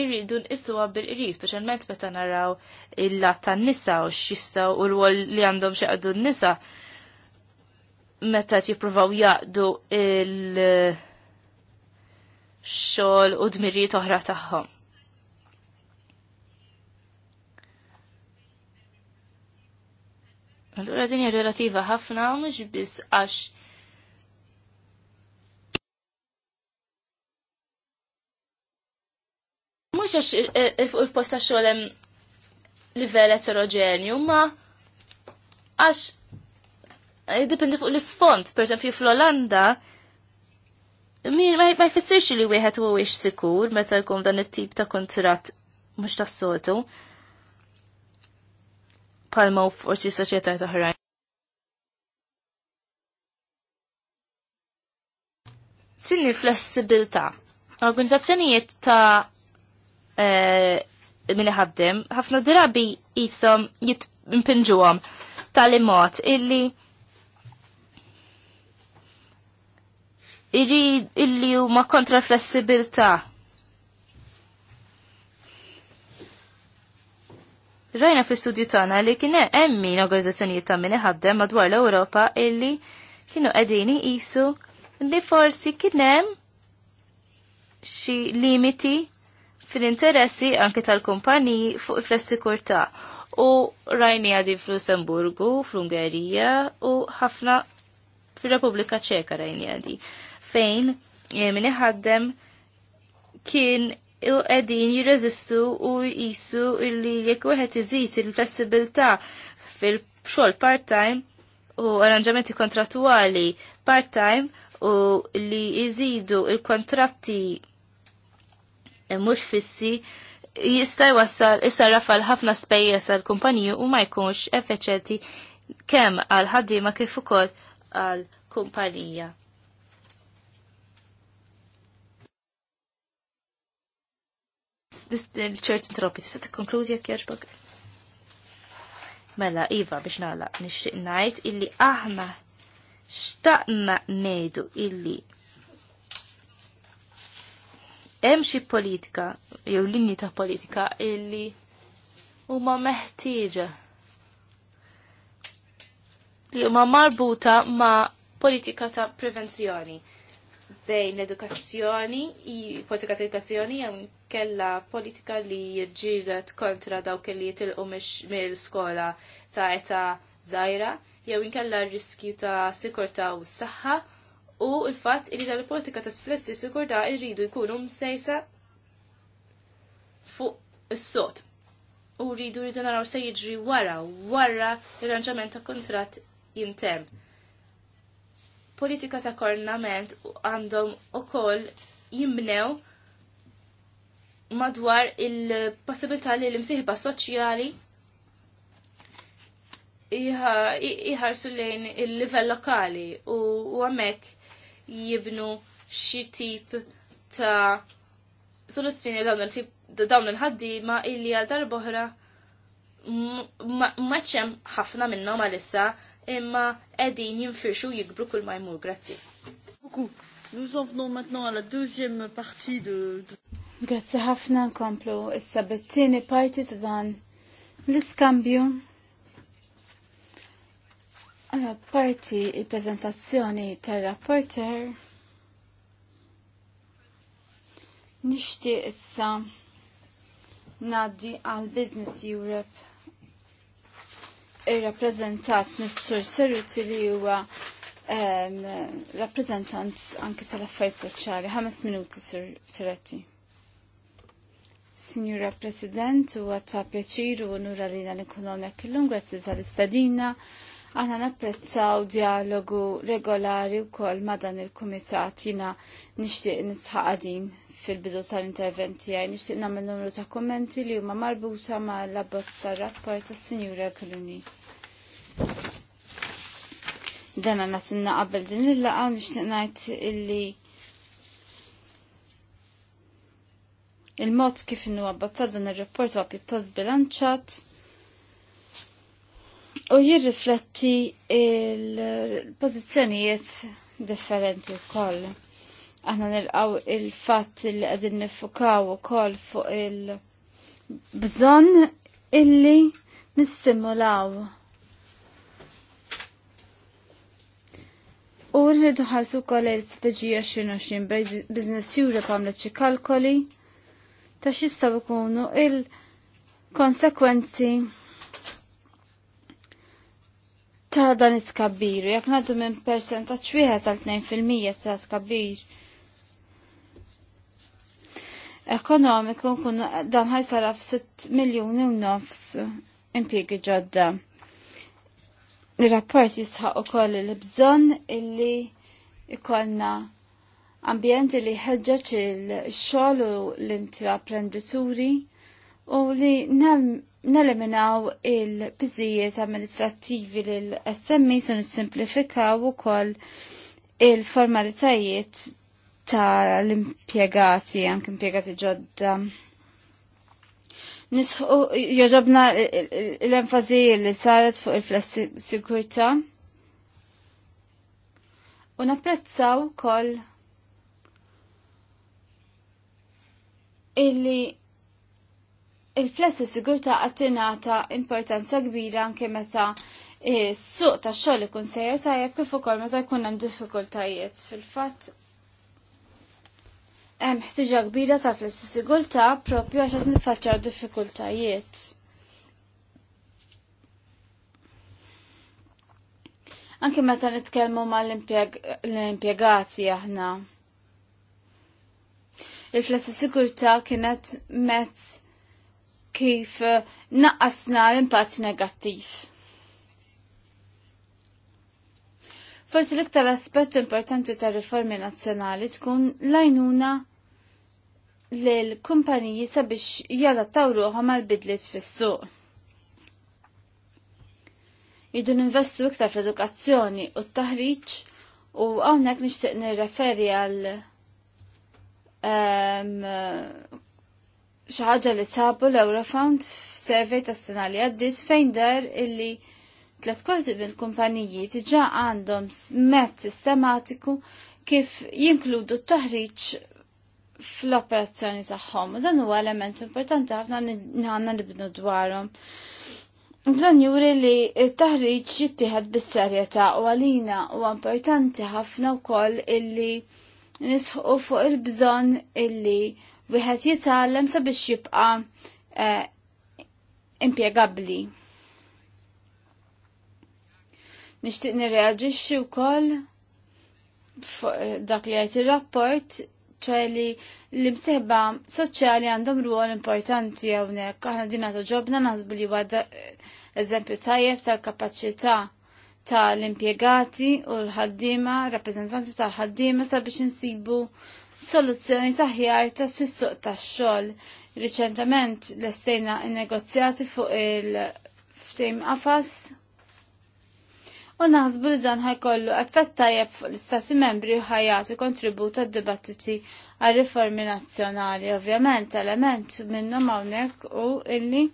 irridu nqissuha bil-qrib, speċjalment meta naraw il-lat tan-nisa u x'jistgħu u l-wol li għandhom x'jaqdu n-nisa meta jippruvaw jaqdu il- xogħol u dmirijiet oħra tagħhom. Allura din hija relattiva ħafna mhux biss għax mhux għax eh, eh, fuq il-post ta' xogħol hemm livell eterogenju, ma għax eh, dipendi fuq l-isfond, esempio fl-Olanda, ma jfissirx li wieħed għiex sikur meta jkun dan it-tip ta' kontrat mhux tas sotu palma u forsi ta' oħrajn. Sinni flessibilta. Organizzazzjonijiet ta' Eh, minn ħaddem, ħafna drabi jisom jitpinġuħom tal-imot illi illi huma kontra flessibilta. Rajna fl studju tagħna li kien hemm min organizzazzjonijiet ta' minni ħaddem madwar l-Ewropa illi kienu qegħdin jisu li forsi kien hemm xi limiti fil-interessi anke tal-kumpaniji fuq il kurta u rajni għadi fl-Lussemburgu, fl-Ungerija u ħafna fil-Repubblika ċeka rajni għadi fejn eh, minn ħaddem kien u għedin jirreżistu u jisu illi jekk wieħed iżid il-flessibilità fil-xogħol part-time u arranġamenti kontrattwali part-time u li jżidu il-kontratti Eh, mux fissi jista' jwassal issa rafal ħafna spejjeż għal kumpaniju u ma jkunx effeċenti kemm għal ħaddiema kif ukoll għal kumpanija. ċert intropi, tista t-konkludi Mela, Iva, biex naħla, nixtieq ngħid illi aħna xtaqna ngħidu illi hemm xi politika jew linji ta' politika illi huma meħtieġa li huma marbuta ma' politika ta' prevenzjoni bejn edukazzjoni, politika ta' edukazzjoni hemm kella politika li jiġġieled kontra dawk li jitilqu mill-skola ta' età żgħira jew inkella r-riskju ta' sikurtà u s-saħħa u il-fatt li dan il-politika ta' sflessi sigurtà irridu jkunu msejsa fuq is-sot. U rridu rridu naraw se jiġri wara, wara l-arranġament ta' kontrat jintem. Politika ta' kornament għandhom ukoll jimnew madwar il-possibilità li l-imsiħba soċjali iħarsu lejn il-livell lokali u għamek jibnu xi tip ta' soluzzjoni dawn il-tip dawn il-ħaddima illi għal darboħra maċċem ħafna minnhom għalissa imma qegħdin jinfirxu jikbru kull ma Grazzi. Nous en venons maintenant à la deuxième partie de... Grazzi ħafna nkomplu issa bit parti ta' dan l-iskambju Eh, parti il-prezentazzjoni tal-rapporter nixtieq issa naddi għal Business Europe irrappreżentat mis Mr. Seruti li huwa um, rappreżentant anke tal-affarijiet soċjali. Ħames minuti Sir Seretti. Signora President, huwa ta' pjaċir u nura li l-ekonomja kellum, grazzi tal-istadina. Aħna napprezzaw dialogu regolari wkoll ma' dan il-kumitat jina nixtieq nitħaqadin fil-bidu tal-interventi għaj nixtieq nagħmel numru ta' kummenti li huma marbuta ma' l-abbozz tar-rapport tas-Sinjura Kaluni. Dan għandna qabel din il-laqgħa nixtieq ngħid illi Il-mod kif innu għabbazzad dan il-rapport huwa pjuttost bilanċat u jirrifletti il-pozizjonijiet differenti wkoll. Aħna nilqaw il-fatt li qegħdin nifukaw ukoll fuq il-bżonn illi nistimulaw U rridu ħarsu koll il strategija xinu xin biznis għamlet xi kalkoli ta' xistaw ikunu il-konsekwenzi ta' dan it-tkabbir, jekk ngħaddu minn persenta wieħed għal 2% ta' tkabbir ekonomiku kun dan ħajsara f-6 miljoni u nofs impiegi ġodda. Il-rapport jisħaq u koll il-bżon illi ikolna ambjent li ħedġaċ il-xol u l intraprenditori u li nem neliminaw il-biżijiet amministrattivi l SMI sun simplifikaw ukoll il-formalitajiet tal-impjegati, anke impjegati ġodda. Nisħu, joġobna l-enfazi li saret fuq il-flessikurta. U napprezzaw kol illi il-fless sigurta għattinata importanza kbira anke meta suq ta' xogħol ikun sejjer tajjeb kif ukoll meta jkun hemm diffikultajiet fil-fatt hemm ħtiġa kbira ta' fless sigurta propju għax qed nitfaċċaw diffikultajiet. Anke meta nitkellmu mal-impjegati aħna. Il-flessi sigurta kienet mezz kif eh, naqqasna l-impatt negattiv. Forsi l-iktar aspett importanti ta' riformi nazzjonali tkun lajnuna l-kumpaniji sabiex jadattaw ruħom għal bidlit fis-suq. Jidun investu iktar fl-edukazzjoni u t-taħriġ u għawnek nishtiq nirreferi għal ehm, xaħġa li sabu l-Eurofound f servej ta' s-sena li għaddit fejn dar illi tlet kwarti bil-kumpaniji tiġa għandhom smet sistematiku kif jinkludu t-taħriċ fl-operazzjoni tagħhom. U dan huwa element importanti ħafna għandna nibnu dwarhom. Dan juri li t-taħriġ jittihad bis-serjetà u għalina huwa importanti ħafna koll illi nisħu fuq il-bżonn illi wieħed jitgħallem sabiex jibqa' eh, impjegabbli. Nixtieq nirreaġixxi wkoll eh, dak li għajt ir rapport ċeli l msehba soċjali għandhom ruol importanti għawnek. Aħna dina toġobna naħsbu li għadda eh, eżempju tajjeb tal-kapacità tal-impiegati u l-ħaddima, rappresentanti tal-ħaddima sabiex nsibu soluzzjoni taħjar ta' fis-suq tax-xogħol. Riċentament lestejna n-negozjati fuq il-ftim għafas u naħsbu li dan ħajkollu effett tajjeb fuq l-istati membri u ħajjatu kontribut d dibattiti għal riformi nazzjonali. Ovvjament, element minnhom hawnhekk u illi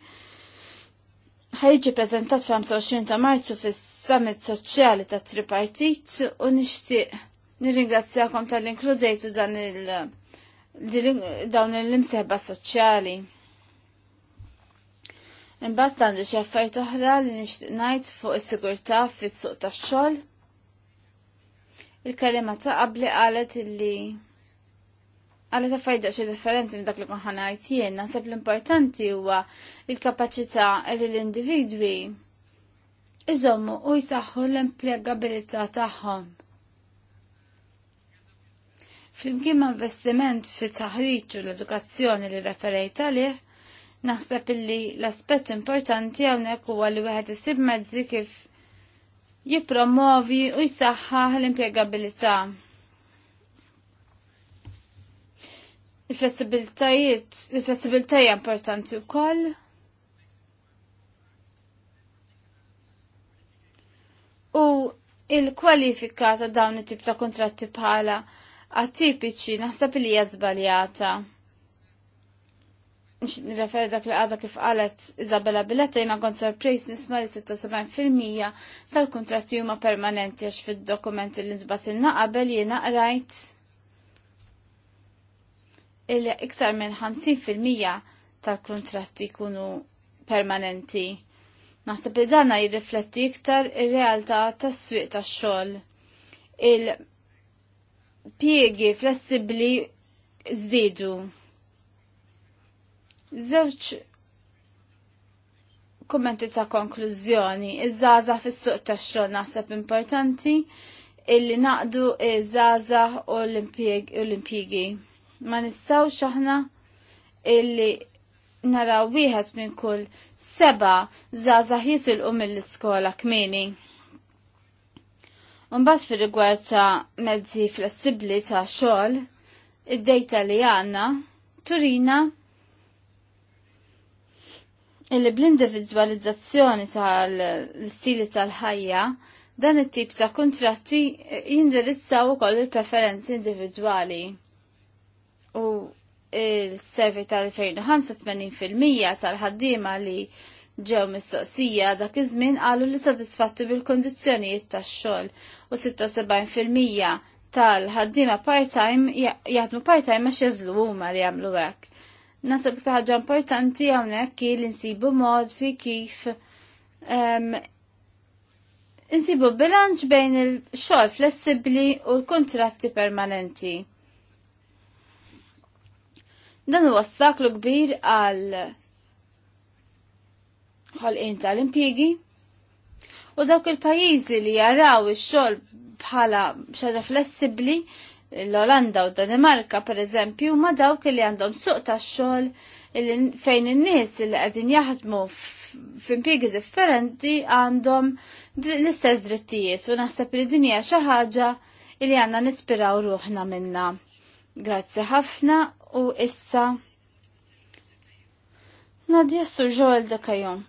ħajġi prezentat 25 ta' marzu fis-summit soċjali ta' tripartit u nixtieq Nirringrazzjakom tal-inkludejtu dan il- dawn l-imsebba soċjali. Imbagħad għandi xi affarijiet oħra li nixtieq ngħid fuq is-sigurtà fis-suq tax-xogħol. Il-kelima ta' qabli qalet illi għalet affarijiet xi differenti minn dak li kon ħanajt jien, naħseb l-importanti huwa il-kapaċità li l-individwi iżommu u jsaħħu l-impjegabilità tagħhom. Flimkien investiment fi taħriġ u l-edukazzjoni li referejt għalih, naħseb illi l-aspett importanti hawnhekk huwa li wieħed isib mezzi kif jippromovi u jisaħħaħ l-impjegabilità. Il-flessibilitajiet, il-flessibilità hija importanti wkoll. U il-kwalifika ta' dawn it-tip ta' kontratti bħala atipiċi naħseb li hija żbaljata. Nirreferi dak li għadha kif qalet Isabella Billetta jiena kont sorpris nisma li 76% tal-kuntratti huma permanenti għax fid-dokument li ilna qabel jiena qrajt illi iktar minn 50% tal kuntratti jkunu permanenti. Naħseb li dana jirrifletti iktar ir-realtà tas-swieq tax-xogħol pjegi flessibli zdidu. Zewċ kummenti ta' konklużjoni, iż-żaza fis-suq tax-xogħol naħseb importanti illi naqdu iż-żaza u l impjiegi Ma nistgħux aħna illi naraw wieħed minn kull seba' żaza jitilqu mill-iskola kmieni. Unbat fil rigward ta' mezzi flessibli ta' xogħol, id-dejta li għanna turina illi bl-individualizzazzjoni tal-stili tal-ħajja dan it-tip ta' kontratti jindirizzaw ukoll il-preferenzi individwali. U il-servi tal-2005 80% tal-ħaddiema li ġew mistoqsija dak iż-żmien qalu li sodisfatti bil-kondizzjonijiet tax-xogħol u 76% tal-ħaddiema part-time jaħdmu part-time ma jeżlu huma li jagħmlu hekk. Nasab ta' ħaġa importanti hawnhekk li nsibu fi kif um, ehm, insibu bilanċ bejn il-xogħol flessibbli u l-kontratti permanenti. Dan huwa ostaklu kbir għal ħolqien tal-impjegi u dawk il-pajjiżi li jaraw ix-xogħol bħala xaġa flessibbli l-Olanda u Danimarka per eżempju ma dawk li għandhom suq tax-xogħol fejn in-nies li qegħdin jaħdmu f'impjiegi differenti għandhom l-istess drittijiet u naħseb li din hija xi ħaġa li għandna nispiraw ruħna minna. Grazzi ħafna u issa Nadja Surġol da kajom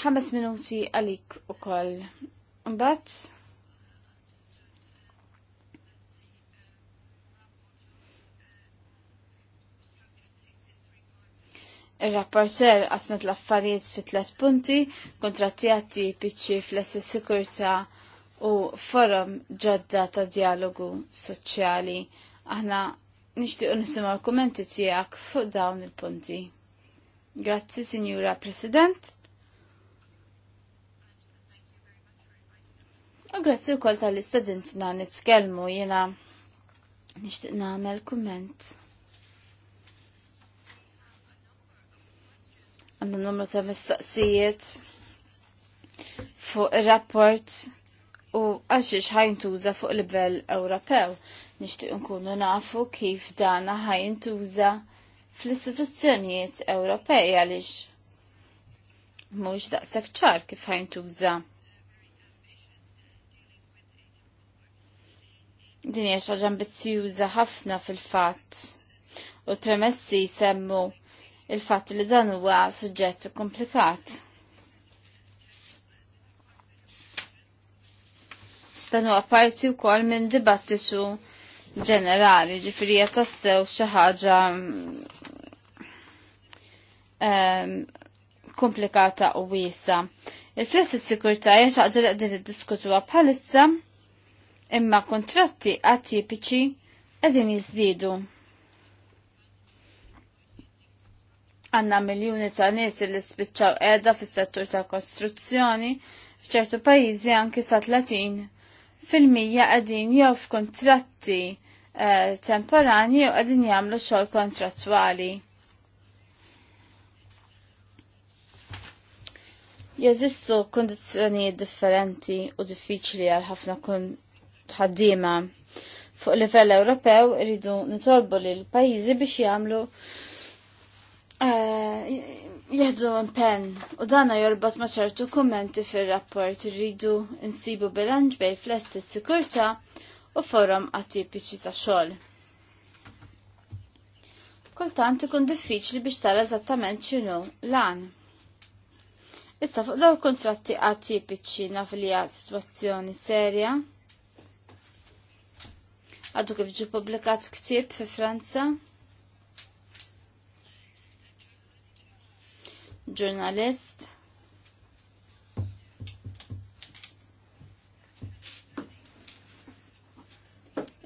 ħames minuti għalik u koll. Mbatt, il-rapporter għasmet l-affarijiet fi tlet punti, kontrattijati pitċi fl-essi sikurta u forum ġodda ta' dialogu soċjali. Aħna nixtiequ nisimgħu l-kummenti tiegħek fuq dawn il-punti. Grazzi, Signora President. U grazzi wkoll tal-istedintina nitkellmu jiena nixtieq nagħmel kumment. Għandna numru ta' mistoqsijiet fuq ir-rapport u għaxiex ħajntuża fuq livell Ewropew. Nixtieq nkunu nafu kif dana ħajntuża fl-istituzzjonijiet Ewropej għaliex mhux daqshekk ċar kif ħajntuża Din hija xi ambizzjuża ħafna fil-fatt. U l-premessi semmu il-fatt li dan huwa suġġett komplikat. dan huwa parti wkoll minn dibattitu ġenerali, ġifieri qed tassew xi ħaġa ehm, komplikata u wiesa. Il-fless is-sikurtà hija xi ħaġa li qegħdin iddiskutuha bħalissa imma kontratti atipiċi edin jizdidu. Għanna miljoni ta' nies li spiċċaw edha fis-settur ta' kostruzzjoni f'ċertu pajjiżi anki sa' 30 fil-mija qegħdin jew f'kontratti eh, temporani jew qegħdin jagħmlu xogħol kontrattwali. Jeżistu kondizzjonijiet differenti u diffiċli għal ħafna ħaddiema. Fuq livell Ewropew iridu nitolbu lil pajjiżi biex jagħmlu uh, pen u dana jorbot ma ċertu kummenti fil-rapport rridu nsibu bilanġ bej flessi s-sikurta u forum atipiċi ta' xogħol. Kultant ikun diffiċli biex tara eżattament x'inhu lan. Issa fuq daw kontratti atipiċi naf li hija sitwazzjoni serja għadu kif ġi publikat ktib fi Franza. Ġurnalist.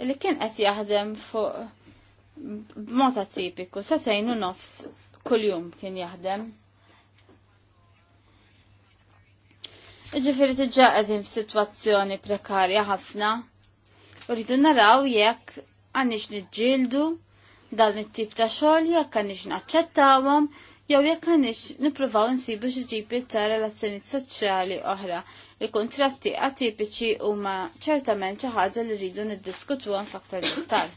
Illi kien qed jaħdem fuq b'mod tipiku, sa sejnu nofs kuljum kien jaħdem. Ġifiri tiġa għedin f'sitwazzjoni prekarja ħafna. Rridu naraw jekk għandix niġġieldu dan it-tip ta' xogħol jekk għandix naċċettawhom jew jekk għandix nippruvaw insibu xi ta' relazzjoni soċjali oħra. Il-kuntratti atipiċi huma ċertament xi ħaġa li rridu niddiskutuhom f'aktar dettal.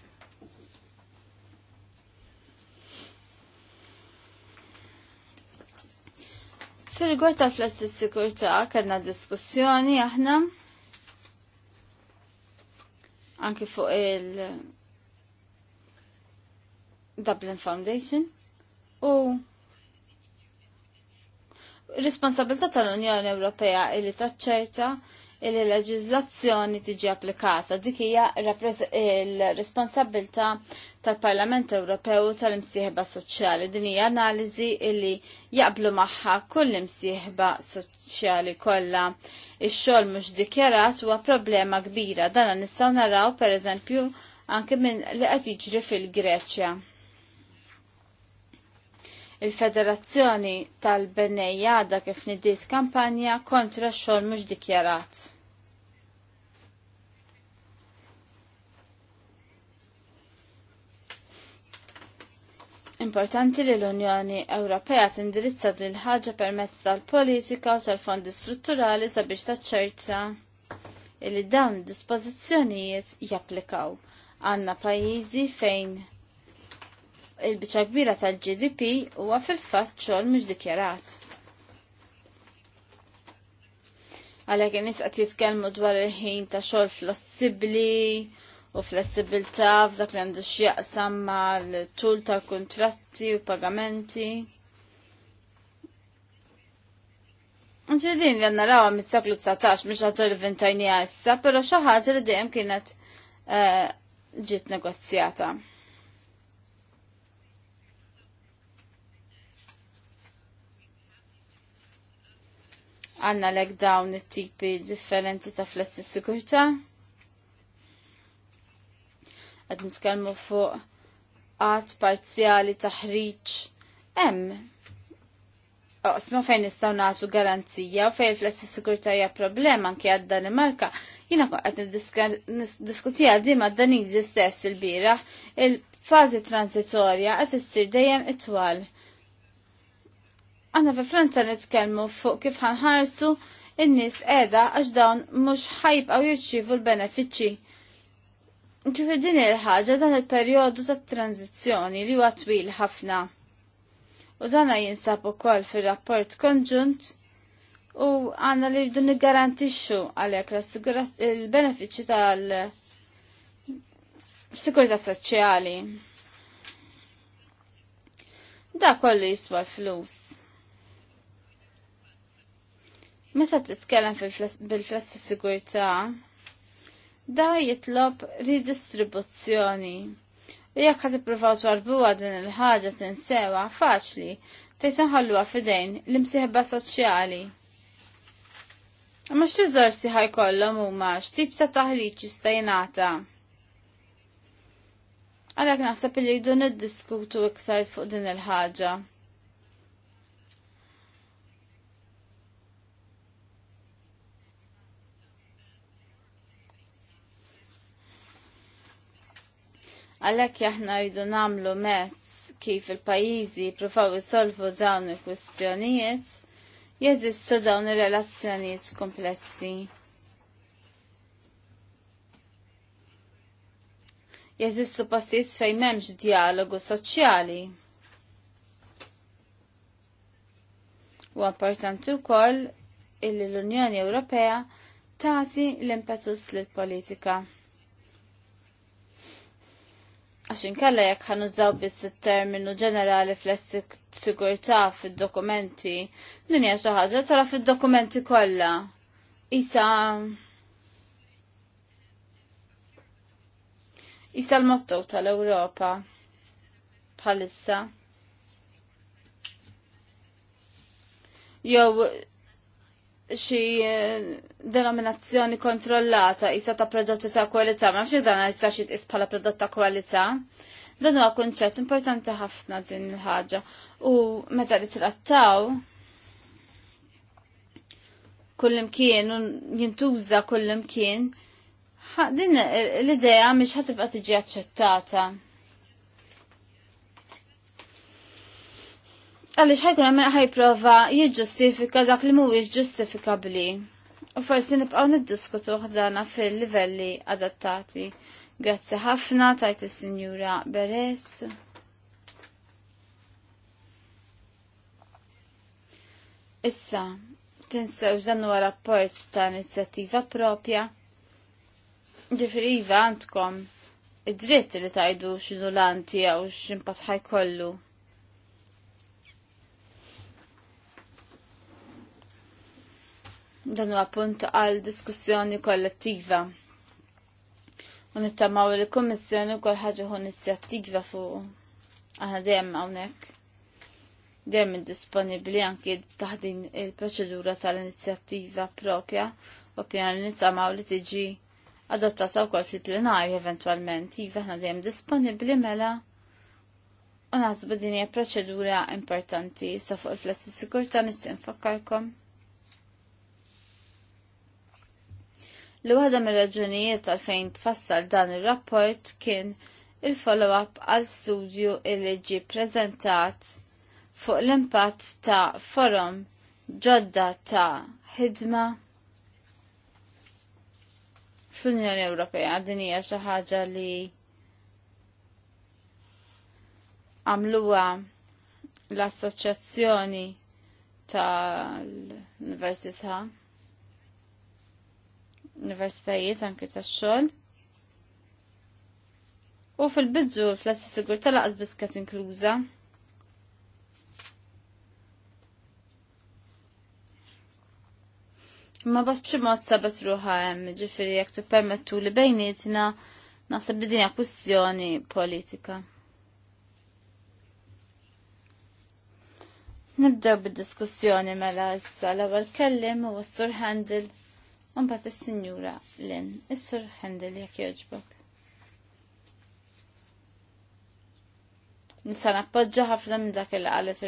Fil-rigward fl-assessi kurta, kellna diskussjoni aħna anki fuq il Dublin Foundation u responsabilità tal-Unjoni Ewropea illi taċċerta illi leġiżlazzjoni tiġi applikata dik hija il-responsabilità tal-Parlament Ewropew tal-imsieħba soċjali. Din hija analiżi li jaqblu magħha kull imsieħba soċjali kollha. Ix-xogħol mhux dikjarat huwa problema kbira. Dan nistgħu naraw pereżempju anke minn li qed jiġri fil-Greċja. Il-Federazzjoni tal-Benejjada kif nidis kampanja kontra x-xogħol mhux dikjarat. Importanti li l-Unjoni Ewropea tindirizza din ħaġa permezz tal-politika u tal-fondi strutturali sabiex taċċerta li dawn id-dispożizzjonijiet japplikaw. Għanna pajjiżi fejn il-biċa kbira tal-GDP huwa fil-fatt xogħol mhux dikjarat. Għalhekk in-nies qed jitkellmu dwar il-ħin ta' xogħol flossibbli, u flessibilità f'dak li għandu x'jaqsam mal-tul tal-kontratti u pagamenti. Ġedin li għanna rawa mit-saklu 19, mux għatu l-ventajni għassa, pero xaħat li dejjem kienet eh, ġit negozjata. Għanna l-ek dawn it-tipi differenti ta' flessi sikurta' qed niskalmu fuq qatt parzjali taħriġ. Hemm Osma fejn nistgħu nasu garanzija u fejn flessi sigurta hija problema anke għad Danimarka. Jiena qed niddiskutija din ma' Daniżi stess il bira il-fażi transitorja qed issir dejjem itwal. Għanna fe Franza nitkellmu fuq kif ħanħarsu in-nies qiegħda għax dawn mhux għaw jirċivu l-benefiċċji Ġifi din il-ħaġa dan il-perjodu ta' tranzizjoni li huwa twil ħafna. U dana jinsab ukoll fir-rapport konġunt u għanna li rridu niggarantixxu għalhekk il-benefiċċji tal Sikurita soċjali. Da kollu jiswa flus. Meta titkellem bil-flessi sigurtà, da jitlob ridistribuzzjoni. U jekk ħat ippruvaw twarbuha din il-ħaġa tinsewa faċli tejt nħalluha f'idejn l-imsieħba soċjali. Ma x'riżorsi ħajkollhom huma x'tip ta' taħriġ jista' jingħata. Għalhekk naħseb li jdu niddiskutu iktar fuq din il-ħaġa. Għalhekk jahna jidu nagħmlu mezz kif il-pajjiżi jippruvaw isolvu dawn il-kwistjonijiet, jeżistu dawn ir-relazzjonijiet komplessi. Jeżistu pastijiet fejn m'hemmx dialogu soċjali. U importanti wkoll illi l-Unjoni Ewropea tagħti l-impetus lill-politika. Għaxin kalla jekk ħanużaw biss il-terminu ġenerali fl sigurta fil-dokumenti, din hija xi ħaġa tara fil-dokumenti kollha. Isa Isa l-motto tal-Ewropa bħalissa. Jew xi eh, denominazzjoni kontrollata jista' ta' prodotti ta' kwalità, ma nafx dan jista' xi tqis bħala prodott ta' kwalità. Dan huwa kunċett importanti ħafna din il-ħaġa. U meta li trattaw kullimkien u jintuża kullimkien, din l-idea mhix ħatibqa' tiġi aċċettata. għalix ħajkun għamil prova jiġġustifika dak li mhuwiex ġustifikabli. U forsi nibqgħu niddiskutu ħdana fil-livelli adattati. Grazzi ħafna tajt il sinjura Beres. Issa, tinsewġ dan huwa rapport ta' inizjattiva propja. Ġifri iva għandkom id-dritt li tajdu x'indu lanti għaw xinpatħaj kollu dan huwa punt għal diskussjoni kollettiva. U nittamaw li l-Kummissjoni wkoll ħaġa inizjattiva fuq aħna dejjem hawnhekk. Dejjem disponibbli anki taħdin il-proċedura tal-inizjattiva propja u pjan li li tiġi adottata kol fil plenarja eventwalment, iva għana dejjem disponibbli mela u naħsbu din hija proċedura importanti sa fuq il-flessi sikurta nistu infakkarkom li waħda mir-raġunijiet fejn tfassal dan ir-rapport kien il-follow-up għal studju li ġi prezentat fuq l-impatt ta' forum ġodda ta' ħidma fl-Unjoni Ewropea. Din hija xi ħaġa li għamluha l-Assoċjazzjoni tal-Università universitajiet anke tax-xogħol. U fil-bidġu fl-assi sigur tal-aqs biskat inkluża. Ma bat bximot sabat ruħa jem, ġifiri jek permettu li bejnietina naħseb li dinja kwistjoni politika. Nibdew bid-diskussjoni mela issa l-ewwel kellim u s-sur handle bat il-Sinjura Lin, il-Sur Hendel jek joġbok. Nisa nappoġġa ħafna minn dak il qalet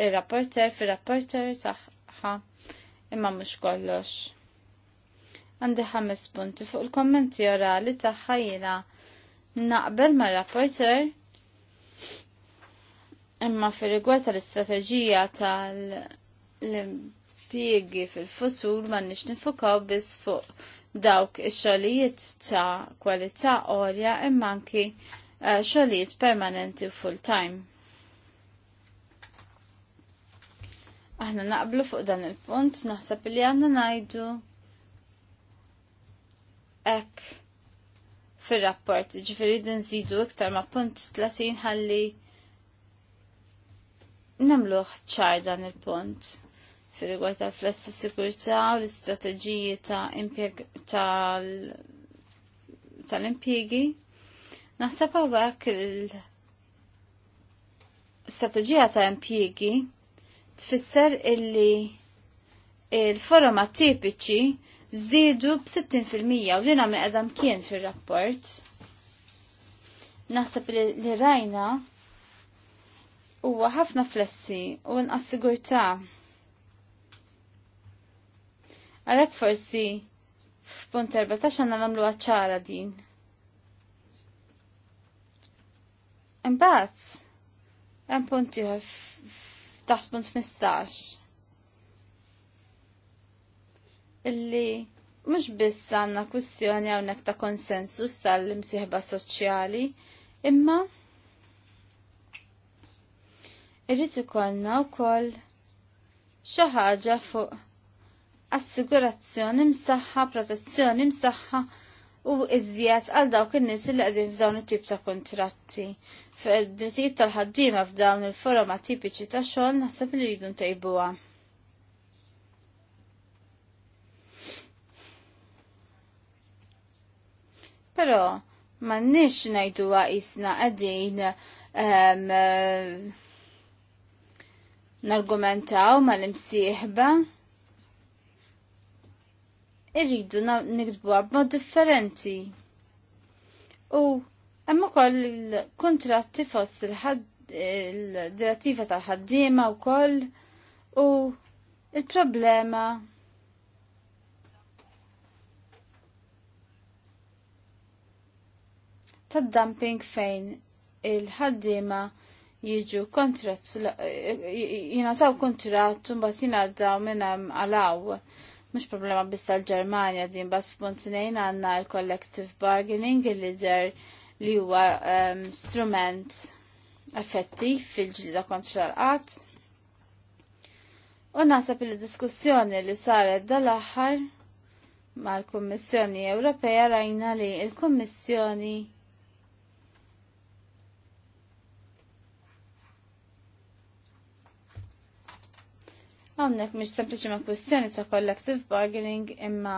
il-rapporter fil-rapporter taħħa imma mux kollox. Għandi ħames punti fuq il-kommenti orali taħħa jina naqbel ma' rapporter imma fil rigward tal-istrateġija tal- nispiegi fil-futur ma nix nifukaw biss fuq dawk ix-xogħlijiet ta' kwalità għolja imma anki eh, xogħlijiet permanenti u full-time. Aħna naqblu fuq dan il-punt, naħseb li għanna najdu ek fil-rapport, ġifiri din zidu iktar ma' punt 30 ħalli namluħ ċar dan il-punt fil-rigward ta' flessi sikurta u l-istrateġiji ta' tal impiegi Naħseb hawnhekk il-strateġija ta' impiegi tfisser illi il-forum tipiċi zdidu b-60% u li nagħmel qedam kien fir-rapport. Naħseb li rajna huwa ħafna flessi u nqas sigurtà. Għalhekk forsi f'punt 14 għandna nagħmlu ċara din. Imbagħad hemm punt juħaf taħs punt 15 illi mhux biss għandna kwistjoni hawnhekk ta' konsensus tal-imsieħba soċjali, imma irritu ikollna wkoll xi ħaġa fuq assigurazzjoni msaħħa, protezzjoni msaħħa u iżjed għal dawk in-nies li qegħdin f'dawn it-tip ta' kontratti. Fid-drittijiet tal-ħaddiema f'dawn il-forma tipiċi ta' xogħol naħseb li jridu ntejbuha. Però m'għandniex ngħiduha qisna qegħdin ehm, eh, nargumentaw mal-imsieħba irridu nikdbuha b'mod differenti. U hemm ukoll il-kuntratti fost il-direttiva tal-ħaddiema wkoll u il-problema tad-dumping fejn il-ħaddiema jiġu kontrat, jina taw kontrat, un bat jina daw minna għalaw mux problema biss tal-Germania din bas f'puntunejn għanna l-collective bargaining il-lider li huwa um, strument effettiv fil-ġlida kontra l-qat. U nasab il-diskussjoni li saret dal-aħħar mal-Kummissjoni Ewropea rajna li il-Kummissjoni l kommissjoni kummissjoni Għamnek miex sempliċi ma' kwestjoni ta' collective bargaining imma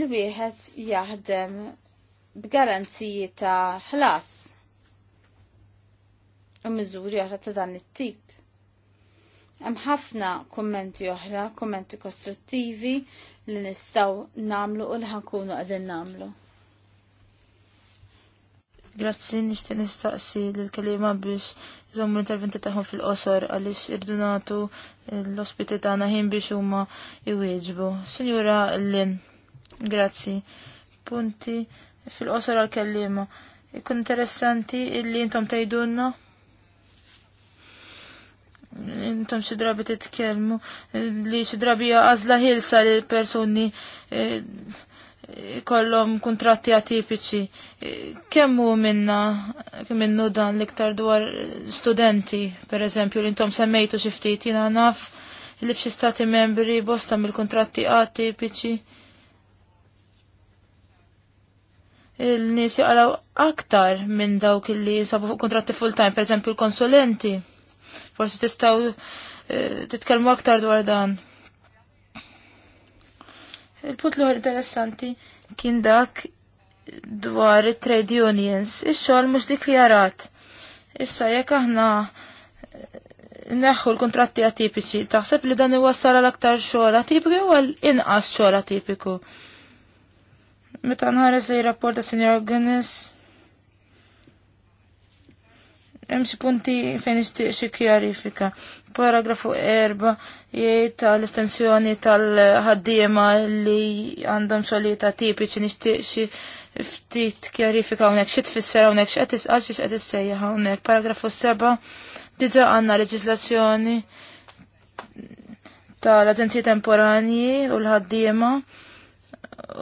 li wieħed jaħdem b'garanziji ta' ħlas u miżuri oħra ta' dan it-tip. Hemm ħafna kummenti oħra, kummenti kostruttivi li nistgħu nagħmlu u li ħankunu qegħdin nagħmlu. Grazzi nixtieq nistaqsi lill-kelima biex zommu l-interventi tagħhom fil-qosor għaliex irdunatu l-ospiti taħna ħin biex huma jwieġbu. Signora Lin, grazzi. Punti fil-qosor għal-kelliema. Ikun interessanti illi intom tgħidulna intom xi drabi titkellmu li xi drabi għażla ħilsa lil persuni eh, kollom kontratti atipiċi. Kemmu minna, minnu dan liktar dwar studenti, per eżempju, li intom semmejtu xiftit, jina naf li fxie stati membri bosta mill kontratti atipiċi. Il-nis jaqraw aktar minn dawk li sabu kontratti full-time, per eżempju, il-konsulenti. Forsi tistaw eh, titkelmu aktar dwar dan il put l interessanti kien dak dwar trade unions. Ix-xogħol mhux dikjarat. Issa jekk aħna eh, neħħu l-kontratti atipiċi, taħseb li dan iwassal għal aktar xogħol atipiku u għal inqas xogħol atipiku. Meta nħares se rapport ta' Senior Guinness, hemm xi punti fejn nixtieq xi kjarifika. Paragrafu 4 jiet tal-estensjoni tal-ħaddiema li għandhom xogħlijiet tipiċi nixtieq xi ftit kjarifika hawnhekk xi tfisser hawnhekk x'qed isqal xi issejja issejjaħ hawnhekk. Paragrafu 7 diġà għandna leġislazzjoni tal-Aġenziji temporani u l-ħaddiema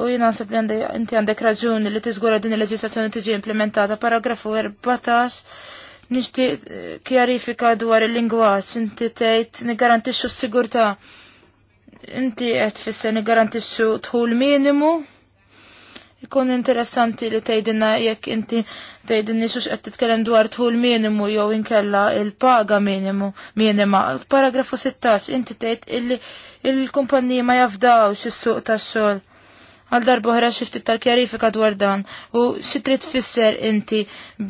u jina nasib li inti għandek raġuni li tiżgura din il-leġislazzjoni tiġi implementata. Paragrafu 14 Nixtieq eh, kjarifika dwar il-lingwaġġ, inti tgħid nigarantixxu s-sigurtà. Inti qed tfisser nigarantixxu dħul minimu. Ikun interessanti li tgħidilna jekk inti tgħidilni xux qed titkellem dwar tħul minimu jew inkella il-paga minimu minima. Paragrafu 16 inti tgħid illi il-kumpaniji ma jafdawx is-suq tax-xogħol għal darba ħra xifti tal-kjarifika dwar dan u xitrit fisser inti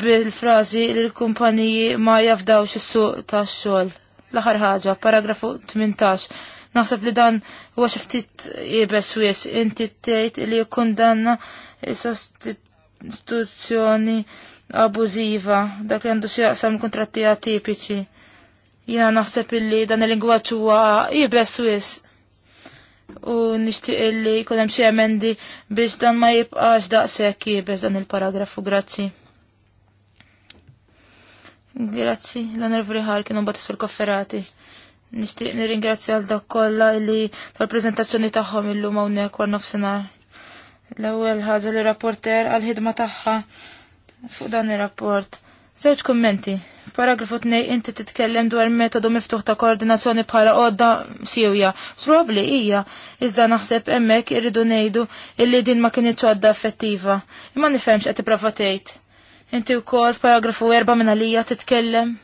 bil-frazi li l-kumpaniji ma jafdawx is-suq tax-xogħol. L-aħħar ħaġa, paragrafu 18. Naħseb li dan huwa xi ftit u jess inti tgħid li kundanna sostituzzjoni abuziva dak li għandu xieqsam kontratti atipiċi. Jina naħseb illi dan il-lingwaġġ huwa ibes wies u nixtieq li kolem hemm xi emendi biex dan ma jibqax daqshekk jibes dan il-paragrafu. Grazzi. Grazzi, l-onorevoli kienu u Batisur Kofferati. Nixtieq nirringrazzja għal dak kollha li tal-preżentazzjoni tagħhom illum hawnhekk war nofsenar. L-ewwel ħaġa li rapporter għal ħidma tagħha fuq dan ir-rapport. Żewġ kommenti. F'paragrafu 2 inti titkellem dwar metodu miftuħ ta' koordinazzjoni bħala għodda siwja. Probabli hija, iżda naħseb hemmhekk irridu ngħidu illi din ma kienitx għodda effettiva. Imma nifhemx qed tipprova tgħid. Inti wkoll f'paragrafu 4 minn għalija titkellem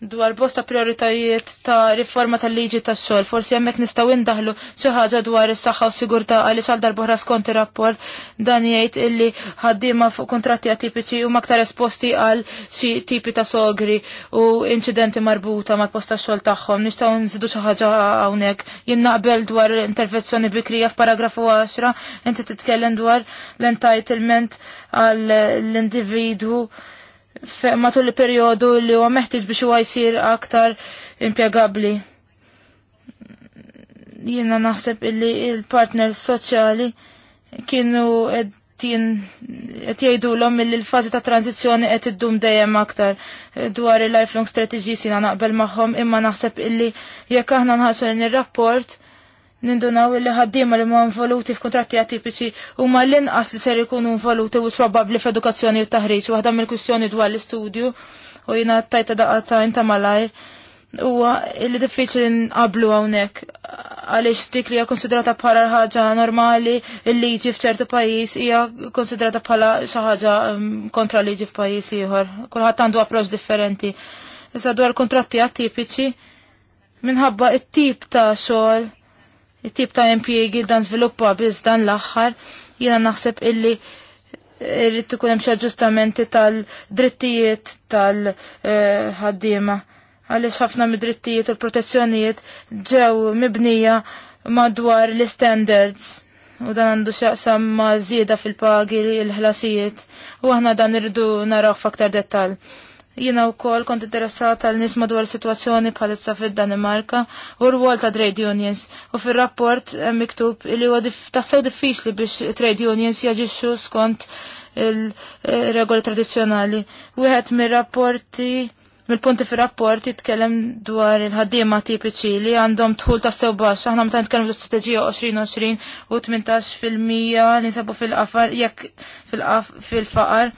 dwar bosta prioritajiet ta' riforma tal-liġi tas xol forsi hemmhekk nistgħu indaħlu xi ħaġa dwar is-saħħa u sigurtà għaliex għal darbohra skont ir-rapport dan jgħid illi ħaddiema fuq kuntratti atipiċi huma aktar esposti għal xi tipi ta' sogri u inċidenti marbuta mal posta xogħol tagħhom. Nixtgħu nżidu xi ħaġa hawnhekk. Jien naqbel dwar intervenzjoni bikrija f'paragrafu 10 inti titkellem dwar l-entitlement għall individwu matul il-periodu li huwa meħtieġ biex huwa jsir aktar impjegabbli. Jiena naħseb illi il-partners soċjali kienu qed jgħidulhom milli l-fażi ta' tranzizzjoni qed iddum dejjem aktar dwar il-lifelong strategies sina naqbel magħhom imma naħseb illi jekk aħna nħarsu ir rapport nindunaw li ħaddiema li ma involuti f'kontratti atipiċi u ma l-inqas li ser ikunu involuti u probabbli f'edukazzjoni u taħriġ waħda mill-kwistjoni dwar l-istudju u jina tajta daqata ta' Malaj U huwa li diffiċli nqablu hawnhekk għaliex dik li hija konsidrata bħala ħaġa normali il-liġi f'ċertu pajjiż hija konsidrata bħala xi ħaġa um, kontra liġi f'pajjiż ieħor. Kulħadd għandu approċċ differenti. Issa dwar kontratti atipiċi minħabba it-tip ta' xogħol it-tip ta' impjiegi dan sviluppa biz dan l-axħar, jina naħseb illi irrid ikun hemm xi aġġustamenti tal-drittijiet tal-ħaddiema. Għaliex ħafna mid-drittijiet u l-protezzjonijiet ġew mibnija madwar l-standards u dan għandu xaqsam ma' zieda fil-pagi l-ħlasijiet u aħna dan irridu naraw f'aktar dettal. Jina u kol kont interessata l nisma dwar situazzjoni bħalissa fid danimarka u r-wol ta' trade unions u fil-rapport eh, miktub li huwa tassew diffiċli biex trade unions jaġixxu skont il-regoli tradizjonali. Wieħed mir-rapporti mill-punti fir rapport jitkellem dwar il-ħaddiema tipiċi li għandhom tħul ta' sew baxx. Aħna meta nitkellmu l-istrateġija 2020 u 18% li nsabu fil-qafar jekk fil-faqar. fil qafar jekk fil faqar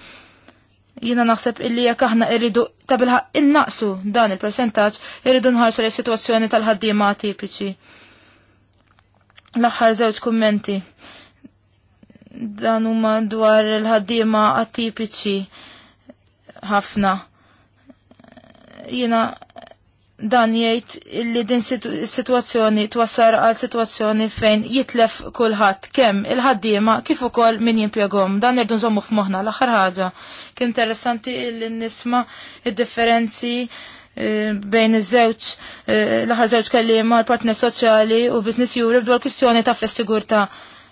Jina naħseb illi jekk aħna irridu tabilħa innaqsu dan il-percentaġġ irridu nħarsu li situazzjoni tal-ħaddiema atipiċi. L-aħħar żewġ kummenti. Dan huma dwar il-ħaddiema atipiċi ħafna. Jina dan jgħid li din situazzjoni twassar għal situazzjoni fejn jitlef kulħadd kemm il-ħaddiema kif ukoll min jimpjegom. Dan irdu nżommu f'moħħna l-aħħar ħaġa. Kien interessanti li nisma' id-differenzi eh, bejn iż-żewġ eh, l-aħħar żewġ kelliema l-partner soċjali u Business Europe dwar kwistjoni ta' flessigurta'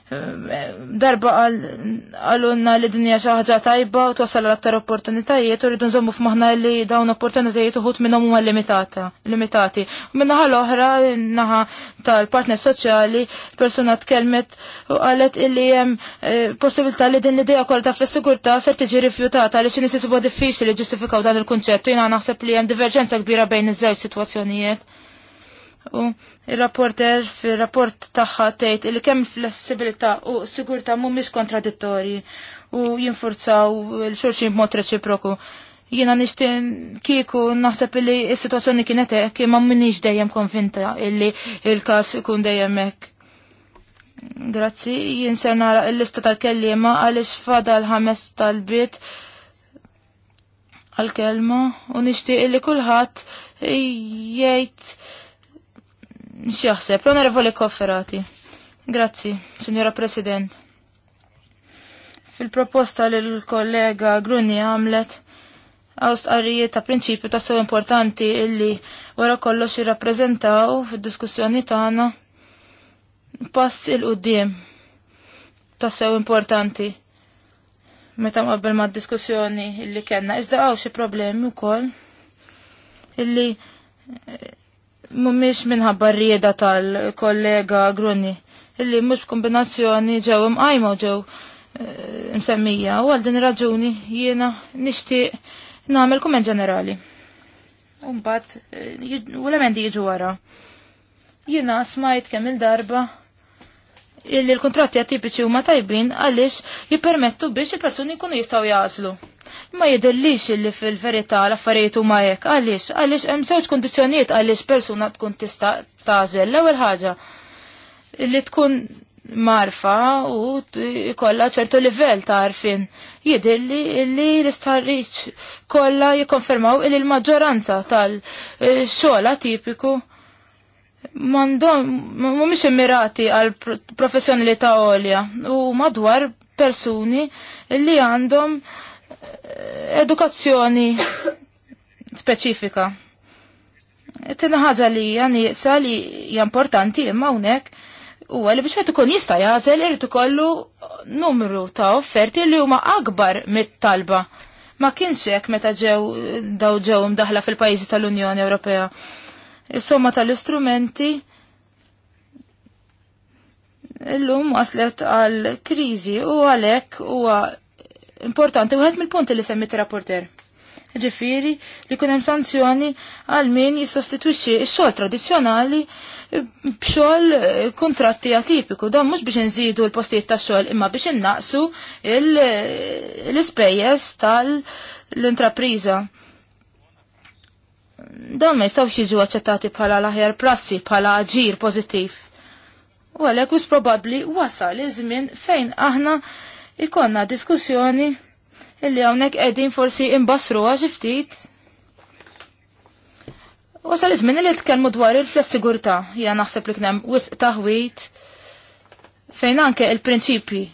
darba għalunna li dinja xaħġa tajba u twassal l-aktar opportunitajiet u rridu nżommu f'maħna li dawn opportunitajiet uħut minnom huma limitati. Minnaħa l-oħra, naħa tal-partner soċjali, persuna tkellmet u għallet illi jem eh, possibilità li din l-ideja kol ta' fl-sigurta ser tiġi rifjutata li xinisi suba diffiċli ġustifikaw dan il konċertu jina naħseb li jem diverġenza kbira bejn iż-żewġ situazzjonijiet. U il-rapporter fil-rapport tagħha tgħid li kemm flessibilità u sigurtà mhumiex kontradittorji u jinfurzaw il-xulxin b'mod reċiproku. Jiena nixtieq kieku naħseb li s-sitwazzjoni kienet hekk imma m'inhiex dejjem konvinta illi il-każ ikun dejjem hekk. Grazzi, jien ser nara l-lista tal għalix għaliex l ħames tal-bit għal-kelma u nixtieq li kulħadd jgħid xieħseb, l Kofferati. Grazzi, signora President. Fil-proposta li l-kollega Gruni għamlet, għaw stqarrijiet ta' prinċipju ta' sew importanti illi wara kollox jirrappreżentaw fid-diskussjoni tagħna pass il qudiem ta' sew importanti meta qabel ma' diskussjoni illi kellna. Iżda għaw xi problemi wkoll illi mumiex minħabba rieda tal-kollega Grunni, illi mux kombinazzjoni ġew imqajma ġew eh, msemmija, u għal din raġuni jiena nixtieq nagħmel kumment ġenerali. Umbat, eh, u l-emendi jiġu wara. Jiena smajt kemm il-darba illi l-kontratti atipiċi huma tajbin għaliex jippermettu biex il-persuni jkunu jistgħu jaslu ma jidillix li fil-verità l-affarijiet huma hekk. Għaliex, għaliex hemm żewġ kundizzjonijiet għaliex persuna tkun tista' tazel, L-ewwel ħaġa li tkun marfa u kolla ċertu livell ta' arfin. Jidilli li l-istarriċ kolla jikonfermaw il l-maġġoranza tal-xola tipiku mandom, mumiex immirati għal ta' olja u madwar persuni li għandhom edukazzjoni speċifika. Tina ħaġa li għani sali li importanti imma unek u għalli biex għetu ikun jista jazel irrit kollu numru ta' offerti li huma akbar mit-talba. Ma kienx hekk meta ġew daw ġew imdaħla fil-pajjiżi tal-Unjoni Ewropea. Is-somma tal-istrumenti illum waslet għal kriżi u għalhekk huwa importanti wieħed mill-punti li semmit rapporter. Ġifiri li kunem sanzjoni għal min jissostitwixxi x-xogħol tradizzjonali b'xogħol eh, kontratti atipiku dan mhux biex nżidu l-postijiet tax-xogħol imma biex innaqsu eh, l-ispejjeż tal-intrapriża dawn ma jistawx jiġu aċċettati bħala l-aħjar prassi, bħala ġir pozittiv. U għalek us probabli wasal iż-żmien fejn aħna ikonna diskussjoni illi hawnhekk qegħdin forsi imbassruha xi ftit. Wasal izmin li tkellmu dwar il-flessigurtà hija naħseb li kien hemm wisq taħwit fejn anke il-prinċipji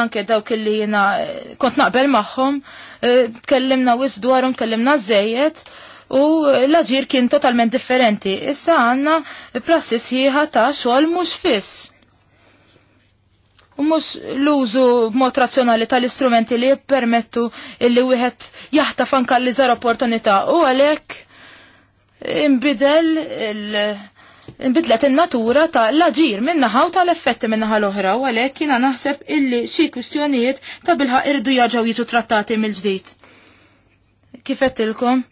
anke dawk li jena eh, kont naqbel magħhom, eh, tkellimna wis dwarhom, tkellimna żejjed u l-aġir kien totalment differenti. Issa għandna prassi sħiħa ta' xogħol mhux fiss. U mhux l-użu b'mod razzjonali tal-istrumenti li jippermettu illi wieħed jaħtaf anka li żar opportunità u għalhekk inbidel il- Inbidlet in-natura ta' l-aġir minnaħa u tal-effetti minnaħa l-oħra u għalhekk jiena naħseb illi xi kwistjonijiet ta' bilħa irdu jaġaw jiġu trattati mill-ġdid. Kif qedtilkom?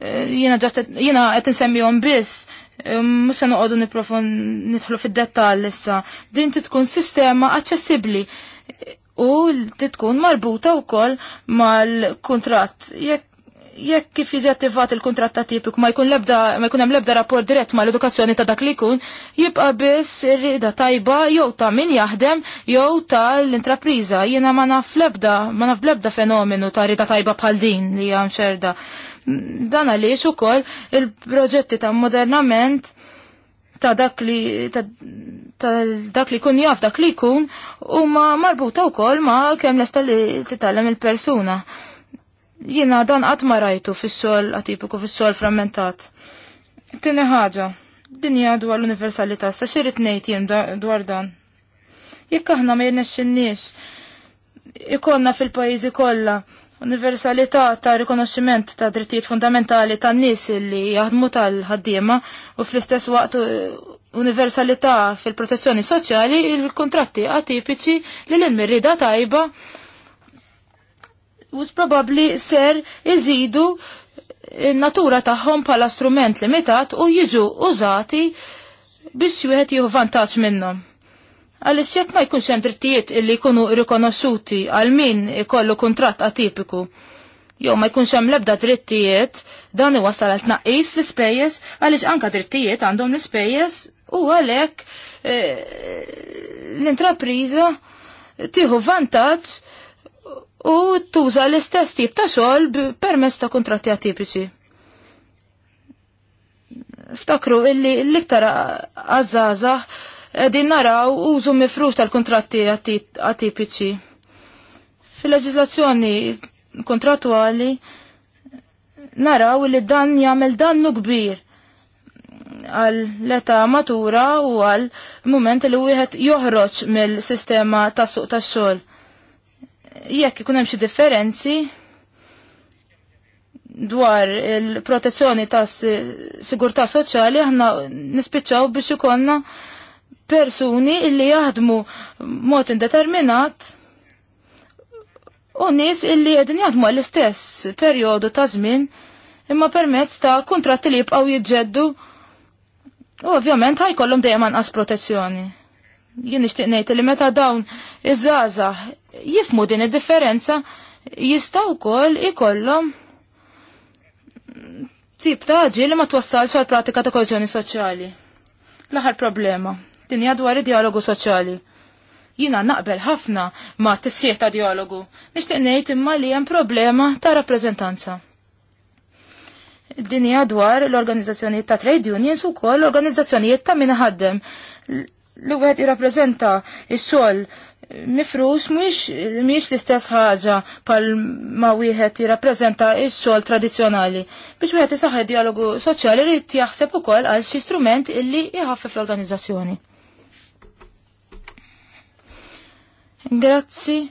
Eh, jiena qed insemmihom biss Musa noqogħdu niprofu nidħlu fid-dettall issa. Din titkun sistema aċċessibbli u titkun marbuta wkoll mal-kuntratt. Jekk kif jiġi attivat il kontrat ta' tipik ma jkun lebda ma jkun hemm lebda rapport dirett ma l-edukazzjoni ta' dak li jkun, jibqa' biss rida tajba jew ta' min jaħdem jew ta' l-intrapriża. Jiena ma naf lebda ma naf lebda fenomenu ta' rida tajba bħal din li hija mxerda dan għaliex ukoll il-proġetti ta' modernament ta' dak li ta', dak li kun jaf dak li kun u ma marbuta wkoll ma' kemm lesta li titgħallem il-persuna. Jiena dan qatt ma rajtu fis atipiku fis-sol frammentat. Tini ħaġa, dinja dwar l-universalità, sa xirrit ngħid jien dwar dan. Jekk aħna ma jirnexxinniex ikonna fil-pajjiżi kollha universalità ta' rikonoxximent ta' drittijiet fundamentali tan nies li jaħdmu tal-ħaddiema u fl-istess waqt eh, universalità fil-protezzjoni soċjali il-kontratti atipiċi li l-inmirrida tajba u probabbli ser iżidu natura tagħhom bħala strument limitat u jiġu użati biex wieħed jieħu vantaġġ minnhom. Għalix jekk ma jkunx hemm drittijiet illi jkunu rikonosuti għal min ikollu kuntratt atipiku. Jo ma jkunx hemm lebda drittijiet, dan iwassal għal tnaqqis fl-ispejjeż għaliex anka drittijiet għandhom l-ispejjeż u għalhekk e, l-intrapriża tieħu vantaġġ u tuża l-istess tip ta' xogħol permezz ta' kontratti atipiċi. Ftakru illi l-iktar għazzażaħ din naraw użu mifrux tal-kontratti atipiċi. Fil-leġislazzjoni kontratwali naraw li dan jagħmel dannu kbir għal età matura u għal moment li wieħed joħroġ mill-sistema tas-suq tax-xogħol. Jekk ikun hemm xi differenzi dwar il-protezzjoni tas sigurtà soċjali aħna nispiċċaw biex ikonna persuni illi jaħdmu mod indeterminat u nies illi jedin jaħdmu għall-istess perjodu ta' żmien imma permezz ta' kuntratti li jibqgħu jiġġeddu u ovvjament kollum dejjem anqas protezzjoni. Jien nixtieq ngħid li meta dawn iż-żgħażagħ jifmu din id-differenza jistgħu wkoll ikollhom tip ta' li ma twassalx għal pratika ta' kożjoni soċjali. L-aħħar problema dinja dwar id-dialogu soċjali. Jina naqbel ħafna ma tisħiħ ta' dialogu, nixtieq ngħid imma li hemm problema ta' rappreżentanza. Dinja dwar l-organizzazzjonijiet ta' trade unions ukoll l-organizzazzjonijiet ta' min ħaddem li wieħed jirrappreżenta il sol mifrus mhux l-istess ħaġa pal ma wieħed jirrappreżenta x-xogħol tradizzjonali. Biex wieħed isaħħa dialogu soċjali li jaħseb ukoll għal xi strument illi jħaffef l-organizzazzjoni. Grazzi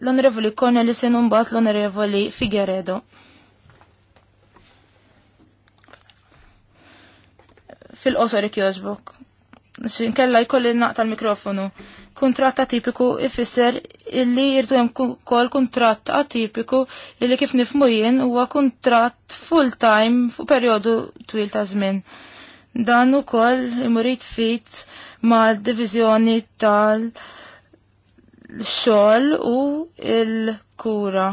l-Onorevoli se non l-Onorevoli Figueredo. Fil-qosor ikjożbok. Xin kella jkolli naqta l-mikrofonu. Kuntratt atipiku ifisser illi jirtu jem kol kuntratt atipiku illi kif nifmu jien huwa kuntratt full-time fuq periodu twil ta' żmien. Dan ukoll imurit fit ma' divizjoni tal- l-xol u il-kura.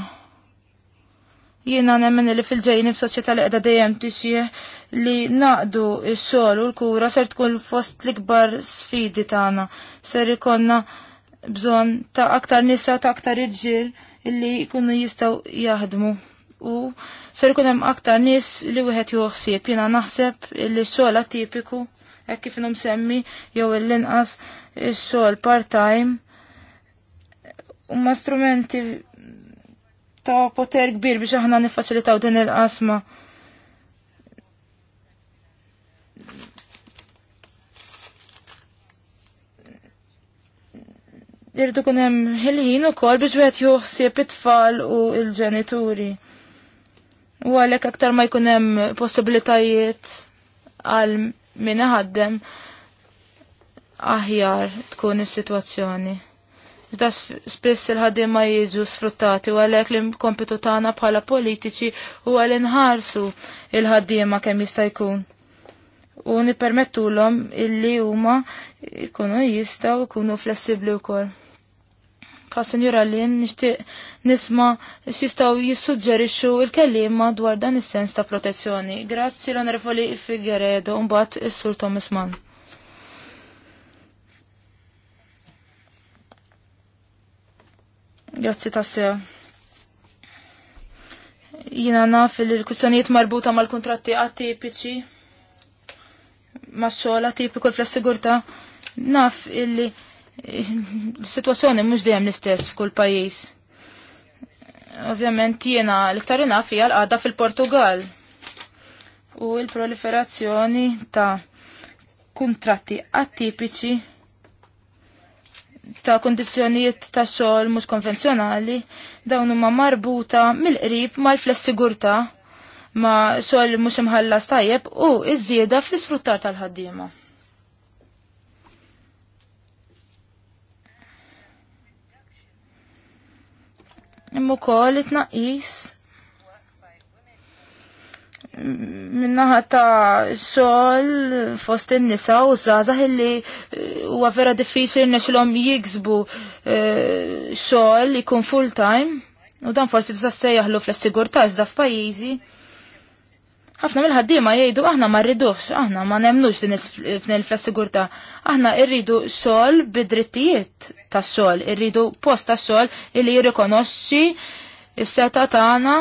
Jiena nemmen li fil-ġejni f'soċjetà li qiegħda dejjem tixie li naqdu x xol u l-kura ser tkun fost l-ikbar sfidi tagħna. Ser ikonna bżonn ta' aktar nisa ta' aktar irġiel illi jkunu jistgħu jaħdmu. U ser ikun hemm aktar nies li wieħed joħsieb jiena naħseb li x-xogħol atipiku hekk kif semmi jew l-inqas ix-xogħol part-time huma strumenti ta' poter kbir biex aħna nifaċilitaw din il-qasma. Irdu kunem ħilħin u kol biex wieħed juħsieb it-tfal u il-ġenituri. U għalek aktar ma jkunem possibilitajiet għal minna ħaddem aħjar tkun is-sitwazzjoni. Iżda spiss il-ħaddiema jiġu sfruttati u għalhekk l-kompitu tagħna bħala politiċi u għal nħarsu il-ħaddiema kemm jista' jkun u nippermettulhom illi huma jkunu jistgħu jkunu flessibbli wkoll. Ka Sinjura Lin nixtieq nisma' x'jistgħu jissuġġerixxu l-kelliema dwar dan is-sens ta' protezzjoni. Grazzi l-Onorevoli Figueredo mbagħad is-Sur Thomas Mann. Grazzi tassew. Jina naf il-kustjonijiet marbuta mal-kontratti atipiċi mas-xogħol atipiku fl-assigurta. Naf illi l-situazzjoni mhux dejjem l-istess f'kull pajjiż. Ovvjament jiena l-iktar naf hija l-qagħda fil-Portugal u l-proliferazzjoni ta' kuntratti atipiċi ta' kondizjonijiet ta' sol mhux konvenzjonali dawn huma marbuta mill-qrib mal flessigurta ma' sol mhux imħallas tajjeb u iż-żieda fl-isfruttar tal-ħaddiema. Immu ukoll it-tnaqqis minnaħa ta' xol fost in-nisa u zazah illi eh, huwa vera diffiċli nexilhom jiksbu eh, xogħol ikun full time u dan forsi tista' jahlu fl-sigurtà iżda f'pajjiżi. Ħafna mill-ħaddiema jgħidu aħna ma rridux, aħna ma nemnux din il-fl-sigurtà. Aħna rridu xogħol bidrittijiet ta' xogħol irridu post tax-xogħol illi jirrikonoxxi il seta tagħna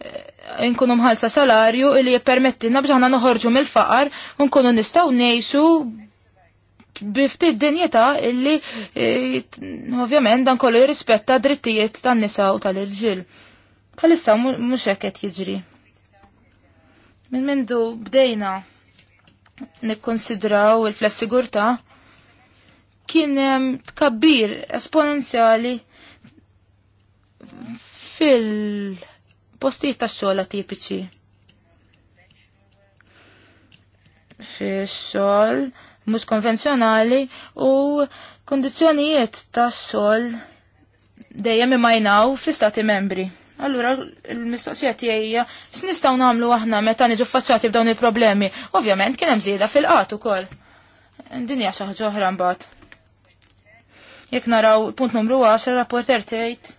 Eh, nkunu mħalsa salarju li jippermettilna biex noħorġu mill-faqar u nkunu nistgħu ngħixu biftit dinjeta illi eh, ovvjament dan kollu jirrispetta drittijiet tan-nisa u tal-irġiel. Bħalissa mhux hekk qed jiġri. Minn bdejna nikkonsidraw il-flessigurta kien tkabbir esponenzjali fil- postijiet tax-xogħol tipiċi. Fix-xogħol mhux konvenzjonali u kondizzjonijiet tax-xogħol dejjem imajnaw fl-istati membri. Allura, il-mistoqsija tiegħija x'nistgħu nagħmlu aħna meta niġu faċċati b'dawn il-problemi. Ovvjament kien hemm żieda fil-qat ukoll. Din hija xi ħaġa oħra mbagħad. Jekk naraw punt numru 10 rapporter tgħid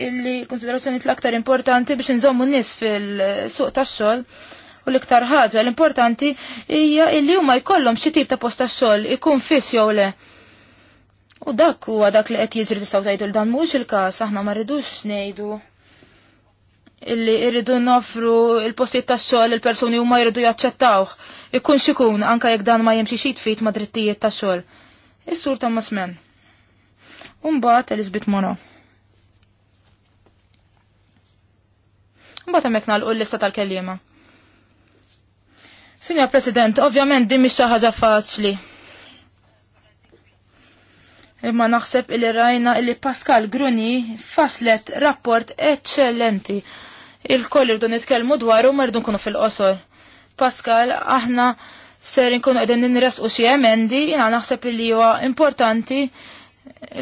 illi konsiderazzjoni l-aktar importanti biex nżommu n-nis fil-suq tax-xogħol u l-iktar ħaġa l-importanti hija illi huma jkollhom xi tip ta' post tax-xogħol ikun fiss jew le. U dak huwa dak li qed jiġri tistgħu tgħidu l dan mhux il-każ aħna ma rridux ngħidu illi irridu nofru il-postijiet tax-xogħol il-persuni huma jridu jaċċettawh. Ikun xikun anke jekk dan ma xit fit ma' drittijiet tax-xogħol. Is-sur ta' masmen. Umbagħad Elizabeth Mono. Mbagħad hemmhekk nagħlqu l-lista tal-kelliema. Sinjor President, ovvjament dimmi xaħġa xi ħaġa faċli. Imma naħseb illi rajna illi Pascal Gruni faslet rapport eccellenti. Il-koll irdu nitkellmu dwaru ma nkunu fil-qosor. Pascal, aħna ser nkunu qegħdin u xi emendi, jiena naħseb illi huwa importanti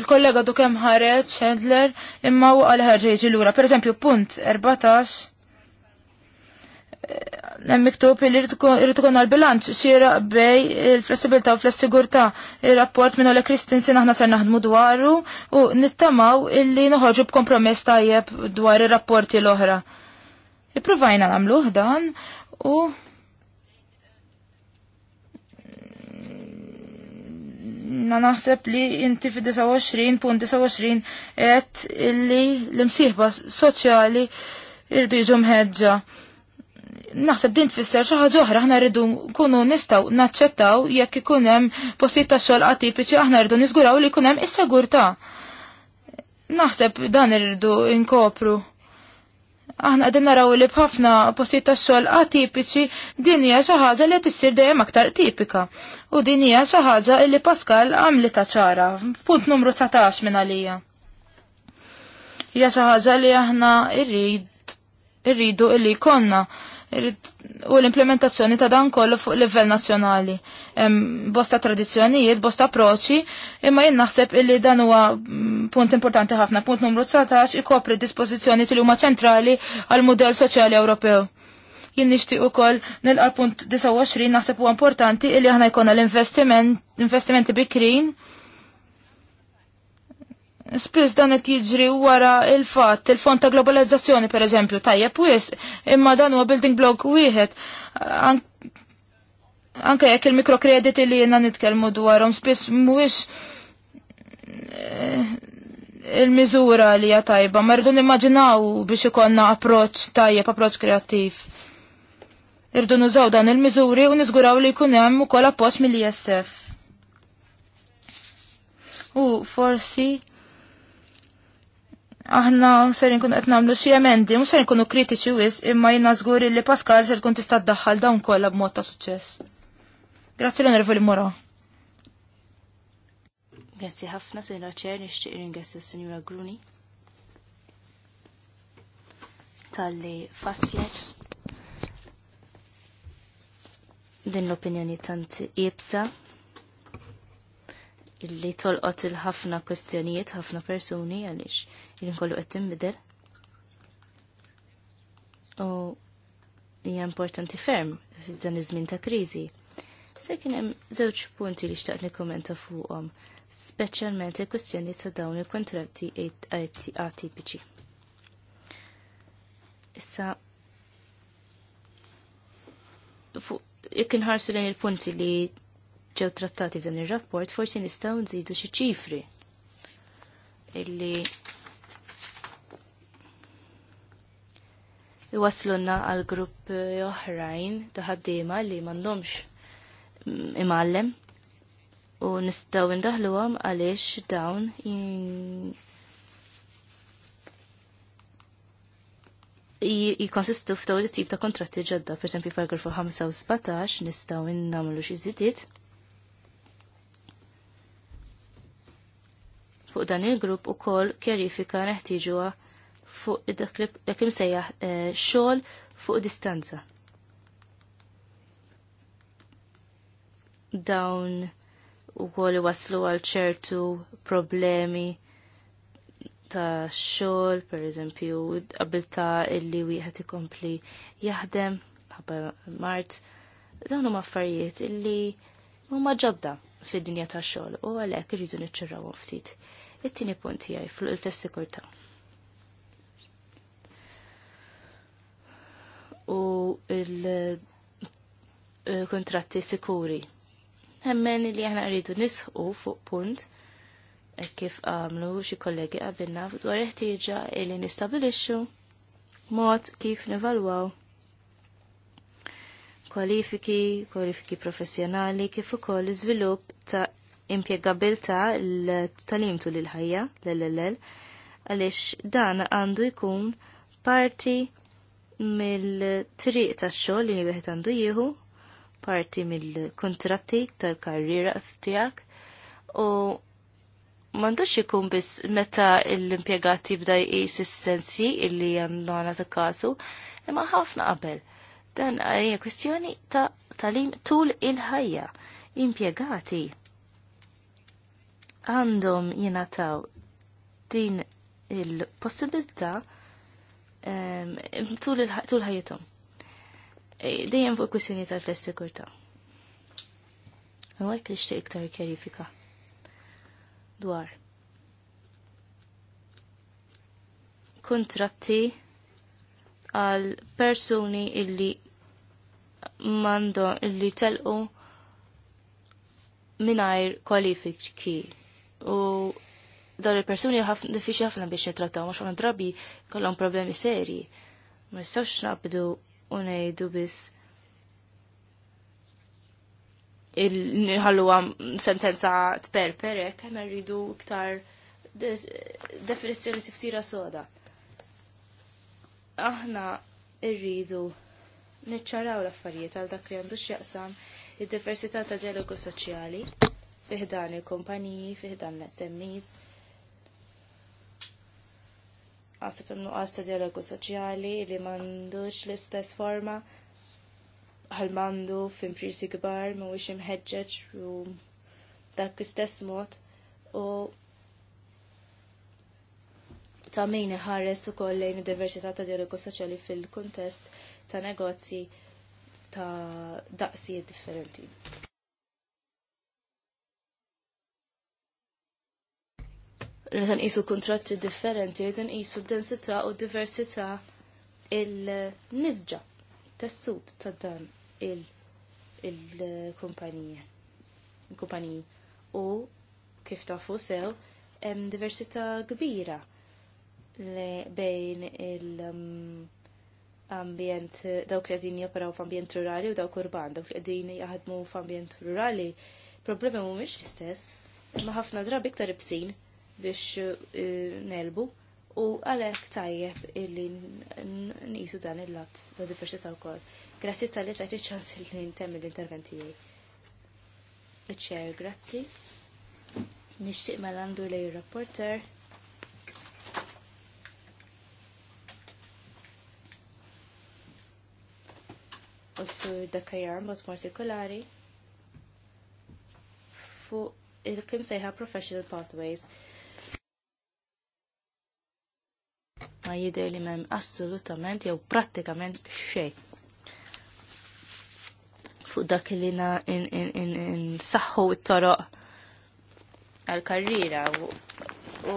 il-kollega du kem ħareġ Handler imma u għal l-ura. lura. Pereżempju punt 14 hemm miktub li rrid ikun għall-bilanċ xieraq bej il-flessibilità u fl-sigurtà. Ir-rapport minn Ole Kristinsen aħna ser naħdmu dwaru u nittamaw illi noħorġu b'kompromess tajjeb dwar ir-rapporti l-oħra. Ippruvajna nagħmluh dan u na naħseb li inti fi 29.29 qed illi l-imsieħba soċjali irdu jiġu mħeġġa naħseb din tfisser xi ħaġa oħra aħna rridu nkunu nistgħu naċċettaw jekk ikun hemm postijiet ta' xogħol atipiċi aħna rridu niżguraw li jkun hemm is segurtà Naħseb dan irridu nkopru. Aħna qegħdin naraw li b'ħafna postijiet tax xogħol atipiċi din hija xi ħaġa li qed issir dejjem aktar tipika. U din hija xi ħaġa li Pascal għamli ta' ċara f'punt numru 19 minn għalija. Hija xi ħaġa li aħna irrid irridu illi konna u l-implementazzjoni ta' dan kollu fuq livell nazzjonali. Bosta tradizzjonijiet, bosta approċċi, imma jien naħseb illi dan huwa mm, punt importanti ħafna. Punt numru 19 ikopri dispożizzjoni li huma ċentrali għal mudell soċjali Ewropew. Jien nixtieq ukoll nilqa' punt 29 naħseb huwa importanti illi aħna jkollna l-investimenti bikrin. Spiss dan qed jiġri wara il-fatt, il-fond ta' globalizzazzjoni per eżempju tajjeb wis, imma dan huwa building block wieħed. Anke jekk il-mikrokrediti li jiena nitkellmu dwarhom spiss mhuwiex eh, il-miżura li hija tajba, ma rridu nimmaġinaw biex ikonna approċċ tajjeb, approċċ kreattiv. Irdu nużaw dan il-miżuri u niżguraw li jkun hemm ukoll appoġġ mill-ISF. U forsi aħna ser nkunu qed nagħmlu xi emendi, mhux ser nkunu kritiċi wis, imma jiena żgur li Pascal ser tkun tista' ddaħħal dawn kollha b'mod ta' suċċess. Grazzi l-onorevoli Mora. Grazzi ħafna sejna Ċer nixtieq ringrazzja s-Sinjura Gruni tal-li din l-opinjoni tant ibsa illi tolqot il-ħafna kwestjonijiet, ħafna persuni għaliex jien kollu qed tinbidel. U hija importanti ferm f'dan iż-żmien ta' kriżi. Se kien hemm żewġ punti li xtaqt nikkumenta fuqhom, speċjalment il-kwestjoni ta' dawn il-kontratti atipiċi. Issa jekk inħarsu lejn il-punti li ġew trattati f'dan ir-rapport, forsi nistgħu nżidu xi ċifri illi iwaslunna għal grupp eh, oħrajn ta' ħaddiema li m'għandhomx mm, imgħallem u nistgħu għam għaliex dawn jikonsistu f'daw tip ta' kontratti ġodda, per esempio paragrafu 5 17 nistaw innamlu xi żidiet. Fuq dan il-grupp ukoll kjerifika neħtijġuwa fuq dak imsejjaħ sejjaħ eh, xogħol fuq distanza. Dawn ukoll waslu għal ċertu problemi ta' xogħol, per eżempju, abilta illi wieħed ikompli jaħdem, ħabba mart, dawn huma affarijiet illi huma ġodda fid-dinja ta' xogħol u għalhekk irridu niċċirrawhom ftit. It-tieni punt tiegħi fuq il kurta. u il-kontratti eh, sikuri. Hemmen li aħna rridu nisħu fuq punt e kif għamlu xi kollegi qabilna dwar ħtieġa li nistabilixxu mod kif nevalwaw kwalifiki, kwalifiki professjonali, kif ukoll iżvilupp ta' impjegabilta l talimtu tul ħajja l-LLL, għaliex dan għandu jkun parti mill-triq tax-xogħol li wieħed għandu jieħu, parti mill-kontratti tal-karriera tiegħek u m'għandux ikun biss meta l-impjegat jibda jqis is-sensi illi għandu għana ta' kasu, imma ħafna qabel. Dan hija kwestjoni ta' talim tul il-ħajja. Impjegati għandhom jingħataw din il-possibilità tul ħajjitom. E, dejjem fuq kwissjoni tal-fless Għajk li nixtieq iktar kjerifika. dwar kontratti għal persuni illi mando illi telqu minajr kwalifiki u dawn il-persuni diffiċli ħafna biex jitrattaw mux għan drabi kollhom problemi serji. Ma nistgħux naqbdu u ngħidu biss il-ħallu sentenza t-per, perek, hemm rridu iktar definizzjoni tifsira soda. Aħna rridu niċċaraw l-affarijiet għal dak li għandu x'jaqsam id-diversità ta' dialogu soċjali fiħdan il-kumpaniji, fiħdan l-SMEs, għasib nuqqas ta' dialogu soċjali li mandux l-istess forma għal mandu prisi kbar ma wix imħedġeġ u dak istess mod u ta' min ħares u kollejn diversità ta' dialogu soċjali fil-kontest ta' negozji ta' daqsijiet differenti. meta nqisu kontratti differenti rridu nqisu d-densità u diversità il-nizġa tas-sud ta' dan il-kumpanija. il kumpanija U kif tafu sew hemm diversità kbira bejn il-ambjent mm, dawk li qegħdin japparaw f'ambjent rurali u dawk urban, dawk li qegħdin jaħdmu f'ambjent rurali. Problemi mhumiex l-istess, imma ħafna drabi iktar ibsin biex eh, nelbu u għalhekk tajjeb illi nqisu dan il-lat ta' diversità wkoll. Grazzi tal-li tajt iċ-ċans li nintem l-interventi tiegħi. Iċ-ċer, grazzi. Nixtieq mela għandu lej rapporter u s-sur dakajar mod partikolari fu il-kim sejħa Professional Pathways ma jider li mem assolutament jew prattikament xej. Fuq dak li na nsaħħu it-toroq għal-karriera u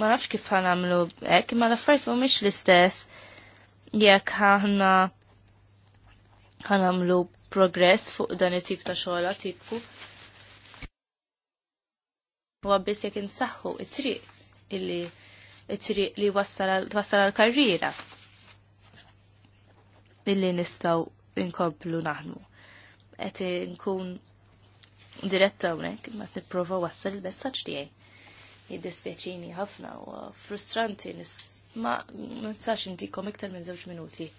ma nafx kif ħanamlu hekk, ma l-affarijiet mhumiex l-istess jekk ħana ħanamlu progress fuq dan it-tip ta' xogħla tipku u għabbis jek insaħħu it-triq illi it-triq li wassal għal-karriera billi nistaw inkomplu naħdmu. Et nkun diretta unek, ma t-niprofa wassal il-messagġ tijaj. Id-dispieċini ħafna u frustranti nis ma inti kom iktar minn zewġ minuti.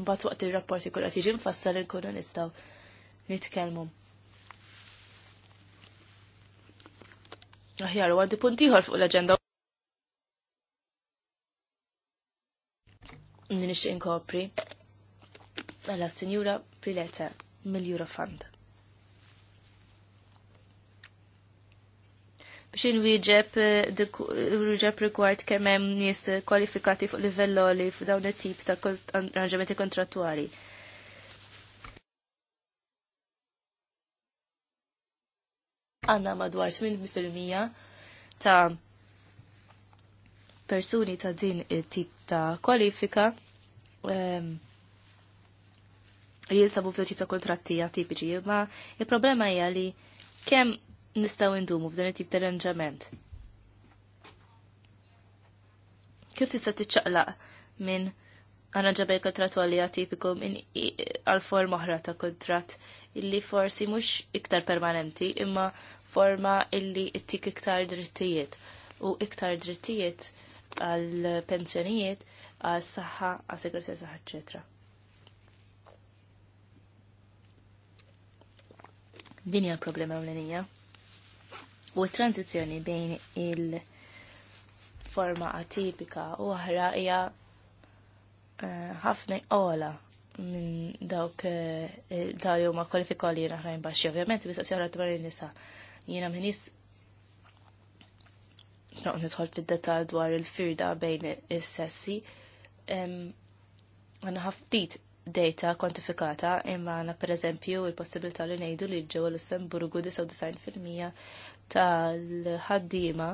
Mbagħad waqt ir-rapporti kull tiġi jiġi mfassal inkunu nistgħu nitkellmu. Aħjar, għandi punt ieħor fuq l-aġenda. Nixtieq inkopri. Mela, Sinjura Prileta mill-Eurofund. biex inwieġeb eh, rigward kemm hemm nies kwalifikati fuq livell li f'dawn it-tip ta' arranġamenti kontrattwali. Għanna madwar 80% ta' persuni ta' din it-tip ta' kwalifika ehm, jinsabu f'du tip ta' kontratti atipiċi, ma il-problema hija li kemm nistaw indumu f'dan it-tip ta' arranġament. Kif tista' tiċċaqlaq minn arranġament kontratwali atipiku minn għal form oħra ta' kontrat illi forsi mhux iktar permanenti imma forma illi ittik iktar drittijiet u iktar drittijiet għal pensjonijiet għal saħħa għal segrezzja saħħa etc. Din hija problema ewlenija u t bejn il-forma atipika u oħra hija ħafna ola minn dawk daw huma kwalifikoli jien oħrajn baxxi. Ovvjament bisa sjara dwar in-nisa. Jiena m'inis noq nidħol fid-detal dwar il-firda bejn is-sessi. Għanna ħaftit data kwantifikata imma għana per eżempju il-possibilità li nejdu li ġewa Lussemburgu 99% tal-ħaddiema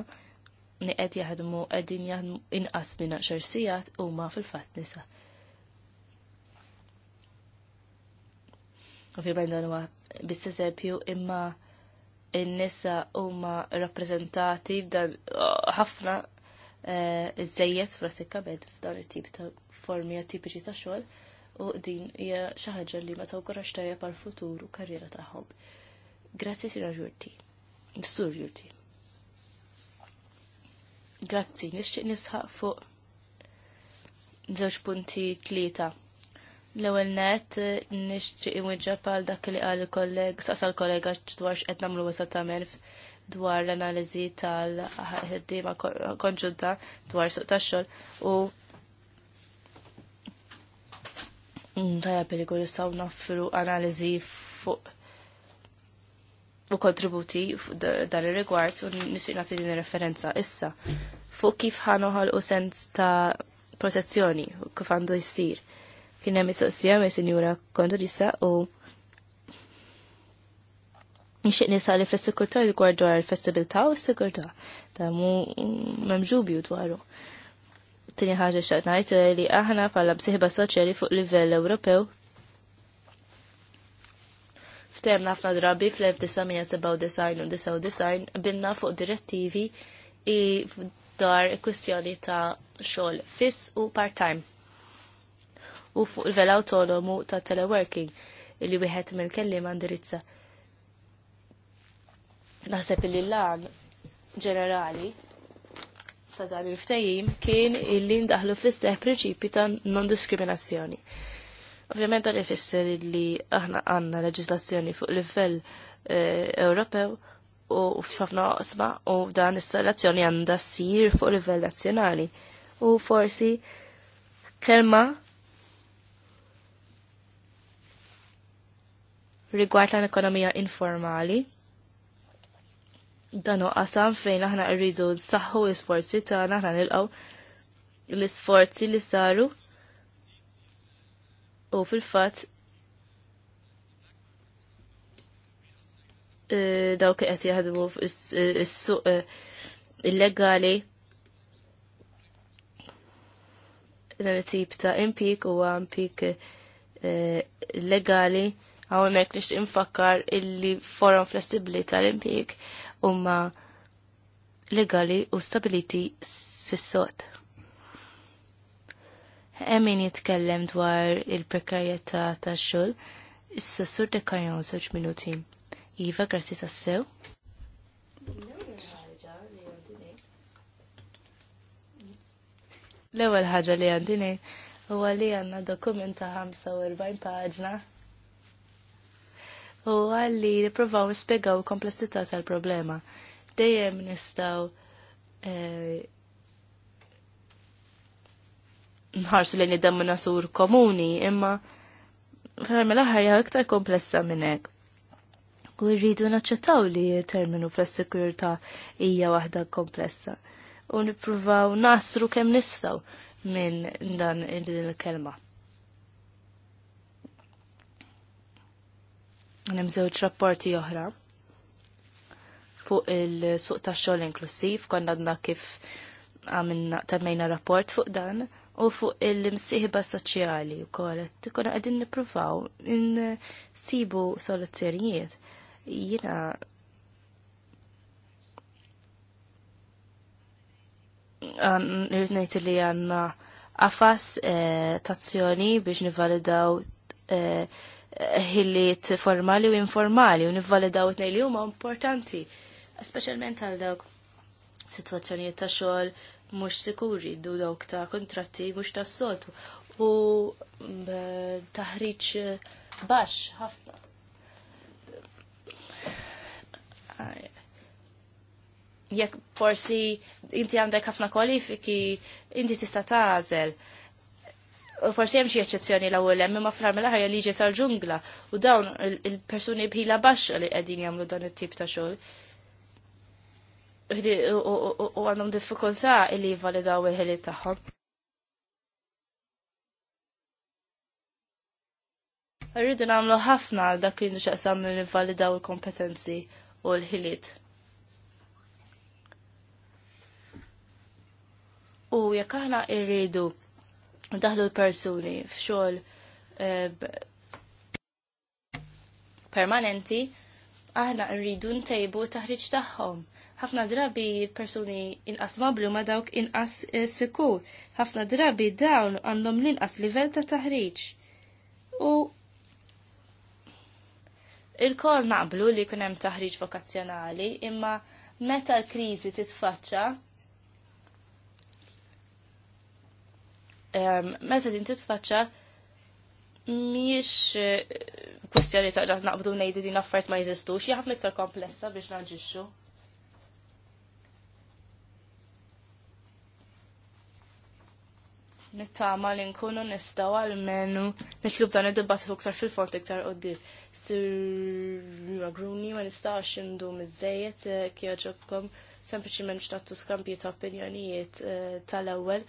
li qed jaħdmu qegħdin jaħdmu inqas minn għaxar sigħat huma fil-fatt nisa. Ovvjament dan huwa biss eżempju imma in-nisa huma rappreżentati f'dan ħafna eh, iżejjed pratikament f'dan it-tip ta' formi tipiċi ta' xogħol u din hija xi ħaġa li ma tawkorax tajjeb għal futur u karriera tagħhom. Grazzi sinor Jurtin. Sur Juti. Grazzi, nixtieq nisħaq fuq żewġ punti tlieta. L-ewwel net nixtieq inweġġeb għal dak li qal kolleg sasal kollega dwarx etnam nagħmlu wasa dwar l-analiżi tal ħeddima konġunta dwar suq tax-xogħol u tajja perikolu naffru analizi fuq u kontributi dan ir-rigward u nisir nagħti din referenza issa fuq kif ħanoħol u sens ta' protezzjoni u kif għandu jsir. Kien hemm is-soqsija me sinjura dissa u nixtieq li fl-sikurtà dwar dwar festival festibilità u s-sikurtà ta' mu memġubju dwaru. Tini ħaġa xaqt ngħid li aħna pala bsieħba soċjali fuq livell Ewropew Ftemna ħafna drabi fl-1997 u 99 binna fuq direttivi i dar kwistjoni ta' xogħol fiss u part-time. U fuq il-vel autonomu ta' teleworking li wieħed mill-kelliem indirizza. Naħseb li l-lan ġenerali ta' dan il-ftajim kien illi ndaħlu fis-seħ prinċipi ta' non-diskriminazzjoni. Ovvjament għal jfisser li aħna għanna leġislazzjoni fuq livell eh, Ewropew u f'ħafna qosma u dan is-selezzjoni għandha ssir fuq livell nazzjonali. U forsi kelma rigward l-ekonomija informali dan u qasam fejn aħna rridu nsaħħu l-isforzi tagħna aħna nilqaw l-isforzi li saru u fil-fatt eh, dawk qed jaħdmu eh, is-suq eh, illegali dan it-tip ta' impik u impik legali hawnhekk nix infakkar illi forum flessibli tal-impik huma legali u stabiliti fis-sot. Emin jitkellem dwar il-prekarjetà tax-xogħol, issa sur de kajon żewġ minuti. Iva, grazzi tassew. L-ewwel ħaġa li għandini huwa li għandna dokument ta' 45 paġna. U għalli nippruvaw nispjegaw il-komplessità tal-problema. Dejjem nistgħu eh, nħarsu lejn id-denominatur komuni, imma ferm l-aħħar hija iktar komplessa minn hekk. U rridu naċċettaw li terminu fl sekurta hija waħda komplessa. U nippruvaw nasru kemm nistgħu minn dan il-kelma. Hemm żewġ rapporti oħra fuq il-suq tax-xogħol inklusiv, konna għandna kif għamilna temmejna rapport fuq dan u fuq il-msiħba soċjali u kolet. tikkuna għadin niprufaw in sibu soluzzjonijiet. Jina Rritnejt li għanna għafas eh, tazzjoni biex nivalidaw eh, ħilliet formali u informali u nivvalidaw it nejli u huma importanti, specialment għal dawk situazzjonijiet ta' xogħol mhux sikuri du dawk ta' kontratti mhux ta' soltu u mm, taħriġ eh, baxx ħafna. Jekk forsi inti għandek ħafna kwalifiki, inti tista' tażel. U forsi hemm xi eċċezzjoni l-ewwel hemm imma fl l aħħar liġi tal-ġungla u dawn il-persuni bħila baxxa li qegħdin jagħmlu dan it-tip ta' xogħol u għandhom diffikultà li jivalidaw il-ħiliet tagħhom. Rridu nagħmlu ħafna għal dak li nixaqsam li nivvalidaw il-kompetenzi u l-ħiliet. U jekk aħna rridu daħlu l-persuni f'xogħol eh, permanenti, aħna rridu ntejbu taħriġ tagħhom ħafna drabi persuni inqas mablu ma dawk inqas eh, sikur. ħafna drabi dawn għandhom l-inqas livell ta' taħriġ. U il-kol naqblu li kunem taħriġ vokazzjonali, imma meta l-krizi titfaċċa, ehm, meta din titfaċċa, miex eh, kwestjoni ta' naqbdu nejdi din affert ma jizistux, jgħafna iktar komplessa biex naġiġu. nittama li nkunu nistaw għal-menu nitlub dan id-dibattitu iktar fil-fort iktar d-dil. Sir Gruni ma nistax imdu mizzejiet eh, kieġobkom sempliciment xtattu skambji ta' opinjonijiet eh, tal-ewwel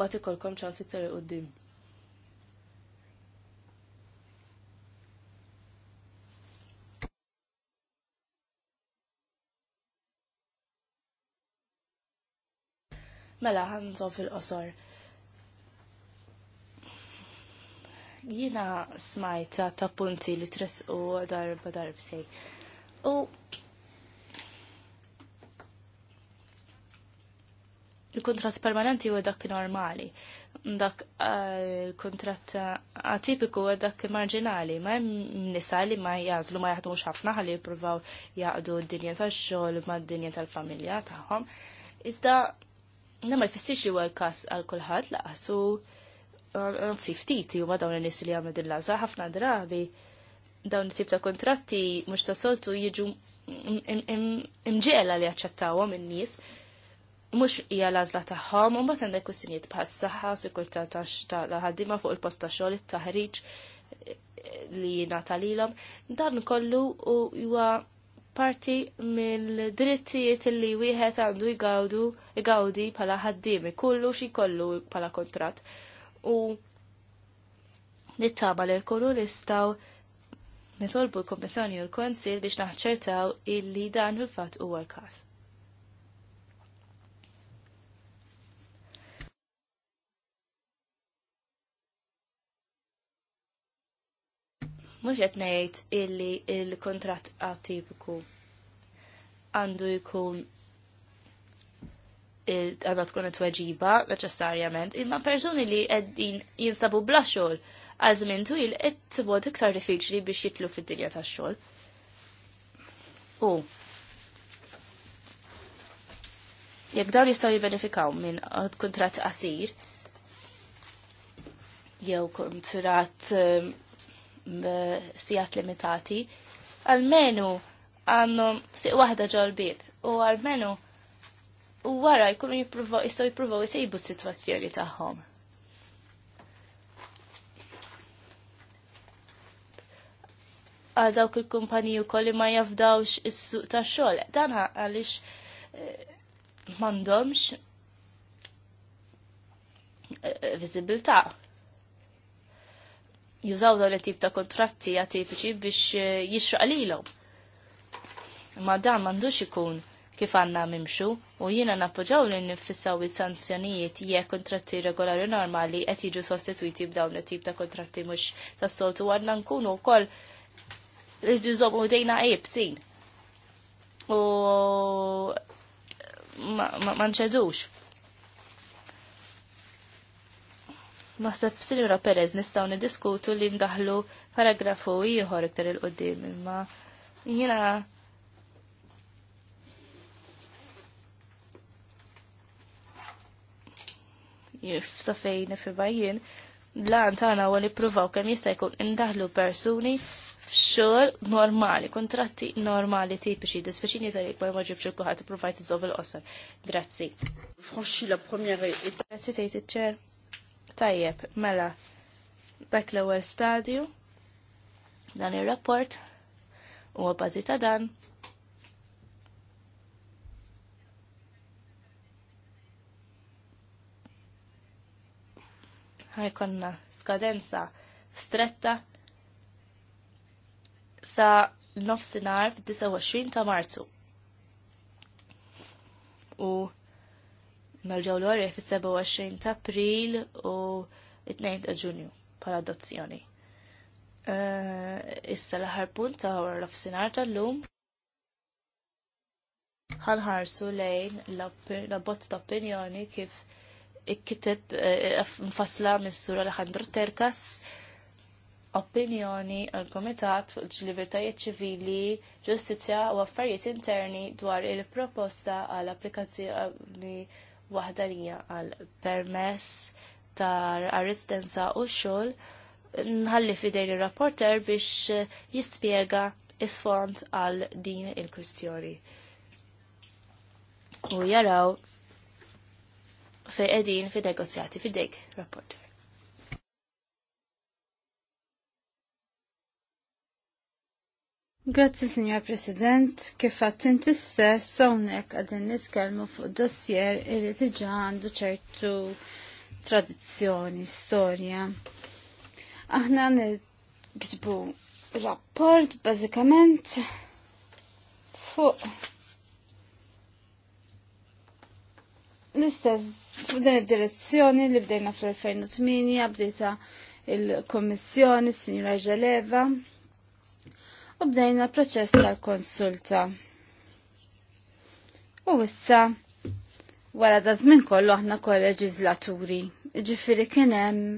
ma tikolkom ċans iktar d-dil. Mela ħanżom fil-qosor Jina smajta ta' punti li tres u darba darbtej. U il-kontrat permanenti u dak normali. Dak eh, il-kontrat atipiku u dak marġinali. Ma' nisa li ma' jazlu ma' jaħdmux ħafna għalli jipruvaw jaqdu d-dinja ta' xol ma' d-dinja tal-familja tagħhom. Iżda, namma jfissirx li għal l-kas għal kulħadd laqas anzi ftiti ma dawn n nies li jagħmlu din l-għażla ħafna drabi dawn it-tip ta' kontratti mhux ta' soltu jiġu imġela li jaċċettawhom in-nies mhux hija l-għażla tagħhom u mbagħad għandek kwistjonijiet bħas-saħħa, sikurtà ta' ħaddiema fuq il-post ta' xogħol, it-taħriġ li jingħata lilhom. Dan kollu huwa parti mill-drittijiet li wieħed għandu jgawdu jgawdi bħala ħaddiem kollu xi kollu bħala kontratt u nittaba li jkunu nistaw nitolbu l-Kommissjoni u l-Konsil biex naħċertaw illi dan il fatt huwa għal-kas. Mhux qed ngħid illi l-kuntratt atipiku għandu jkun għandha tkun it-tweġiba neċessarjament, imma persuni li qegħdin jinsabu bla xogħol għal twil qed tibgħod iktar diffiċli biex jitlu fid-dinja tax-xogħol. U jekk dawn jistgħu jibbenefikaw minn kuntratt qasir jew kuntratt ehm, sijat limitati, għalmenu għandhom siq waħda ġol bib u għalmenu menu u wara jkunu jistgħu jippruvaw jtejbu s-sitwazzjoni tagħhom. Għal dawk il-kumpaniji wkoll li ma jafdawx is-suq tax-xogħol. Dan għaliex eh, m'għandhomx eh, vizibilta. Jużaw dawn it-tip ta' kontratti atipiċi biex eh, jixraq lilhom. Ma dan m'għandux ikun kif għandna mimxu, u jiena nappoġġaw li nifissaw is-sanzjonijiet jekk kontratti regolari normali qed jiġu sostituiti b'dawn it-tip ta' kontratti mhux tas-soltu għandna nkunu wkoll iżżomm u dejna qibsin. U ma nċedux. Naħseb Sinjura Perez nistgħu niddiskutu li ndaħlu paragrafu ieħor iktar il-qudiem imma jiena f'safejn f'ibajjien, l-għan tagħna huwa li pruvaw kemm jista' jkun indaħlu persuni f'xogħol normali, kontratti normali tipiċi, dispeċini tal ma jmaġib xi kulħadd t iżob il-qosor. Grazzi. Franxi la première étape. Grazzi tgħid ċer Tajjeb, mela, dak l-ewwel stadju dan ir-rapport huwa bażi ta' dan ħajkonna skadenza stretta sa nofsinar fit-29 ta' Marzu. U nalġaw l fis-27 ta' April u 2 ta' Ġunju bħala adozzjoni. Eh, issa l-aħħar punt ta' l-ofsinar ta' l lum ħanħarsu lejn l bot ta' opinjoni kif ikkiteb mfassla eh, eh, mis-sur Alejandro Terkas opinjoni għal komitat fuq libertajiet ċivili, ġustizzja u affarijiet interni dwar il-proposta għal applikazzjoni waħdanija għal permess tar arrestenza u xogħol nħalli f'idej ir-rapporter biex jispjega isfond għal din il-kwistjoni. U jaraw fej edin fi negozjati fi dik rapport. Grazzi, Signor President, kif għattinti stess, sawnek għadin nitkelmu fuq dossier illi tiġa għandu ċertu tradizzjoni, storja. Aħna nitkibu rapport, bazikament, fuq l-istess f'dan id-direzzjoni li bdejna fl-2008, bdejta il-Kommissjoni, Signora Ġeleva, u bdejna proċess tal-konsulta. U issa, wara da żmien kollu aħna kol-leġizlaturi, ġifiri kien hemm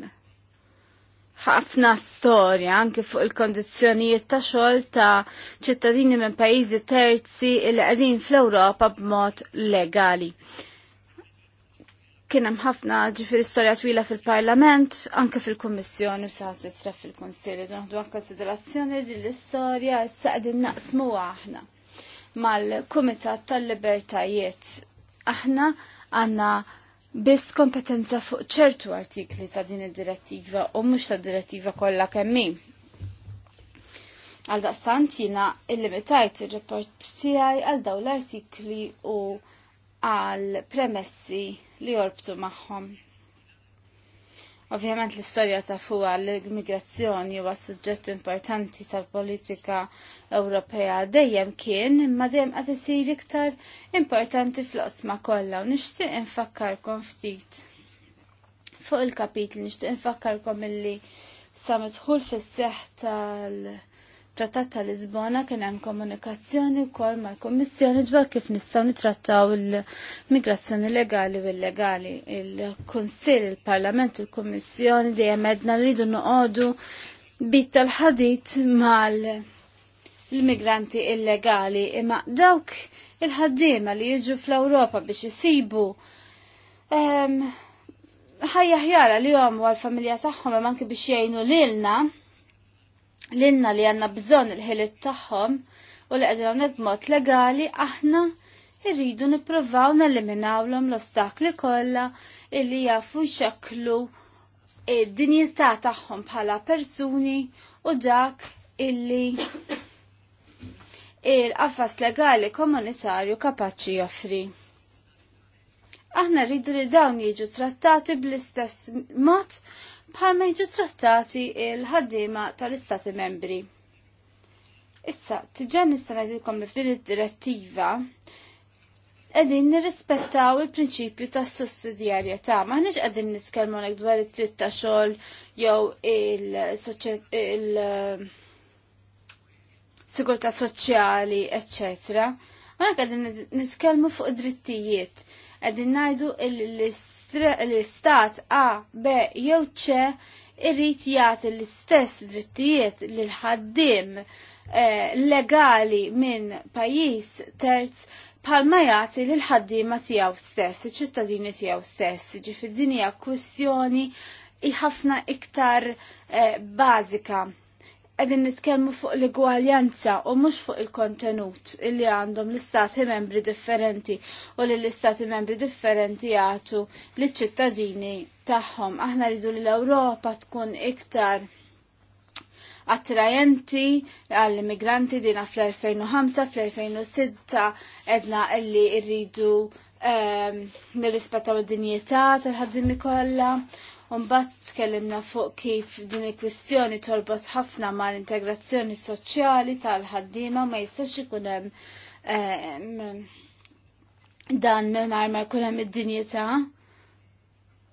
ħafna storja anke fuq il-kondizzjonijiet ta' xogħol ta' ċittadini minn pajjiżi terzi li qegħdin fl-Ewropa b'mod legali kien hemm ħafna ġifir istorja twila fil-Parlament, anke fil-Kummissjoni u it-tref fil-Kunsilli naħdu għan konsiderazzjoni li l-istorja s qegħdin naqsmu aħna mal-Kumitat tal-Libertajiet. Aħna għandna biss kompetenza fuq ċertu artikli ta' din id-direttiva u mhux ta' direttiva kollha kemm Għal daqstant jina illimitajt ir-report tiegħi għal dawn l-artikli u għal premessi li jorbtu magħhom. Ovvjament l-istorja ta' fuqa l-immigrazzjoni huwa suġġett importanti tal-politika Ewropea dejjem kien imma dejjem qed isir iktar importanti fl-qosma kollha u nixtieq infakkarkom ftit. Fuq il-kapitli nixtieq infakkarkom illi sa fis-seħħ tal- trattat ta' Lisbona kien hemm komunikazzjoni wkoll mal-Kummissjoni dwar kif nistgħu nitrattaw il-migrazzjoni legali u illegali. Il-Kunsill, il-Parlament, il-Kummissjoni dejjem għedna rridu noqogħdu bit tal-ħadit mal l-migranti illegali imma dawk il-ħaddiema li jiġu fl-Ewropa biex jisibu ehm, ħajja ħjara li jom għal-familja tagħhom anke biex jgħinu lilna l-inna li għanna bżon il-ħilit tagħhom u li għedin għonek legali aħna irridu niprovaw neliminawlom l-ostakli kolla illi jafu xaklu id-dinjità tagħhom bħala persuni u dak illi il-qafas legali komunitarju kapaċi joffri. Aħna rridu li dawn jiġu trattati bl-istess mod bħal jiġu trattati il-ħaddima tal-Istati membri. Issa, tiġan nistanajdilkom li f'din id-direttiva edin nirrispettaw il-prinċipju ta' sussidjarjetà. Maħniex qegħdin niskelmu nek dwar it-tritt ta' xogħol jew il sigurtà soċjali, eċċetera. Ma qegħdin niskelmu fuq id drittijiet. Qegħdin ngħidu l-list l-istat A, B jew C irrit jagħti l-istess drittijiet l-ħaddim eh, legali minn pajjiż terz palma jagħti l ħaddiema tiegħu stess, ċittadini tiegħu stess, ġifi d-dinja kwestjoni ħafna iktar eh, bażika għedin nitkellmu fuq l-igwaljanza u mux fuq il-kontenut illi għandhom l-istati membri differenti u li l-istati membri differenti jgħatu li ċittadini tagħhom. Aħna rridu li l-Ewropa tkun iktar attrajenti għall-immigranti dina fl-2005, fl-2006 edna illi rridu ehm, nirrispettaw id-dinjetà tal-ħaddimi kollha Umbat tkellimna fuq kif din il-kwistjoni torbot ħafna ma l-integrazzjoni soċjali tal-ħaddima ma jistax ikun hemm eh, dan mingħajr ma jkun hemm id-dinjità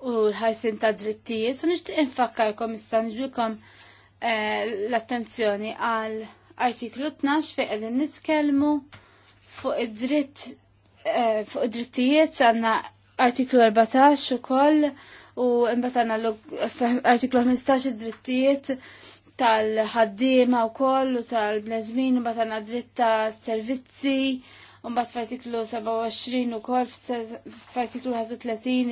u l-ħarsin ta' drittijiet u nixtieq infakkarkom issa nġbilkom eh, l-attenzjoni għal artiklu 12 fejn qegħdin nitkellmu fuq id-dritt eh, fuq id-drittijiet għandna artiklu 14 ukoll u imbagħad għandna artiklu 15 id-drittijiet tal-ħaddiema wkoll u tal bnezmin imbagħad għandna dritt ta' servizzi u mbagħad f'artiklu 27 ukoll f'artiklu 31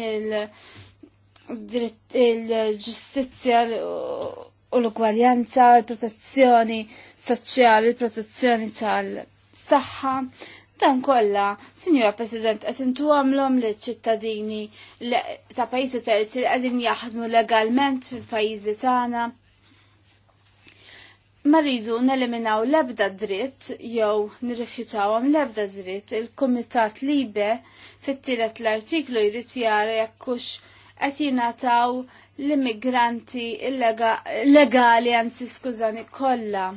il-ġustizzja u l-ugwaljanza, il-protezzjoni soċjali, il-protezzjoni tal-saħħa, Dan kollha, Sinjora President, qed intu għamlhom li ċittadini ta' pajjiżi terzi li qegħdin jaħdmu legalment fil-pajjiżi tagħna. Ma rridu neliminaw l-ebda dritt jew nirrifjutawhom l-ebda dritt il-Kumitat Libe fit-tielet l-artiklu jrid jara jekkux qed jingħataw l-immigranti illegali anzi skużani kollha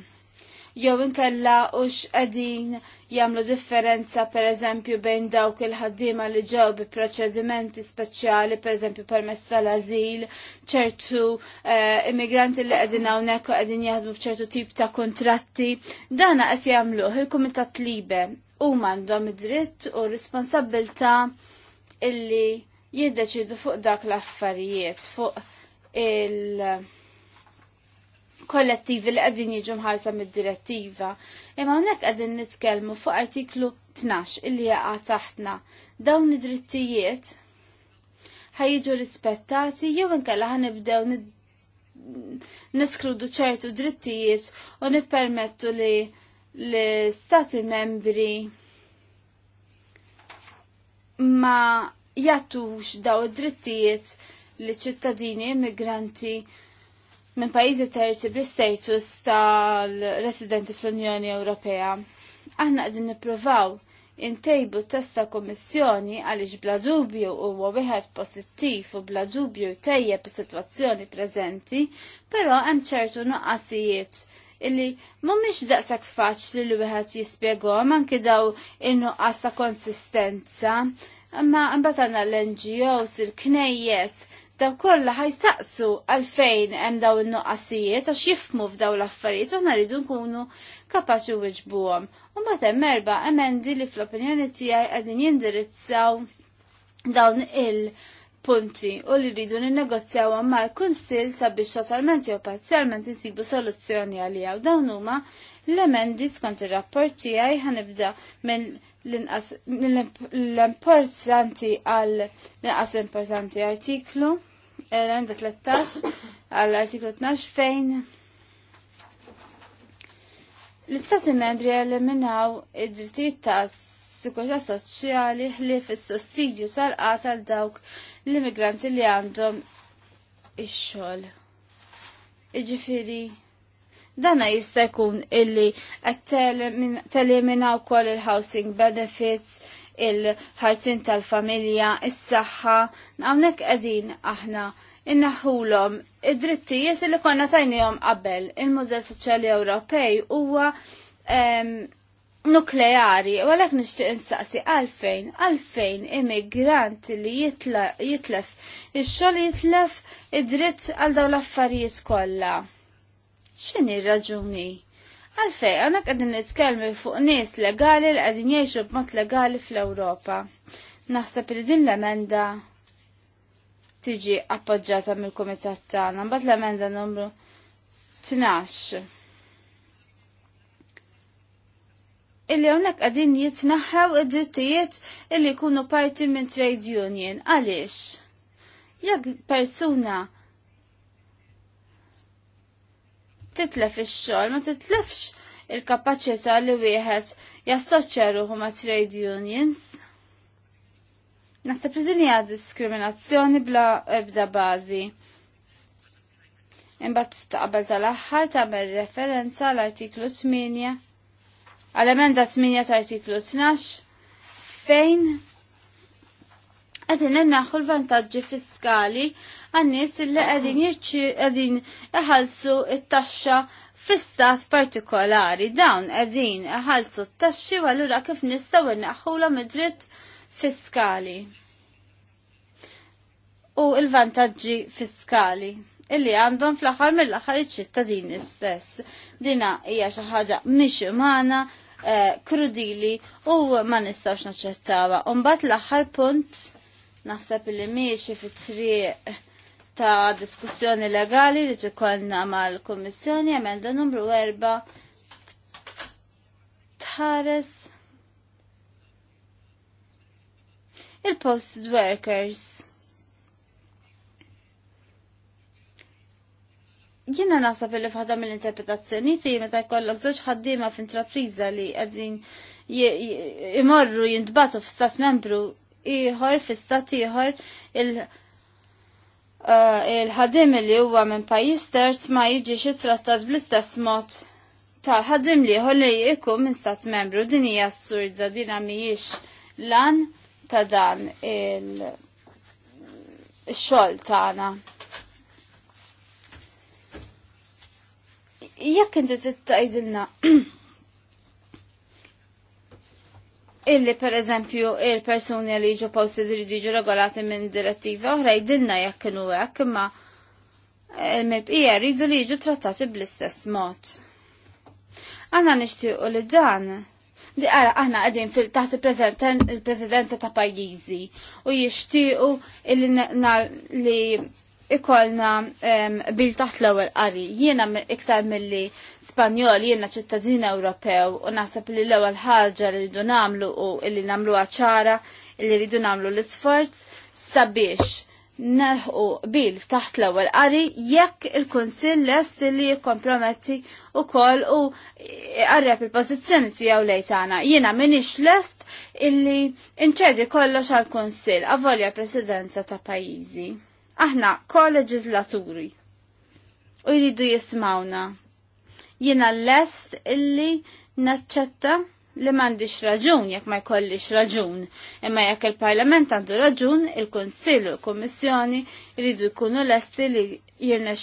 jew inkella u qegħdin jagħmlu differenza pereżempju bejn dawk il-ħaddiema li ġew bi proċedimenti speċjali pereżempju permess tal-ażil, ċertu eh, immigranti li qegħdin hawnhekk u qegħdin jaħdmu b'ċertu tip ta' kontratti, dana qed jagħmluh il-Kumitat Libe huma għandhom id-dritt u responsabilità illi jiddeċidu fuq dak l-affarijiet, fuq il- kollettivi li għadin jiġu mħarsa mid-direttiva. Imma hawnhekk qegħdin nitkellmu fuq artiklu 12 il-li jaqa' taħtna. Dawn id-drittijiet ħajġu rispettati jew inkella ħanibdew niskludu ċertu drittijiet u nippermettu li l-stati membri ma jattux daw id-drittijiet li ċittadini immigranti migranti minn pajjiżi terzi bl-status tal-residenti fl-Unjoni Ewropea. Aħna qegħdin nippruvaw intejbu testa kommissjoni għaliex bla dubju huwa wieħed pożittiv u bla dubju tejjeb is-sitwazzjoni preżenti, però hemm ċertu nuqqasijiet illi mhumiex daqshekk faċli li wieħed jispjegaw anke daw in-nuqqas ta' konsistenza. Imma mbagħad għandna l-NGOs, il-knejjes, daw kollha ħajsaqsu għalfejn hemm daw in-nuqqasijiet għax jifmu f'daw l-affarijiet u aħna nkunu kapaċi wiġbuhom. U mbagħad hemm erba' emendi li fl-opinjoni tiegħi qegħdin jindirizzaw dawn il-punti u li rridu ninnegozjaw mal-Kunsill sabiex totalment jew parzjalment insibu soluzzjoni għalija. u dawn huma l-emendi skont ir-rapport tiegħi ħanibda minn l-inqas l-importanti għal l-inqas l-importanti artiklu l-għanda 13 għal artiklu 12 fejn l-istati membri eliminaw id-drittijiet ta' sikurta soċjali li fis-sussidju tal-qata għal dawk l-immigranti li għandhom ix-xogħol. Iġifieri Dana jista' jkun illi qed teliminaw wkoll il-housing benefits, il-ħarsin tal-familja, is-saħħa, hawnhekk qegħdin aħna innaħulom id-drittijiet li konna tajnihom qabel. Il-Mużel Soċjali Ewropej huwa nukleari, u għalek nishtiq instaqsi għalfejn, għalfejn immigrant li jitlef, il-xol jitlef id-dritt għal daw l-affarijiet kollha x'inhi raġuni? Għalfej, għana qegħdin nitkellmu fuq nies legali li qegħdin jgħixu b'mod legali fl-Ewropa. Naħseb li din l-emenda tiġi appoġġata mill-kumitat tagħna, mbagħad l-emenda numru 12. Illi hawnhekk qegħdin jitnaħħaw id-drittijiet illi jkunu parti minn trade union. Għaliex? Jekk persuna titlef ix-xogħol, ma titlefx il-kapaċità li wieħed jassoċċja ruħu ma' trade unions. Nasab li hija diskriminazzjoni bla ebda bażi. Imbagħad taqbel tal-aħħar tagħmel referenza l-artiklu 8 għal-emenda 8 ta' artiklu 12 fejn għadin naħu l-vantagġi fiskali għannis illi għadin jirċi għadin iħalsu il taxxa fistas partikolari dawn għadin iħalsu t-taxxi għallura kif nistaw naħu l-dritt fiskali u il-vantagġi fiskali illi għandhom fl-axar mill-axar iċ-ċittadini stess. Dina hija xi ħaġa mhix umana, eh, krudili u ma nistgħux naċċettawha. Imbagħad l-aħħar punt naħseb li miexi fit triq ta' diskussjoni legali li ġikolna mal-Kommissjoni emenda numru 4 tħares il-posted workers. Jiena nasab li fħadam mill-interpretazzjoni ti meta jkollok żewġ ħaddiema f'intrapriża li qegħdin imorru jintbatu f'stas membru Iħor fi stat ieħor il- eh, il-ħadim li huwa minn pajjiż terz ma jiġix trattat bl-istess mod tal-ħadim li li jikun minn stat membru din hija assurda dina mhijiex lan ta' dan il-xogħol tagħna. Jekk inti tittajdilna illi per eżempju il-persuni li ġo posti dridi ġo regolati minn direttiva oħra jidinna jekk kienu hekk imma il-mibqija rridu li ġo trattati bl-istess mod. Għanna nixtiequ li dan li għara aħna għedin fil-taħsi il-presidenza ta' pajjiżi u jixtiequ li ikolna bil taħt l-ewwel qari. Jiena iktar milli Spanjol jiena ċittadin Ewropew u naħseb li l-ewwel ħaġa li rridu nagħmlu u li nagħmluha ċara li rridu nagħmlu l-isforz sabiex nelħu bil taħt l-ewwel qari jekk il-Kunsill lest li jikkomprometti ukoll u qarreb il-pożizzjoni tiegħu lejn tagħna. Jiena m'iniex lest illi inċedi kollox għall-Kunsill avolja presidenza ta' pajjiżi. Aħna koleġizlaturi u jridu jismawna. Jiena lest illi naċċetta li m'għandix raġun jekk ma jkollix raġun. Imma jekk il-Parlament għandu raġun, il-Kunsill u l-Kummissjoni jridu jkunu lesti li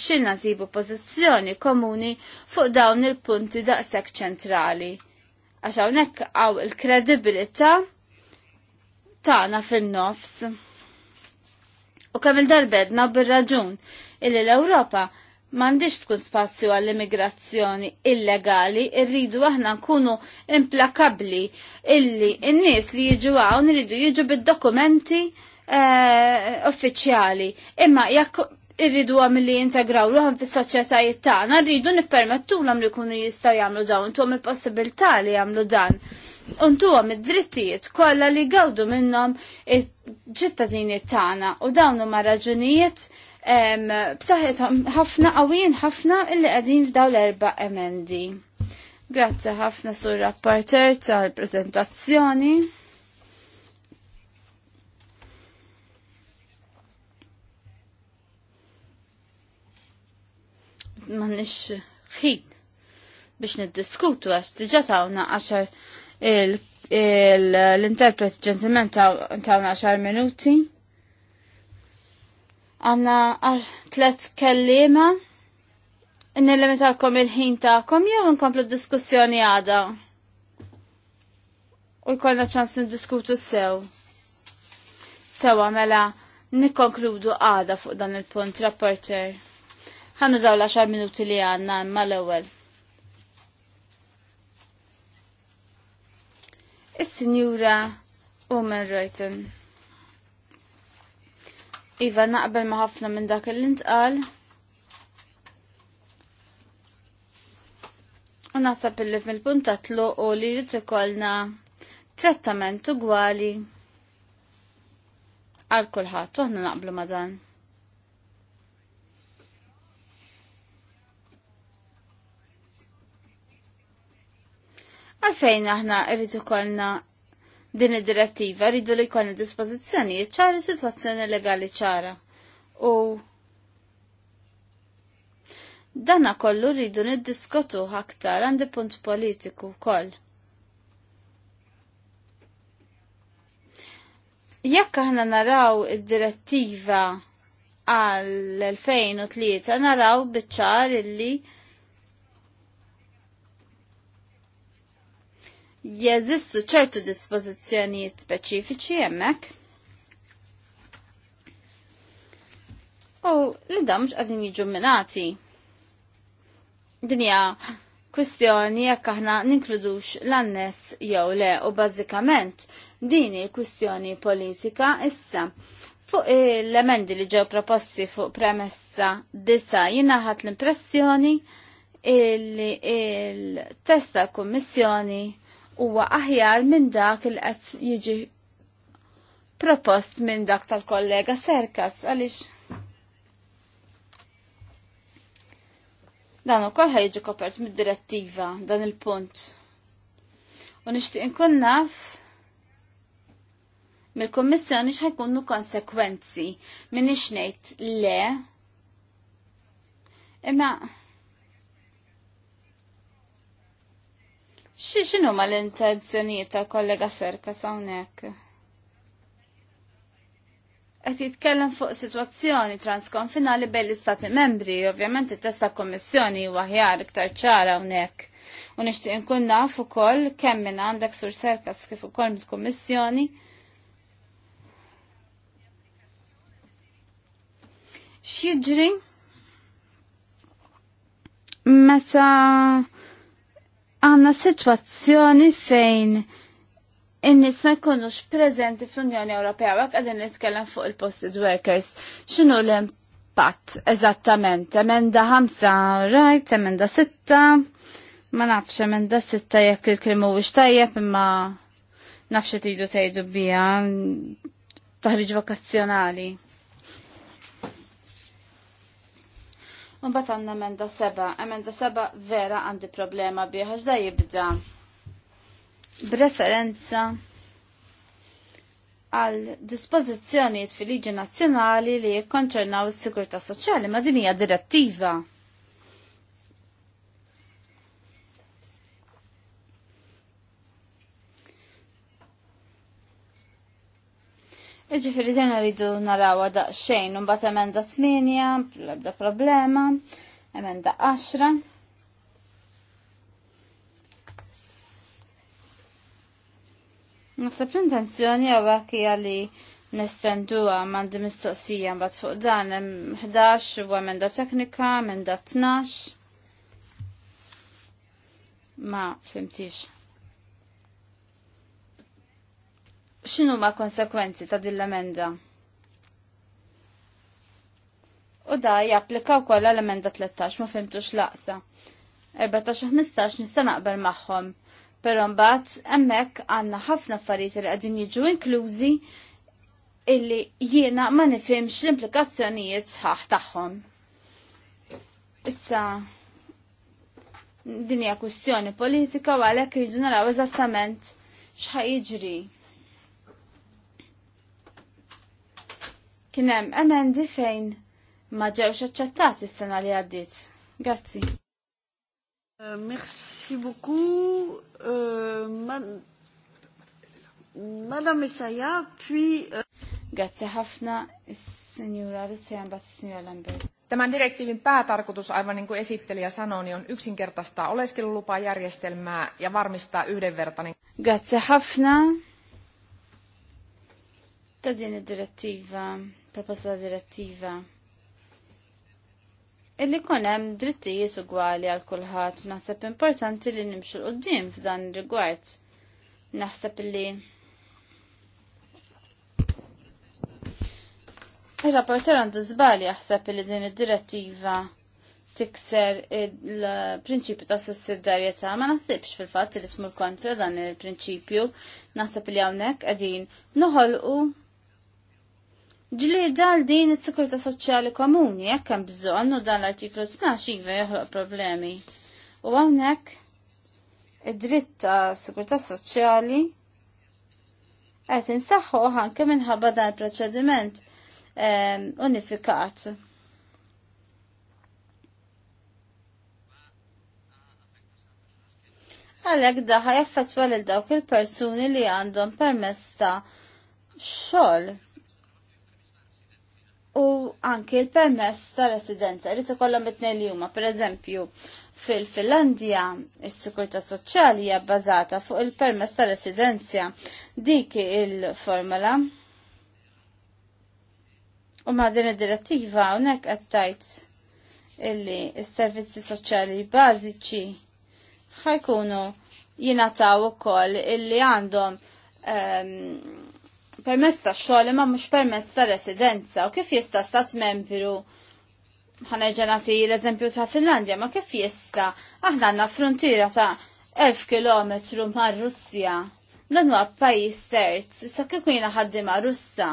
xilna zibu pożizzjoni komuni fuq dawn il-punti daqshekk ċentrali. Għax hawnhekk għaw il-kredibilità tagħna fin-nofs. U kemm il-darbedna bir-raġun illi l-Ewropa m'għandix tkun spazju għall-immigrazzjoni illegali, irridu aħna nkunu implakabbli illi n-nies li jiġu hawn iridu jiġu bid-dokumenti eh, uffiċjali. Imma jekk irridu għam li ruħan fis soċjetajiet tagħna, rridu nippermettu l li jkunu jistgħu jagħmlu dawn, għam il-possibilità li jagħmlu dan. għam id-drittijiet kollha li għawdu minnhom ċittadini tagħna u dawn huma raġunijiet b'saħħithom ħafna qawwin ħafna illi qegħdin f'dawn l-erba' emendi. Grazzi ħafna sur rapporter tal prezentazzjoni m'għandniex ħin biex niddiskutu għax diġà tawna għaxar l-interpret ġentiment tawna għaxar minuti. Għanna tlet kellima nillimitakom il-ħin ta'kom jew nkomplu diskussjoni għada. U jkollna ċans niddiskutu sew. Sewa mela nikkonkludu għada fuq dan il-punt, rapporter ħannu zaw l xar minuti li għanna imma l-ewel. Is-Sinjura Omer Reuten. Iva naqbel ma ħafna minn dak l-intqal. U naħseb mill fil-puntat u li rritu ikollna trattament ugwali għal kulħadd u aħna naqblu ma' dan. Għalfejn aħna rridu kollna din id-direttiva, rridu li kollna dispożizzjoni ċara situazzjoni legali ċara. U danna kollu rridu niddiskutu aktar għandi punt politiku wkoll. Jekk aħna naraw id-direttiva għall 2003 naraw biċċar illi jeżistu ċertu dispożizzjonijiet speċifiċi hemmhekk. U li damx għadin jiġu minati. Dinja kwistjoni jekk aħna ninkludux l-annes jew le u bażikament din il-kwistjoni politika issa. Fuq l-emendi li ġew proposti fuq premessa disa jinaħat l-impressjoni il-testa kummissjoni huwa aħjar minn dak il qed jiġi propost minn dak tal-kollega Serkas għaliex dan ukoll ħajġi kopert mid-direttiva dan il-punt. U nixtieq inkun naf mill kummissjoni x'ħajkunu konsekwenzi minn ngħid le imma Xinu ma l-intenzjoniet ta' kollega Ferka sawnek? Qed jitkellem fuq situazzjoni transkonfinali bejn l-istati membri, ovvjament it-testa kommissjoni huwa aħjar iktar ċara hawnhekk. U nixtieq inkun naf ukoll kemm minn għandek sur serkas kif ukoll mill-kummissjoni. X'jiġri meta għanna situazzjoni fejn in-nies ma jkunux preżenti fl-Unjoni Ewropea għak għadin nitkellem fuq il-posted workers. X'inhu l-impatt eżattament? Emenda ħamsa rajt, emenda sitta, ma nafx emenda sitta jekk il-kelmu mhuwiex tajjeb imma nafx tridu tgħidu bija taħriġ vokazzjonali. bat għanna emenda seba. Emenda seba vera għandi problema biħax da jibda. B'referenza għal dispożizzjonijiet fil-liġi nazzjonali li jikkonċernaw is-sigurtà soċjali ma' din hija direttiva. Iġifiri dena rridu narawa xejn, un bat emenda 8, l-ebda problema, emenda 10. Nasab l-intenzjoni għawak li nestenduwa mandi mistoqsija bat fuq dan 11 u emenda teknika, għamenda 12. Ma, fimtix. xinu ma konsekwenzi ta' dill-emenda? U da japplika wkoll l-emenda 13 ma fimtux laqsa. 14-15 nista' naqbel magħhom, però mbagħad hemmhekk għandna ħafna affarijiet li qegħdin jiġu inklużi illi jiena ma nifhimx l-implikazzjonijiet sħaħ tagħhom. Issa din hija kwistjoni politika u għalhekk jiġu naraw eżattament x'ħa jiġri Kien emendi fejn ma ġewx aċċettati s-sena li għaddiet. Grazzi. Euh, merci beaucoup. Euh, Madame Isaia, puis... Euh, Grazie ħafna, signora Lissajan, bat signora Lambert. Tämän direktiivin päätarkoitus, aivan niin kuin esittelijä sanoi, niin on yksinkertaistaa oleskelulupajärjestelmää ja varmistaa yhdenvertainen. Grazie hafna. Tadin direttiva proposta direttiva. Illi konem drittijiet ugwali għal kulħadd naħseb importanti li nimxu l-qoddim f'dan ir-rigward. Naħseb li Il-rapporter għandu zbali jaħseb li din id-direttiva tikser il-prinċipju ta' sussidjarjetà ma naħsibx fil-fatt li smur kontra dan il-prinċipju naħseb li hawnhekk qegħdin noħolqu Ġili dal din is-sikurta soċjali komuni, jekk hemm bżonn u dan l-artiklu 12 iva joħloq problemi. U hawnhekk id-dritt ta' sikurta soċjali qed insaħħu anke minħabba dan il-proċediment ehm, unifikat. Għalhekk daħħa jaffettwa lil dawk il-persuni li għandhom permess ta' xogħol u anki l-permess ta' residenza li ikollhom it-tnejn li huma, pereżempju fil-Finlandja is sikurta soċjali hija bbażata fuq il-permess ta' residenza. dik il-formula. U ma' din id-direttiva hawnhekk qed tgħid illi s-servizzi soċjali bażiċi ħajkunu jingħataw ukoll illi għandhom um, permess ta' xogħol imma mhux permess ta' residenza u kif jista' stat membru ħana nagħti l-eżempju ta' Finlandja, ma kif jista' aħna għanna frontiera ta' 1000 km mar Russja. Dan huwa pajjiż terz, issa kieku jiena ħaddiema Russa.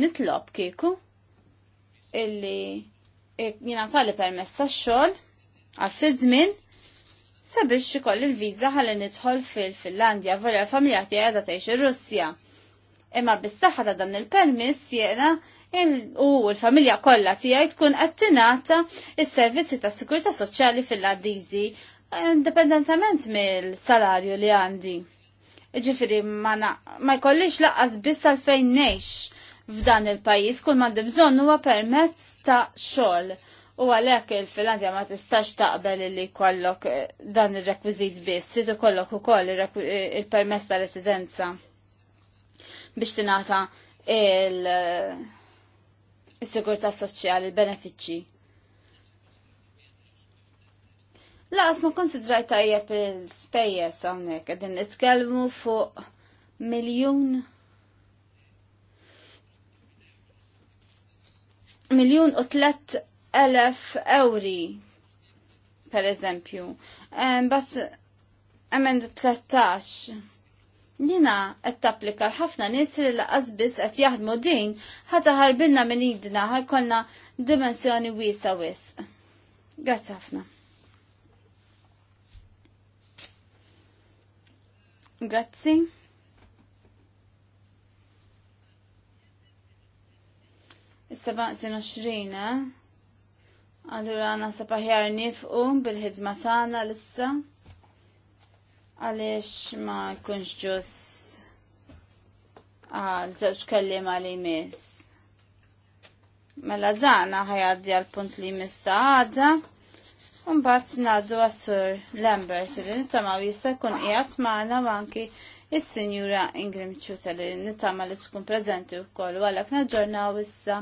Nitlob kieku illi jiena nfalli permess ta' xogħol għal ftit żmien sabiex ikoll il-viża ħalli nidħol fil-Finlandja, volja l-familja tiegħi qiegħda tgħix ir-Russja. Imma bis-saħħa ta' dan il-permiss jiena u l-familja kollha tiegħi tkun qed tingħata s-servizzi ta' sikurità soċjali fil-Addiżi indipendentament mill-salarju li għandi. Ġifiri, ma jkollix laqqas biss għalfejn ngħix f'dan il-pajjiż kull m'għandi bżonn huwa permezz ta' xogħol. U għalek il-Finlandja ma tistax taqbel li kollok eh, dan il-rekwizit biss, situ kollok u koll eh, il-permess ta' residenza biex tingħata il-sigurtà eh, soċjali, il-benefiċċji. Laqas ma konsidrajt tajjeb il-spejjeż hawnhekk qegħdin nitkellmu fuq miljun miljun u tlet elef ewri per eżempju. Bat emend 13 Nina qed tapplika l-ħafna nies li laqas biss qed jaħdmu din ħata ħarbilna minn idna ħajkolna dimensjoni wiesa wisq. Grazzi ħafna. Grazzi. Issa baqsin 20, eh? Allura għana sapaħjar nifqu bil-ħidma tagħna l-issa għalix ma kunx ġust għal ah, żewġ kellima li jmiss. Mela dana ħajaddi għal punt li mista għadda. bat naddu għassur Lambert li nittamaw jista' jkun qiegħed maħna anki il sinjura Ingrim Ċuta li nittama li tkun preżenti wkoll u għalhekk naġġornaw issa